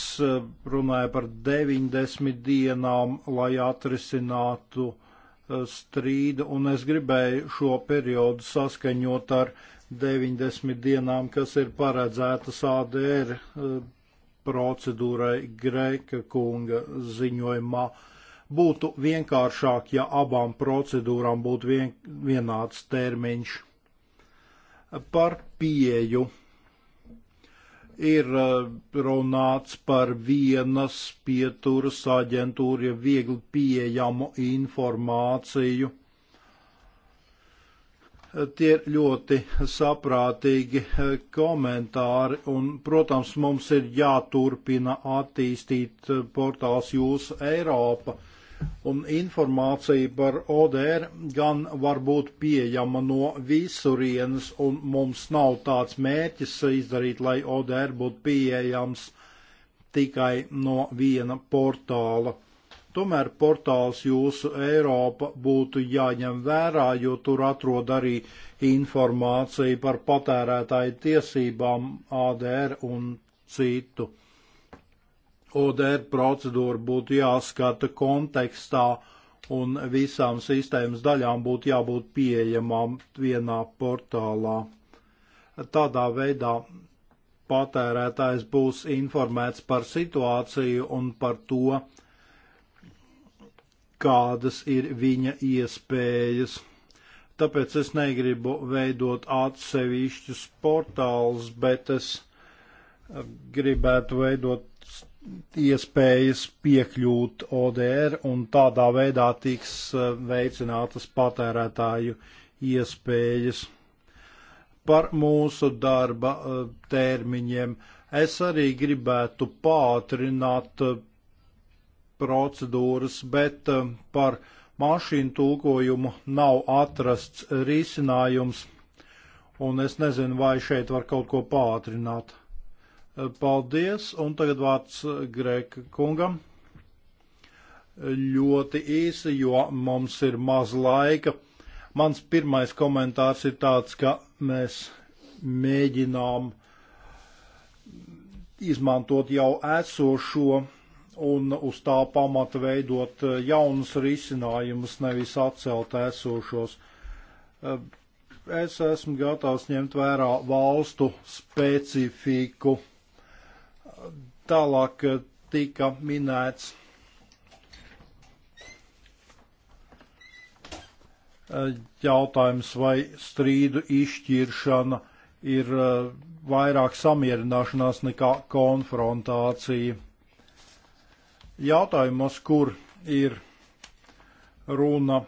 runāju par 90 dienām, lai atrisinātu uh, strīda, un es gribēju šo periodu saskaņot ar 90 dienām, kas ir paredzētas ADR eh, procedūrai Grēka kunga ziņojumā. Būtu vienkāršāk, ja abām procedūrām būtu vien, vienāds termiņš. Par pieju ir eh, runāts par vienas pieturas aģentūru, ja viegli pieejamu informāciju. Tie ir ļoti saprātīgi eh, komentāri, un, protams, mums ir jāturpina attīstīt eh, portāls Jūsu Eiropa. Uh, Un informācija par ODR gan var būt pieejama no visurienes, un mums nav tāds mērķis izdarīt, lai ODR būtu pieejams tikai no viena portāla. Tomēr portāls jūsu Eiropa būtu jāņem vērā, jo tur atrod arī informāciju par patērētāju tiesībām, ADR un citu. ODR procedūra būtu jāskata kontekstā un visām sistēmas daļām būtu jābūt pieejamām vienā portālā. Tādā veidā patērētājs būs informēts par situāciju un par to, kādas ir viņa iespējas. Tāpēc es negribu veidot atsevišķus portālus, bet es gribētu veidot iespējas piekļūt ODR un tādā veidā tiks eh, veicinātas patērētāju iespējas. Par mūsu darba eh, termiņiem es arī gribētu pātrināt eh, procedūras, bet par mašīnu tulkojumu nav atrasts risinājums, un es nezinu, vai šeit var kaut ko pātrināt. Paldies, un tagad vārds uh, Grēka kungam. Ļoti īsi, jo mums ir maz laika. Mans pirmais komentārs ir tāds, ka mēs mēģinām izmantot jau esošo un uz tā pamata veidot uh, jaunus risinājumus, nevis atcelt esošos. Uh, es esmu gatavs ņemt vērā valstu specifiku tālāk eh, tika minēts. Eh, jautājums, vai strīdu izšķiršana ir eh, vairāk samierināšanās nekā konfrontācija. Jautājumos, kur ir runa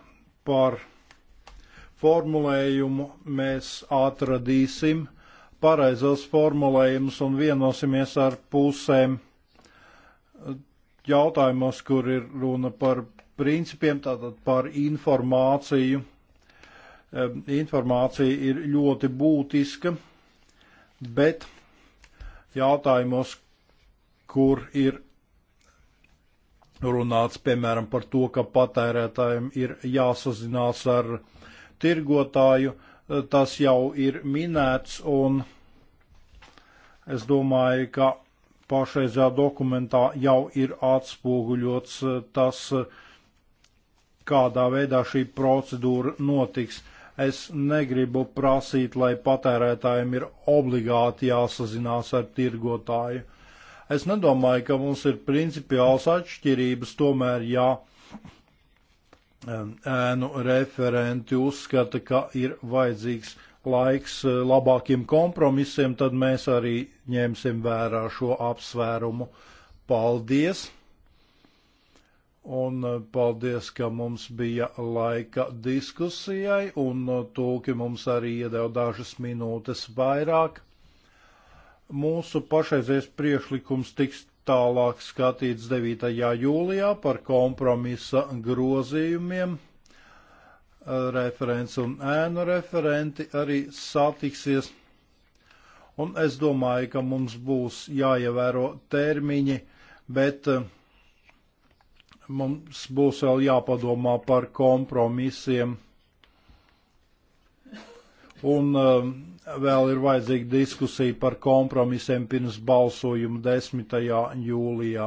par formulējumu, mēs atradīsim pareizos formulējumus un vienosimies ar pusēm jautājumos, kur ir runa par principiem, tātad par informāciju. Informācija ir ļoti būtiska, bet jautājumos, kur ir runāts, piemēram, par to, ka patērētājiem ir jāsazinās ar tirgotāju, uh, tas jau ir minēts, un es domāju, ka pašreizajā dokumentā jau ir atspoguļots eh, tas, eh, kādā veidā šī procedūra notiks. Es negribu prasīt, lai patērētājiem ir obligāti jāsazinās ar tirgotāju. Es nedomāju, ka mums ir principiāls atšķirības, tomēr jā. Ja ēnu referenti uzskata, ka ir vajadzīgs laiks eh, labākiem kompromisiem, tad mēs arī ņemsim vērā šo apsvērumu. Paldies! Un eh, paldies, ka mums bija laika diskusijai, un eh, tūki mums arī iedeva dažas minūtes vairāk. Mūsu pašreizies priekšlikums tiks tālāk skatīts 9. jūlijā par kompromisa grozījumiem. Referents un ēnu referenti arī satiksies. Un es domāju, ka mums būs jāievēro termiņi, bet eh, mums būs vēl jāpadomā par kompromisiem. Un uh, vēl ir vajadzīga diskusija par kompromisiem pirms balsojuma 10. jūlijā.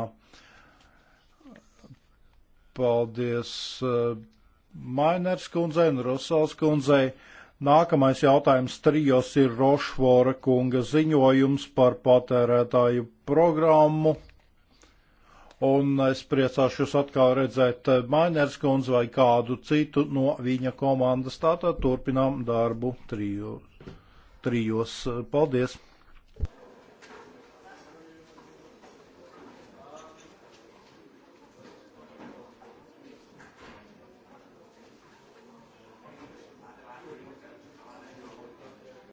Paldies eh, Mainers kundzei un Rusals kundzei. Nākamais jautājums trijos ir Rošvora kunga ziņojums par patērētāju programmu. Un es priecāšu jūs atkal redzēt eh, Mainers kundzi vai kādu citu no viņa komandas. Tātad turpinām darbu trijos trijos. Paldies!